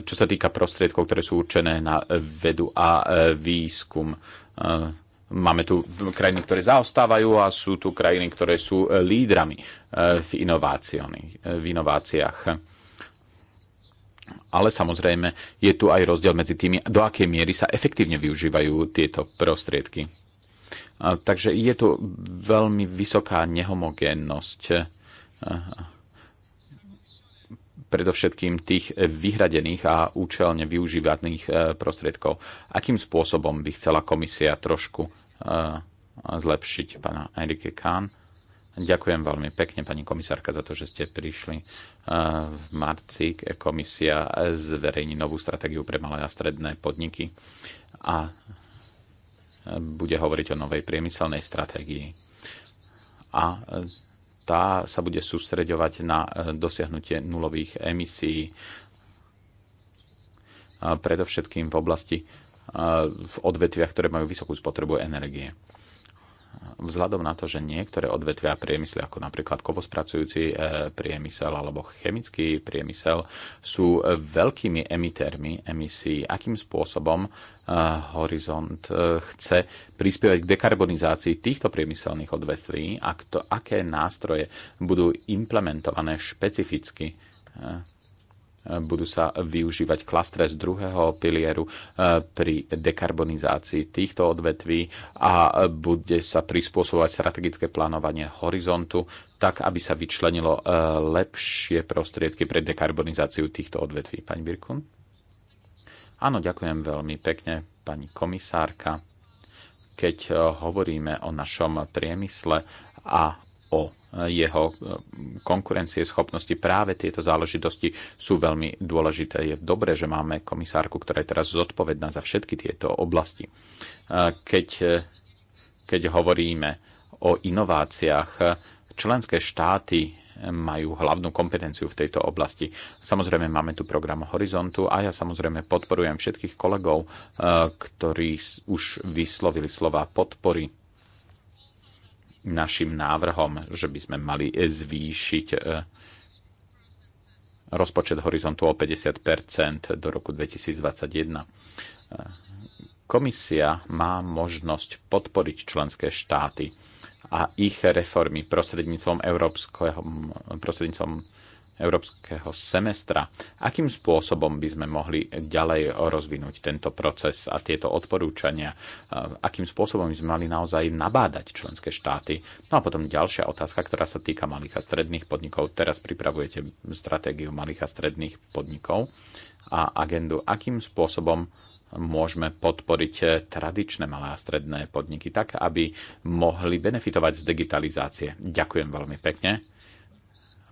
čo sa týka prostriedkov, ktoré sú určené na vedu a výskum. Máme tu krajiny, ktoré zaostávajú a sú tu krajiny, ktoré sú lídrami v, inováciách ale samozrejme je tu aj rozdiel medzi tými, do akej miery sa efektívne využívajú tieto prostriedky. Takže je tu veľmi vysoká nehomogénnosť predovšetkým tých vyhradených a účelne využívaných e, prostriedkov. Akým spôsobom by chcela komisia trošku e, zlepšiť pána Erike Kahn? Ďakujem veľmi pekne, pani komisárka, za to, že ste prišli. Eh, v marci komisia zverejní novú stratégiu pre malé a stredné podniky a bude hovoriť o novej priemyselnej stratégii. A eh, tá sa bude sústreďovať na eh, dosiahnutie nulových emisí, predovšetkým v oblasti v odvetviach, ktoré majú vysokú spotrebu energie vzhľadom na to, že niektoré odvetvia priemysle, ako napríklad kovospracujúci eh, priemysel alebo chemický priemysel, sú veľkými emitérmi emisí, akým spôsobom eh, Horizont eh, chce prispievať k dekarbonizácii týchto priemyselných odvetví a to, aké nástroje budú implementované špecificky budú sa využívať klastre z druhého pilieru e, pri dekarbonizácii týchto odvetví a bude sa prispôsobovať strategické plánovanie horizontu tak, aby sa vyčlenilo e, lepšie prostriedky pre dekarbonizáciu týchto odvetví. Pani Birkun? Áno, ďakujem veľmi pekne, pani komisárka. Keď e, hovoríme o našom priemysle a o jeho eh, konkurencieschopnosti. Práve tieto záležitosti sú veľmi dôležité. Je dobré, že máme komisárku, ktorá je teraz zodpovedná za všetky tieto oblasti. Eh, keď, eh, keď hovoríme o inováciách, členské štáty majú hlavnú kompetenciu v tejto oblasti. Samozrejme, máme tu program Horizontu a ja samozrejme podporujem všetkých kolegov, ktorí už vyslovili slova podpory našim návrhom, že by sme mali eh, zvýšiť eh, rozpočet horizontu o 50 do roku 2021. Eh, komisia má možnosť podporiť členské štáty a ich reformy prostredníctvom európskeho, prostredníctvom európskeho semestra. Akým spôsobom by sme mohli ďalej rozvinúť tento proces a tieto odporúčania? Akým spôsobom by sme mali naozaj nabádať členské štáty? No a potom ďalšia otázka, ktorá sa týka malých a stredných podnikov. Teraz pripravujete stratégiu malých a stredných podnikov a agendu. Akým spôsobom môžeme podporiť tradičné malé a stredné podniky tak, aby mohli benefitovať z digitalizácie. Ďakujem veľmi pekne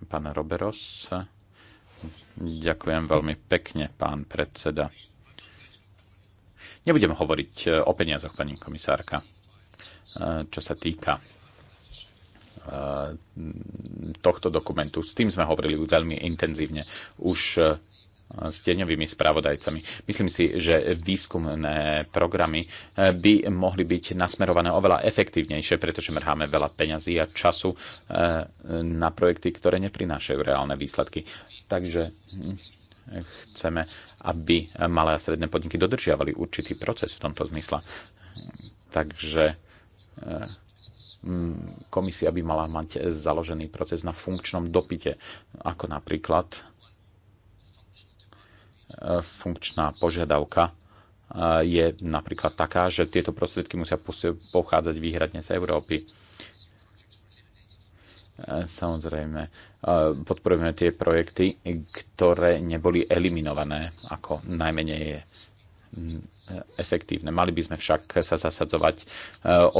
pán Roberos. Ďakujem veľmi pekne, pán predseda. Nebudem hovoriť e, o peniazoch, pani komisárka, e, čo sa týka e, tohto dokumentu. S tým sme hovorili veľmi intenzívne už s tieňovými spravodajcami. Myslím si, že výskumné programy eh, by mohli byť nasmerované oveľa efektívnejšie, pretože mrháme veľa peňazí a času eh, na projekty, ktoré neprinášajú reálne výsledky. Takže hm, chceme, aby malé a stredné podniky dodržiavali určitý proces v tomto zmysle. Takže eh, hm, komisia by mala mať založený proces na funkčnom dopite, ako napríklad funkčná požiadavka e, je napríklad taká, že tieto prostriedky musia pochádzať výhradne z Európy. E, samozrejme, e, podporujeme tie projekty, ktoré neboli eliminované ako najmenej efektívne. Mali by sme však sa zasadzovať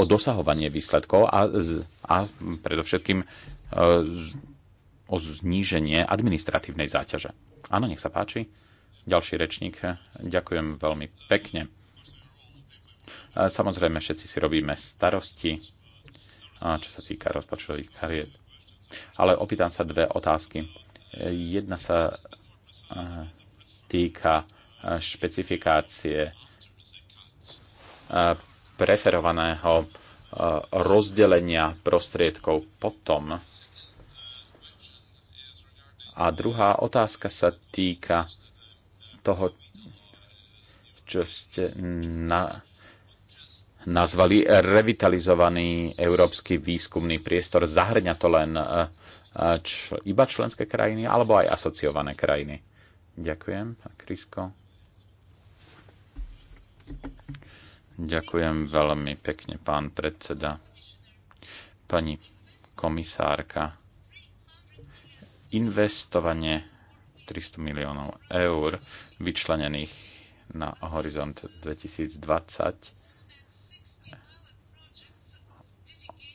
o dosahovanie výsledkov a, a predovšetkým o zníženie administratívnej záťaže. Áno, nech sa páči. Ďalší rečník, ďakujem veľmi pekne. Samozrejme, všetci si robíme starosti, čo sa týka rozpočtových kariet. Ale opýtam sa dve otázky. Jedna sa e, týka e, špecifikácie e, preferovaného rozdelenia prostriedkov potom. A druhá otázka sa týka toho, čo ste na, nazvali revitalizovaný európsky výskumný priestor. Zahrňa to len eh, eh, č, iba členské krajiny alebo aj asociované krajiny. Ďakujem, pán Krisko. Ďakujem veľmi pekne, pán predseda. Pani komisárka, investovanie 300 miliónov eur vyčlenených na horizont 2020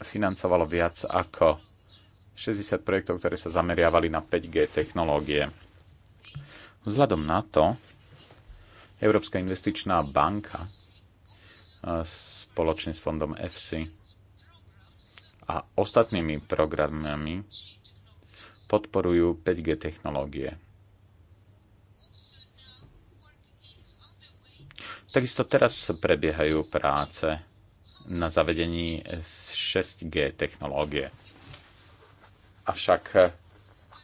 financovalo viac ako 60 projektov, ktoré sa zameriavali na 5G technológie. Vzhľadom na to, Európska investičná banka e, spoločne s fondom EFSI a ostatnými programami podporujú 5G technológie. Takisto teraz prebiehajú práce na zavedení 6G technológie. Avšak eh,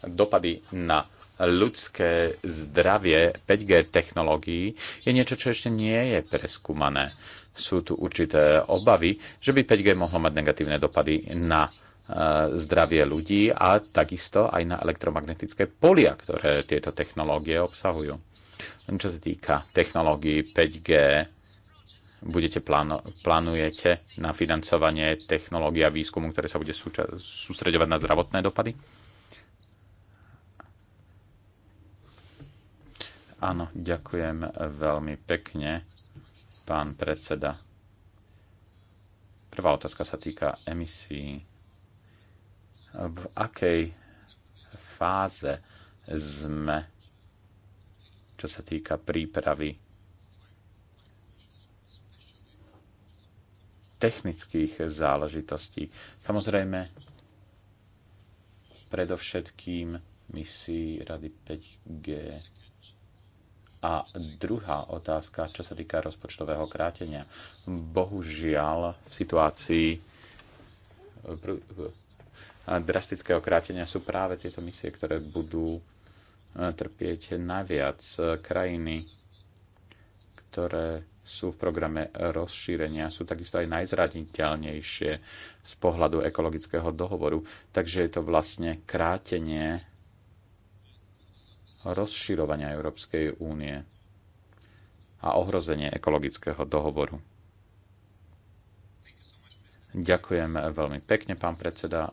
dopady na ľudské zdravie 5G technológií je niečo, čo ešte nie je preskúmané. Sú tu určité obavy, že by 5G mohlo mať negatívne dopady na eh, zdravie ľudí a takisto aj na elektromagnetické polia, ktoré tieto technológie obsahujú. Čo sa týka technológií 5G, budete plánujete na financovanie technológií a výskumu, ktoré sa bude sústredovať na zdravotné dopady? Áno, ďakujem veľmi pekne, pán predseda. Prvá otázka sa týka emisí. V akej fáze sme čo sa týka prípravy technických záležitostí. Samozrejme, predovšetkým misi Rady 5G. A druhá otázka, čo sa týka rozpočtového krátenia. Bohužiaľ, v situácii eh, eh, drastického krátenia sú práve tieto misie, ktoré budú trpieť najviac e, krajiny, ktoré sú v programe rozšírenia, sú takisto aj najzraditeľnejšie z pohľadu ekologického dohovoru. Takže je to vlastne krátenie rozširovania Európskej únie a ohrozenie ekologického dohovoru. Ďakujem veľmi pekne, pán predseda e,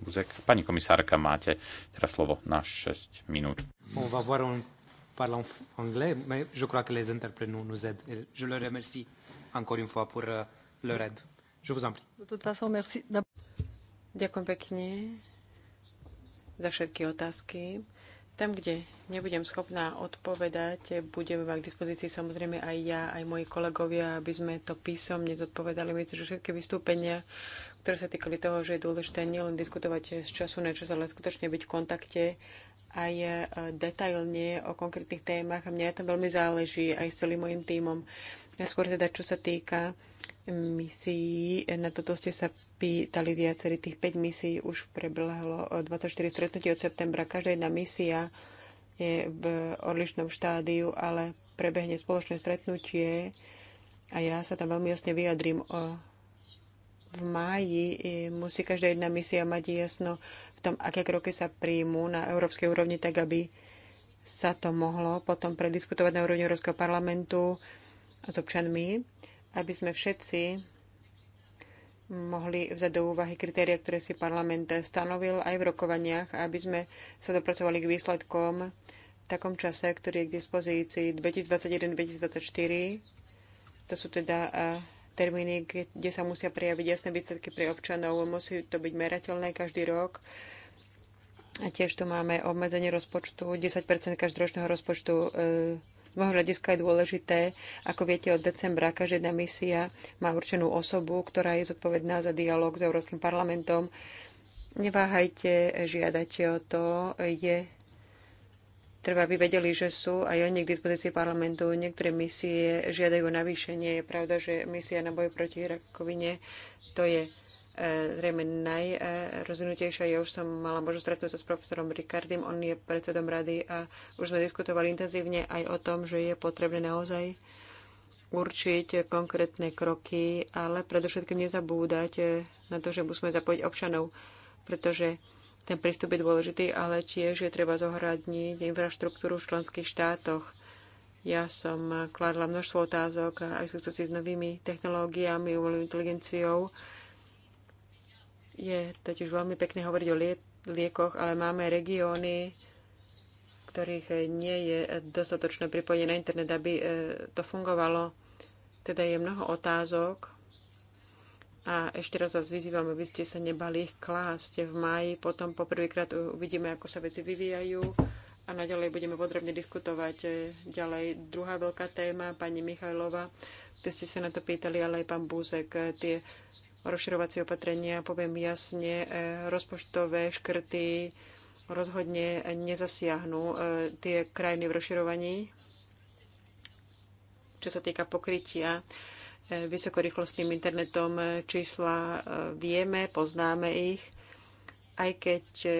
Buzek. Pani komisárka, máte teraz slovo na 6 minút. On va voir en anglais, mais je crois que les interprètes nous, aident. je leur remercie encore une fois pour euh, leur aide. Je vous en prie. De toute façon, merci. Ďakujem pekne za všetky otázky. Tam, kde nebudem schopná odpovedať, budeme mať k dispozícii samozrejme aj ja, aj moji kolegovia, aby sme to písomne zodpovedali. Myslím, že všetky vystúpenia ktoré sa týkali toho, že je dôležité nielen diskutovať z času na čas, ale skutočne byť v kontakte aj e, detailne o konkrétnych témach a mne tam veľmi záleží aj s celým mojim tímom. Skôr teda, čo sa týka misií, na toto ste sa pýtali viacerí. Tých 5 misií už prebehlo 24 e, stretnutí od septembra. Každá jedna misia je v odlišnom štádiu, ale prebehne spoločné stretnutie a ja sa tam veľmi jasne vyjadrím o v máji e, musí každá jedna misia mať jasno v tom, aké kroky sa príjmú na európskej úrovni, tak aby sa to mohlo potom prediskutovať na úrovni Európskeho parlamentu a s občanmi, aby sme všetci mohli vzať do úvahy kritéria, ktoré si parlament stanovil aj v rokovaniach, aby sme sa dopracovali k výsledkom v takom čase, ktorý je k dispozícii 2021-2024. To sú teda termíny, kde sa musia prejaviť jasné výsledky pre občanov. Musí to byť merateľné každý rok. A tiež tu máme obmedzenie rozpočtu, 10 každoročného rozpočtu. E, z môjho hľadiska je dôležité, ako viete, od decembra každá jedna misia má určenú osobu, ktorá je zodpovedná za dialog s Európskym parlamentom. Neváhajte žiadať o to, je Treba, aby vedeli, že sú aj oni k dispozícii parlamentu. Niektoré misie žiadajú navýšenie. Je pravda, že misia na boj proti rakovine to je e, zrejme najrozvinutejšia. Ja už som mala možnosť stretnúť sa s profesorom Ricardim, on je predsedom rady a už sme diskutovali intenzívne aj o tom, že je potrebné naozaj určiť konkrétne kroky, ale predovšetkým nezabúdať na to, že musíme zapojiť občanov, pretože ten prístup je dôležitý, ale tiež je treba zohradniť infraštruktúru v členských štátoch. Ja som kladla množstvo otázok aj v súvislosti s novými technológiami, umelou inteligenciou. Je totiž veľmi pekné hovoriť o liekoch, ale máme regióny, ktorých nie je dostatočné pripojenie na internet, aby eh, to fungovalo. Teda je mnoho otázok, a ešte raz vás vyzývam, aby ste sa nebali klásť v maji. Potom poprvýkrát uvidíme, ako sa veci vyvíjajú a naďalej budeme podrobne diskutovať. E, ďalej druhá veľká téma, pani Michajlova, vy ste sa na to pýtali, ale aj pán Búzek, e, tie rozširovacie opatrenia, poviem jasne, e, rozpočtové škrty rozhodne nezasiahnu tie krajiny v rozširovaní, čo sa týka pokrytia vysokorýchlostným internetom. E, čísla e, vieme, poznáme ich, aj keď e,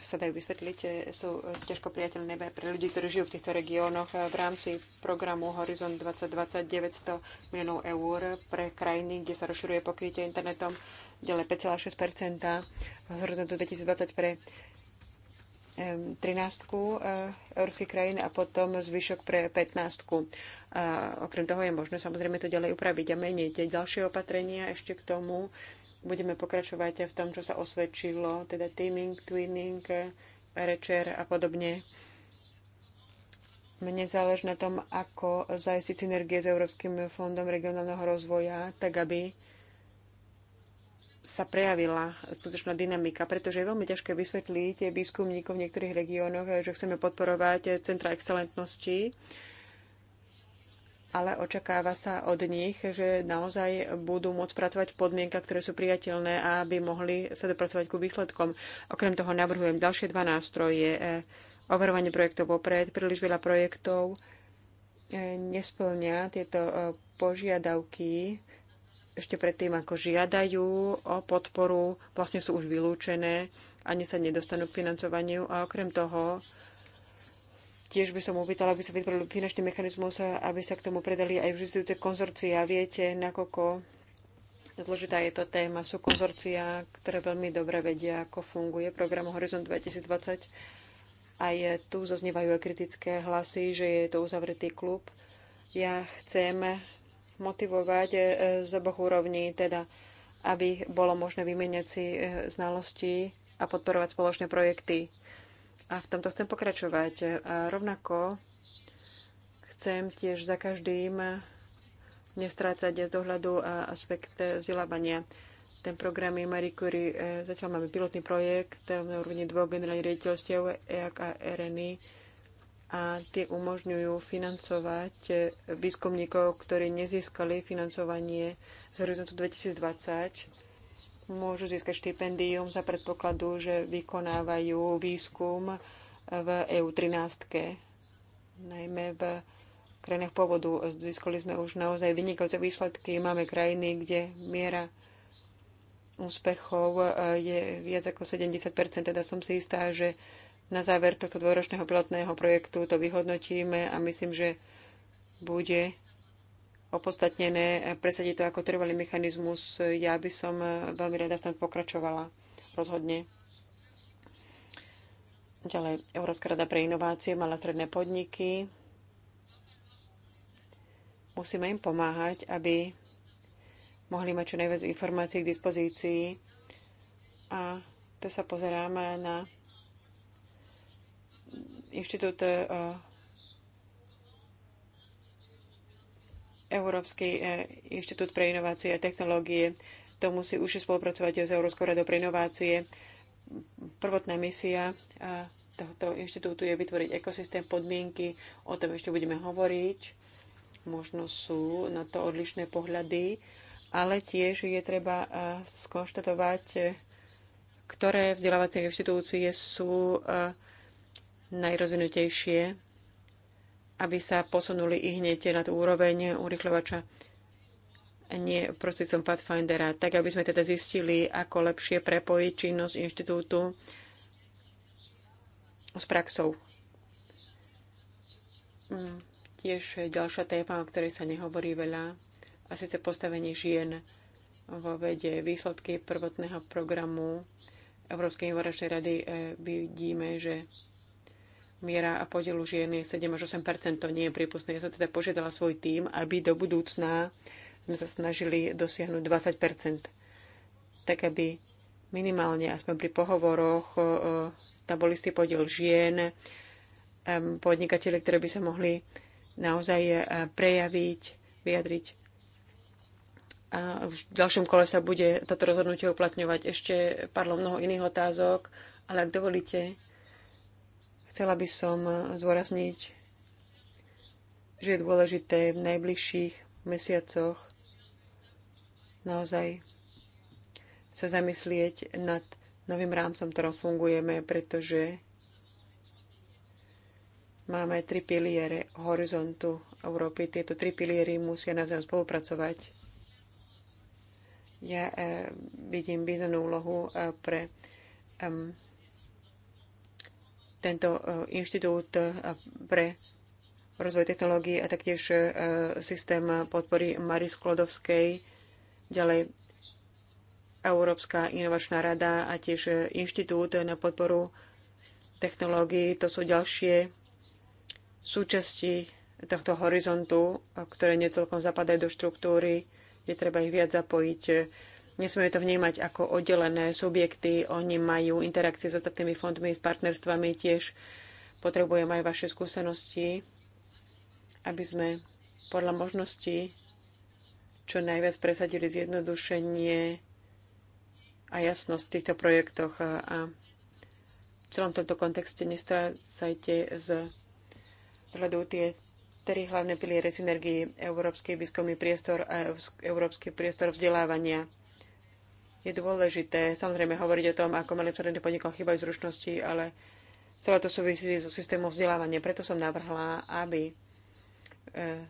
sa dajú vysvetliť, sú ťažko priateľné pre ľudí, ktorí žijú v týchto regiónoch. V rámci programu Horizon 2020 900 miliónov eur pre krajiny, kde sa rozširuje pokrytie internetom, ďalej 5,6 z horizontu 2020 pre 13 eh, európskych krajín a potom zvyšok pre 15. A okrem toho je možné samozrejme to ďalej upraviť a meniť. Ďalšie opatrenia ešte k tomu budeme pokračovať v tom, čo sa osvedčilo, teda teaming, twinning, rečer a podobne. Mne záleží na tom, ako zajistiť synergie s Európskym fondom regionálneho rozvoja, tak aby sa prejavila skutočná dynamika, pretože je veľmi ťažké vysvetliť výskumníkov v niektorých regiónoch, že chceme podporovať centra excelentnosti, ale očakáva sa od nich, že naozaj budú môcť pracovať v podmienkach, ktoré sú priateľné a aby mohli sa dopracovať ku výsledkom. Okrem toho navrhujem ďalšie dva nástroje. Overovanie projektov opred, príliš veľa projektov eh, nesplňa tieto eh, požiadavky ešte predtým, ako žiadajú o podporu, vlastne sú už vylúčené, ani sa nedostanú k financovaniu. A okrem toho, tiež by som uvítala, aby sa vytvoril finančný mechanizmus, aby sa k tomu predali aj existujúce konzorcia. Viete, nakoľko zložitá je to téma. Sú konzorcia, ktoré veľmi dobre vedia, ako funguje program Horizon 2020. Aj tu zaznievajú aj kritické hlasy, že je to uzavretý klub. Ja chcem motivovať e, z oboch úrovní, teda aby bolo možné vymeniať si e, znalosti a podporovať spoločné projekty. A v tomto chcem pokračovať. A rovnako chcem tiež za každým nestrácať z dohľadu a aspekt vzdelávania. Ten program je Marie Curie. E, zatiaľ máme pilotný projekt na úrovni dvoch generálnych riaditeľstiev EAC a RNI a tie umožňujú financovať eh, výskumníkov, ktorí nezískali financovanie z horizontu 2020. Môžu získať štipendium za predpokladu, že vykonávajú výskum eh, v EU13, najmä v krajinách pôvodu. Získali sme už naozaj vynikajúce výsledky. Máme krajiny, kde miera úspechov eh, je viac ako 70%, teda som si istá, že na záver tohto dvoročného pilotného projektu to vyhodnotíme a myslím, že bude opodstatnené presadiť to ako trvalý mechanizmus. Ja by som veľmi rada v tom pokračovala rozhodne. Ďalej, Európska rada pre inovácie, malé stredné podniky. Musíme im pomáhať, aby mohli mať čo najviac informácií k dispozícii. A to sa pozeráme na inštitút e, Európsky e, inštitút pre inovácie a technológie. To musí už spolupracovať s Európskou radou pre inovácie. Prvotná misia e, tohto inštitútu je vytvoriť ekosystém podmienky. O tom ešte budeme hovoriť. Možno sú na to odlišné pohľady, ale tiež je treba skonštatovať, ktoré vzdelávacie inštitúcie sú najrozvinutejšie, aby sa posunuli i hneď na tú úroveň urychľovača nie prostredstvom Pathfindera, tak aby sme teda zistili, ako lepšie prepojiť činnosť inštitútu s praxou. Mm, tiež ďalšia téma, o ktorej sa nehovorí veľa, a síce postavenie žien vo vede, výsledky prvotného programu Európskej inovačnej rady e, vidíme, že miera a podielu žien je 7 až 8 to nie je prípustné. Ja som teda požiadala svoj tým, aby do budúcna sme sa snažili dosiahnuť 20 tak aby minimálne, aspoň pri pohovoroch, e, tam bol istý podiel žien, e, podnikateľe, ktoré by sa mohli naozaj e, prejaviť, vyjadriť. A v ďalšom kole sa bude toto rozhodnutie uplatňovať. Ešte padlo mnoho iných otázok, ale ak dovolíte, Chcela by som zdôrazniť, že je dôležité v najbližších mesiacoch naozaj sa zamyslieť nad novým rámcom, ktorom fungujeme, pretože máme tri piliere horizontu Európy. Tieto tri piliery musia navzájom spolupracovať. Ja eh, vidím významnú úlohu eh, pre tento e, inštitút e, pre rozvoj technológií a taktiež e, systém podpory Mary Sklodovskej, ďalej Európska inovačná rada a tiež Inštitút na podporu technológií. To sú ďalšie súčasti tohto horizontu, ktoré necelkom zapadajú do štruktúry, je treba ich viac zapojiť. Nesmieme to vnímať ako oddelené subjekty. Oni majú interakcie s ostatnými fondmi, s partnerstvami tiež. Potrebujem aj vaše skúsenosti, aby sme podľa možností čo najviac presadili zjednodušenie a jasnosť v týchto projektoch. A v celom tomto kontexte nestrácajte z hľadu tie tri hlavné piliere synergii Európsky výskumný priestor a Európsky priestor vzdelávania – je dôležité samozrejme hovoriť o tom, ako mali stredným podnikom chýbajú zručnosti, ale celé to súvisí so systémom vzdelávania. Preto som navrhla, aby eh,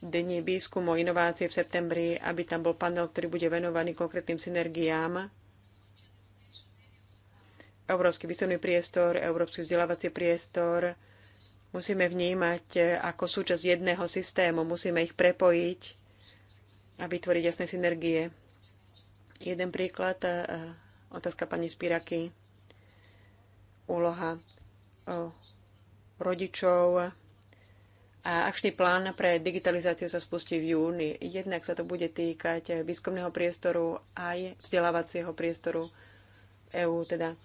dni výskumu inovácie v septembri, aby tam bol panel, ktorý bude venovaný konkrétnym synergiám. Európsky výskumný priestor, európsky vzdelávací priestor. Musíme vnímať eh, ako súčasť jedného systému. Musíme ich prepojiť a vytvoriť jasné synergie. Jeden príklad, e, otázka pani Spiraky, úloha e, rodičov a akčný plán pre digitalizáciu sa spustí v júni. Jednak sa to bude týkať výskumného priestoru aj vzdelávacieho priestoru EÚ, teda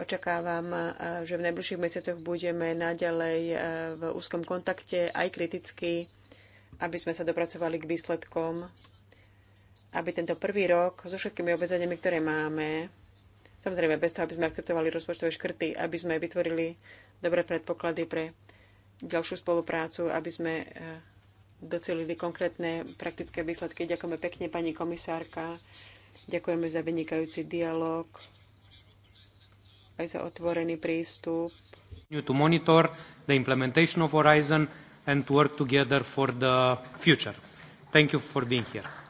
očakávam, e, že v najbližších mesiacoch budeme naďalej v úzkom kontakte, aj kriticky, aby sme sa dopracovali k výsledkom, aby tento prvý rok so všetkými obmedzeniami, ktoré máme, samozrejme bez toho, aby sme akceptovali rozpočtové škrty, aby sme vytvorili dobré predpoklady pre ďalšiu spoluprácu, aby sme e, docelili konkrétne praktické výsledky. Ďakujeme pekne, pani komisárka. Ďakujeme za vynikajúci dialog, aj za otvorený prístup. To monitor the implementation of Horizon and to work together for the future. Thank you for being here.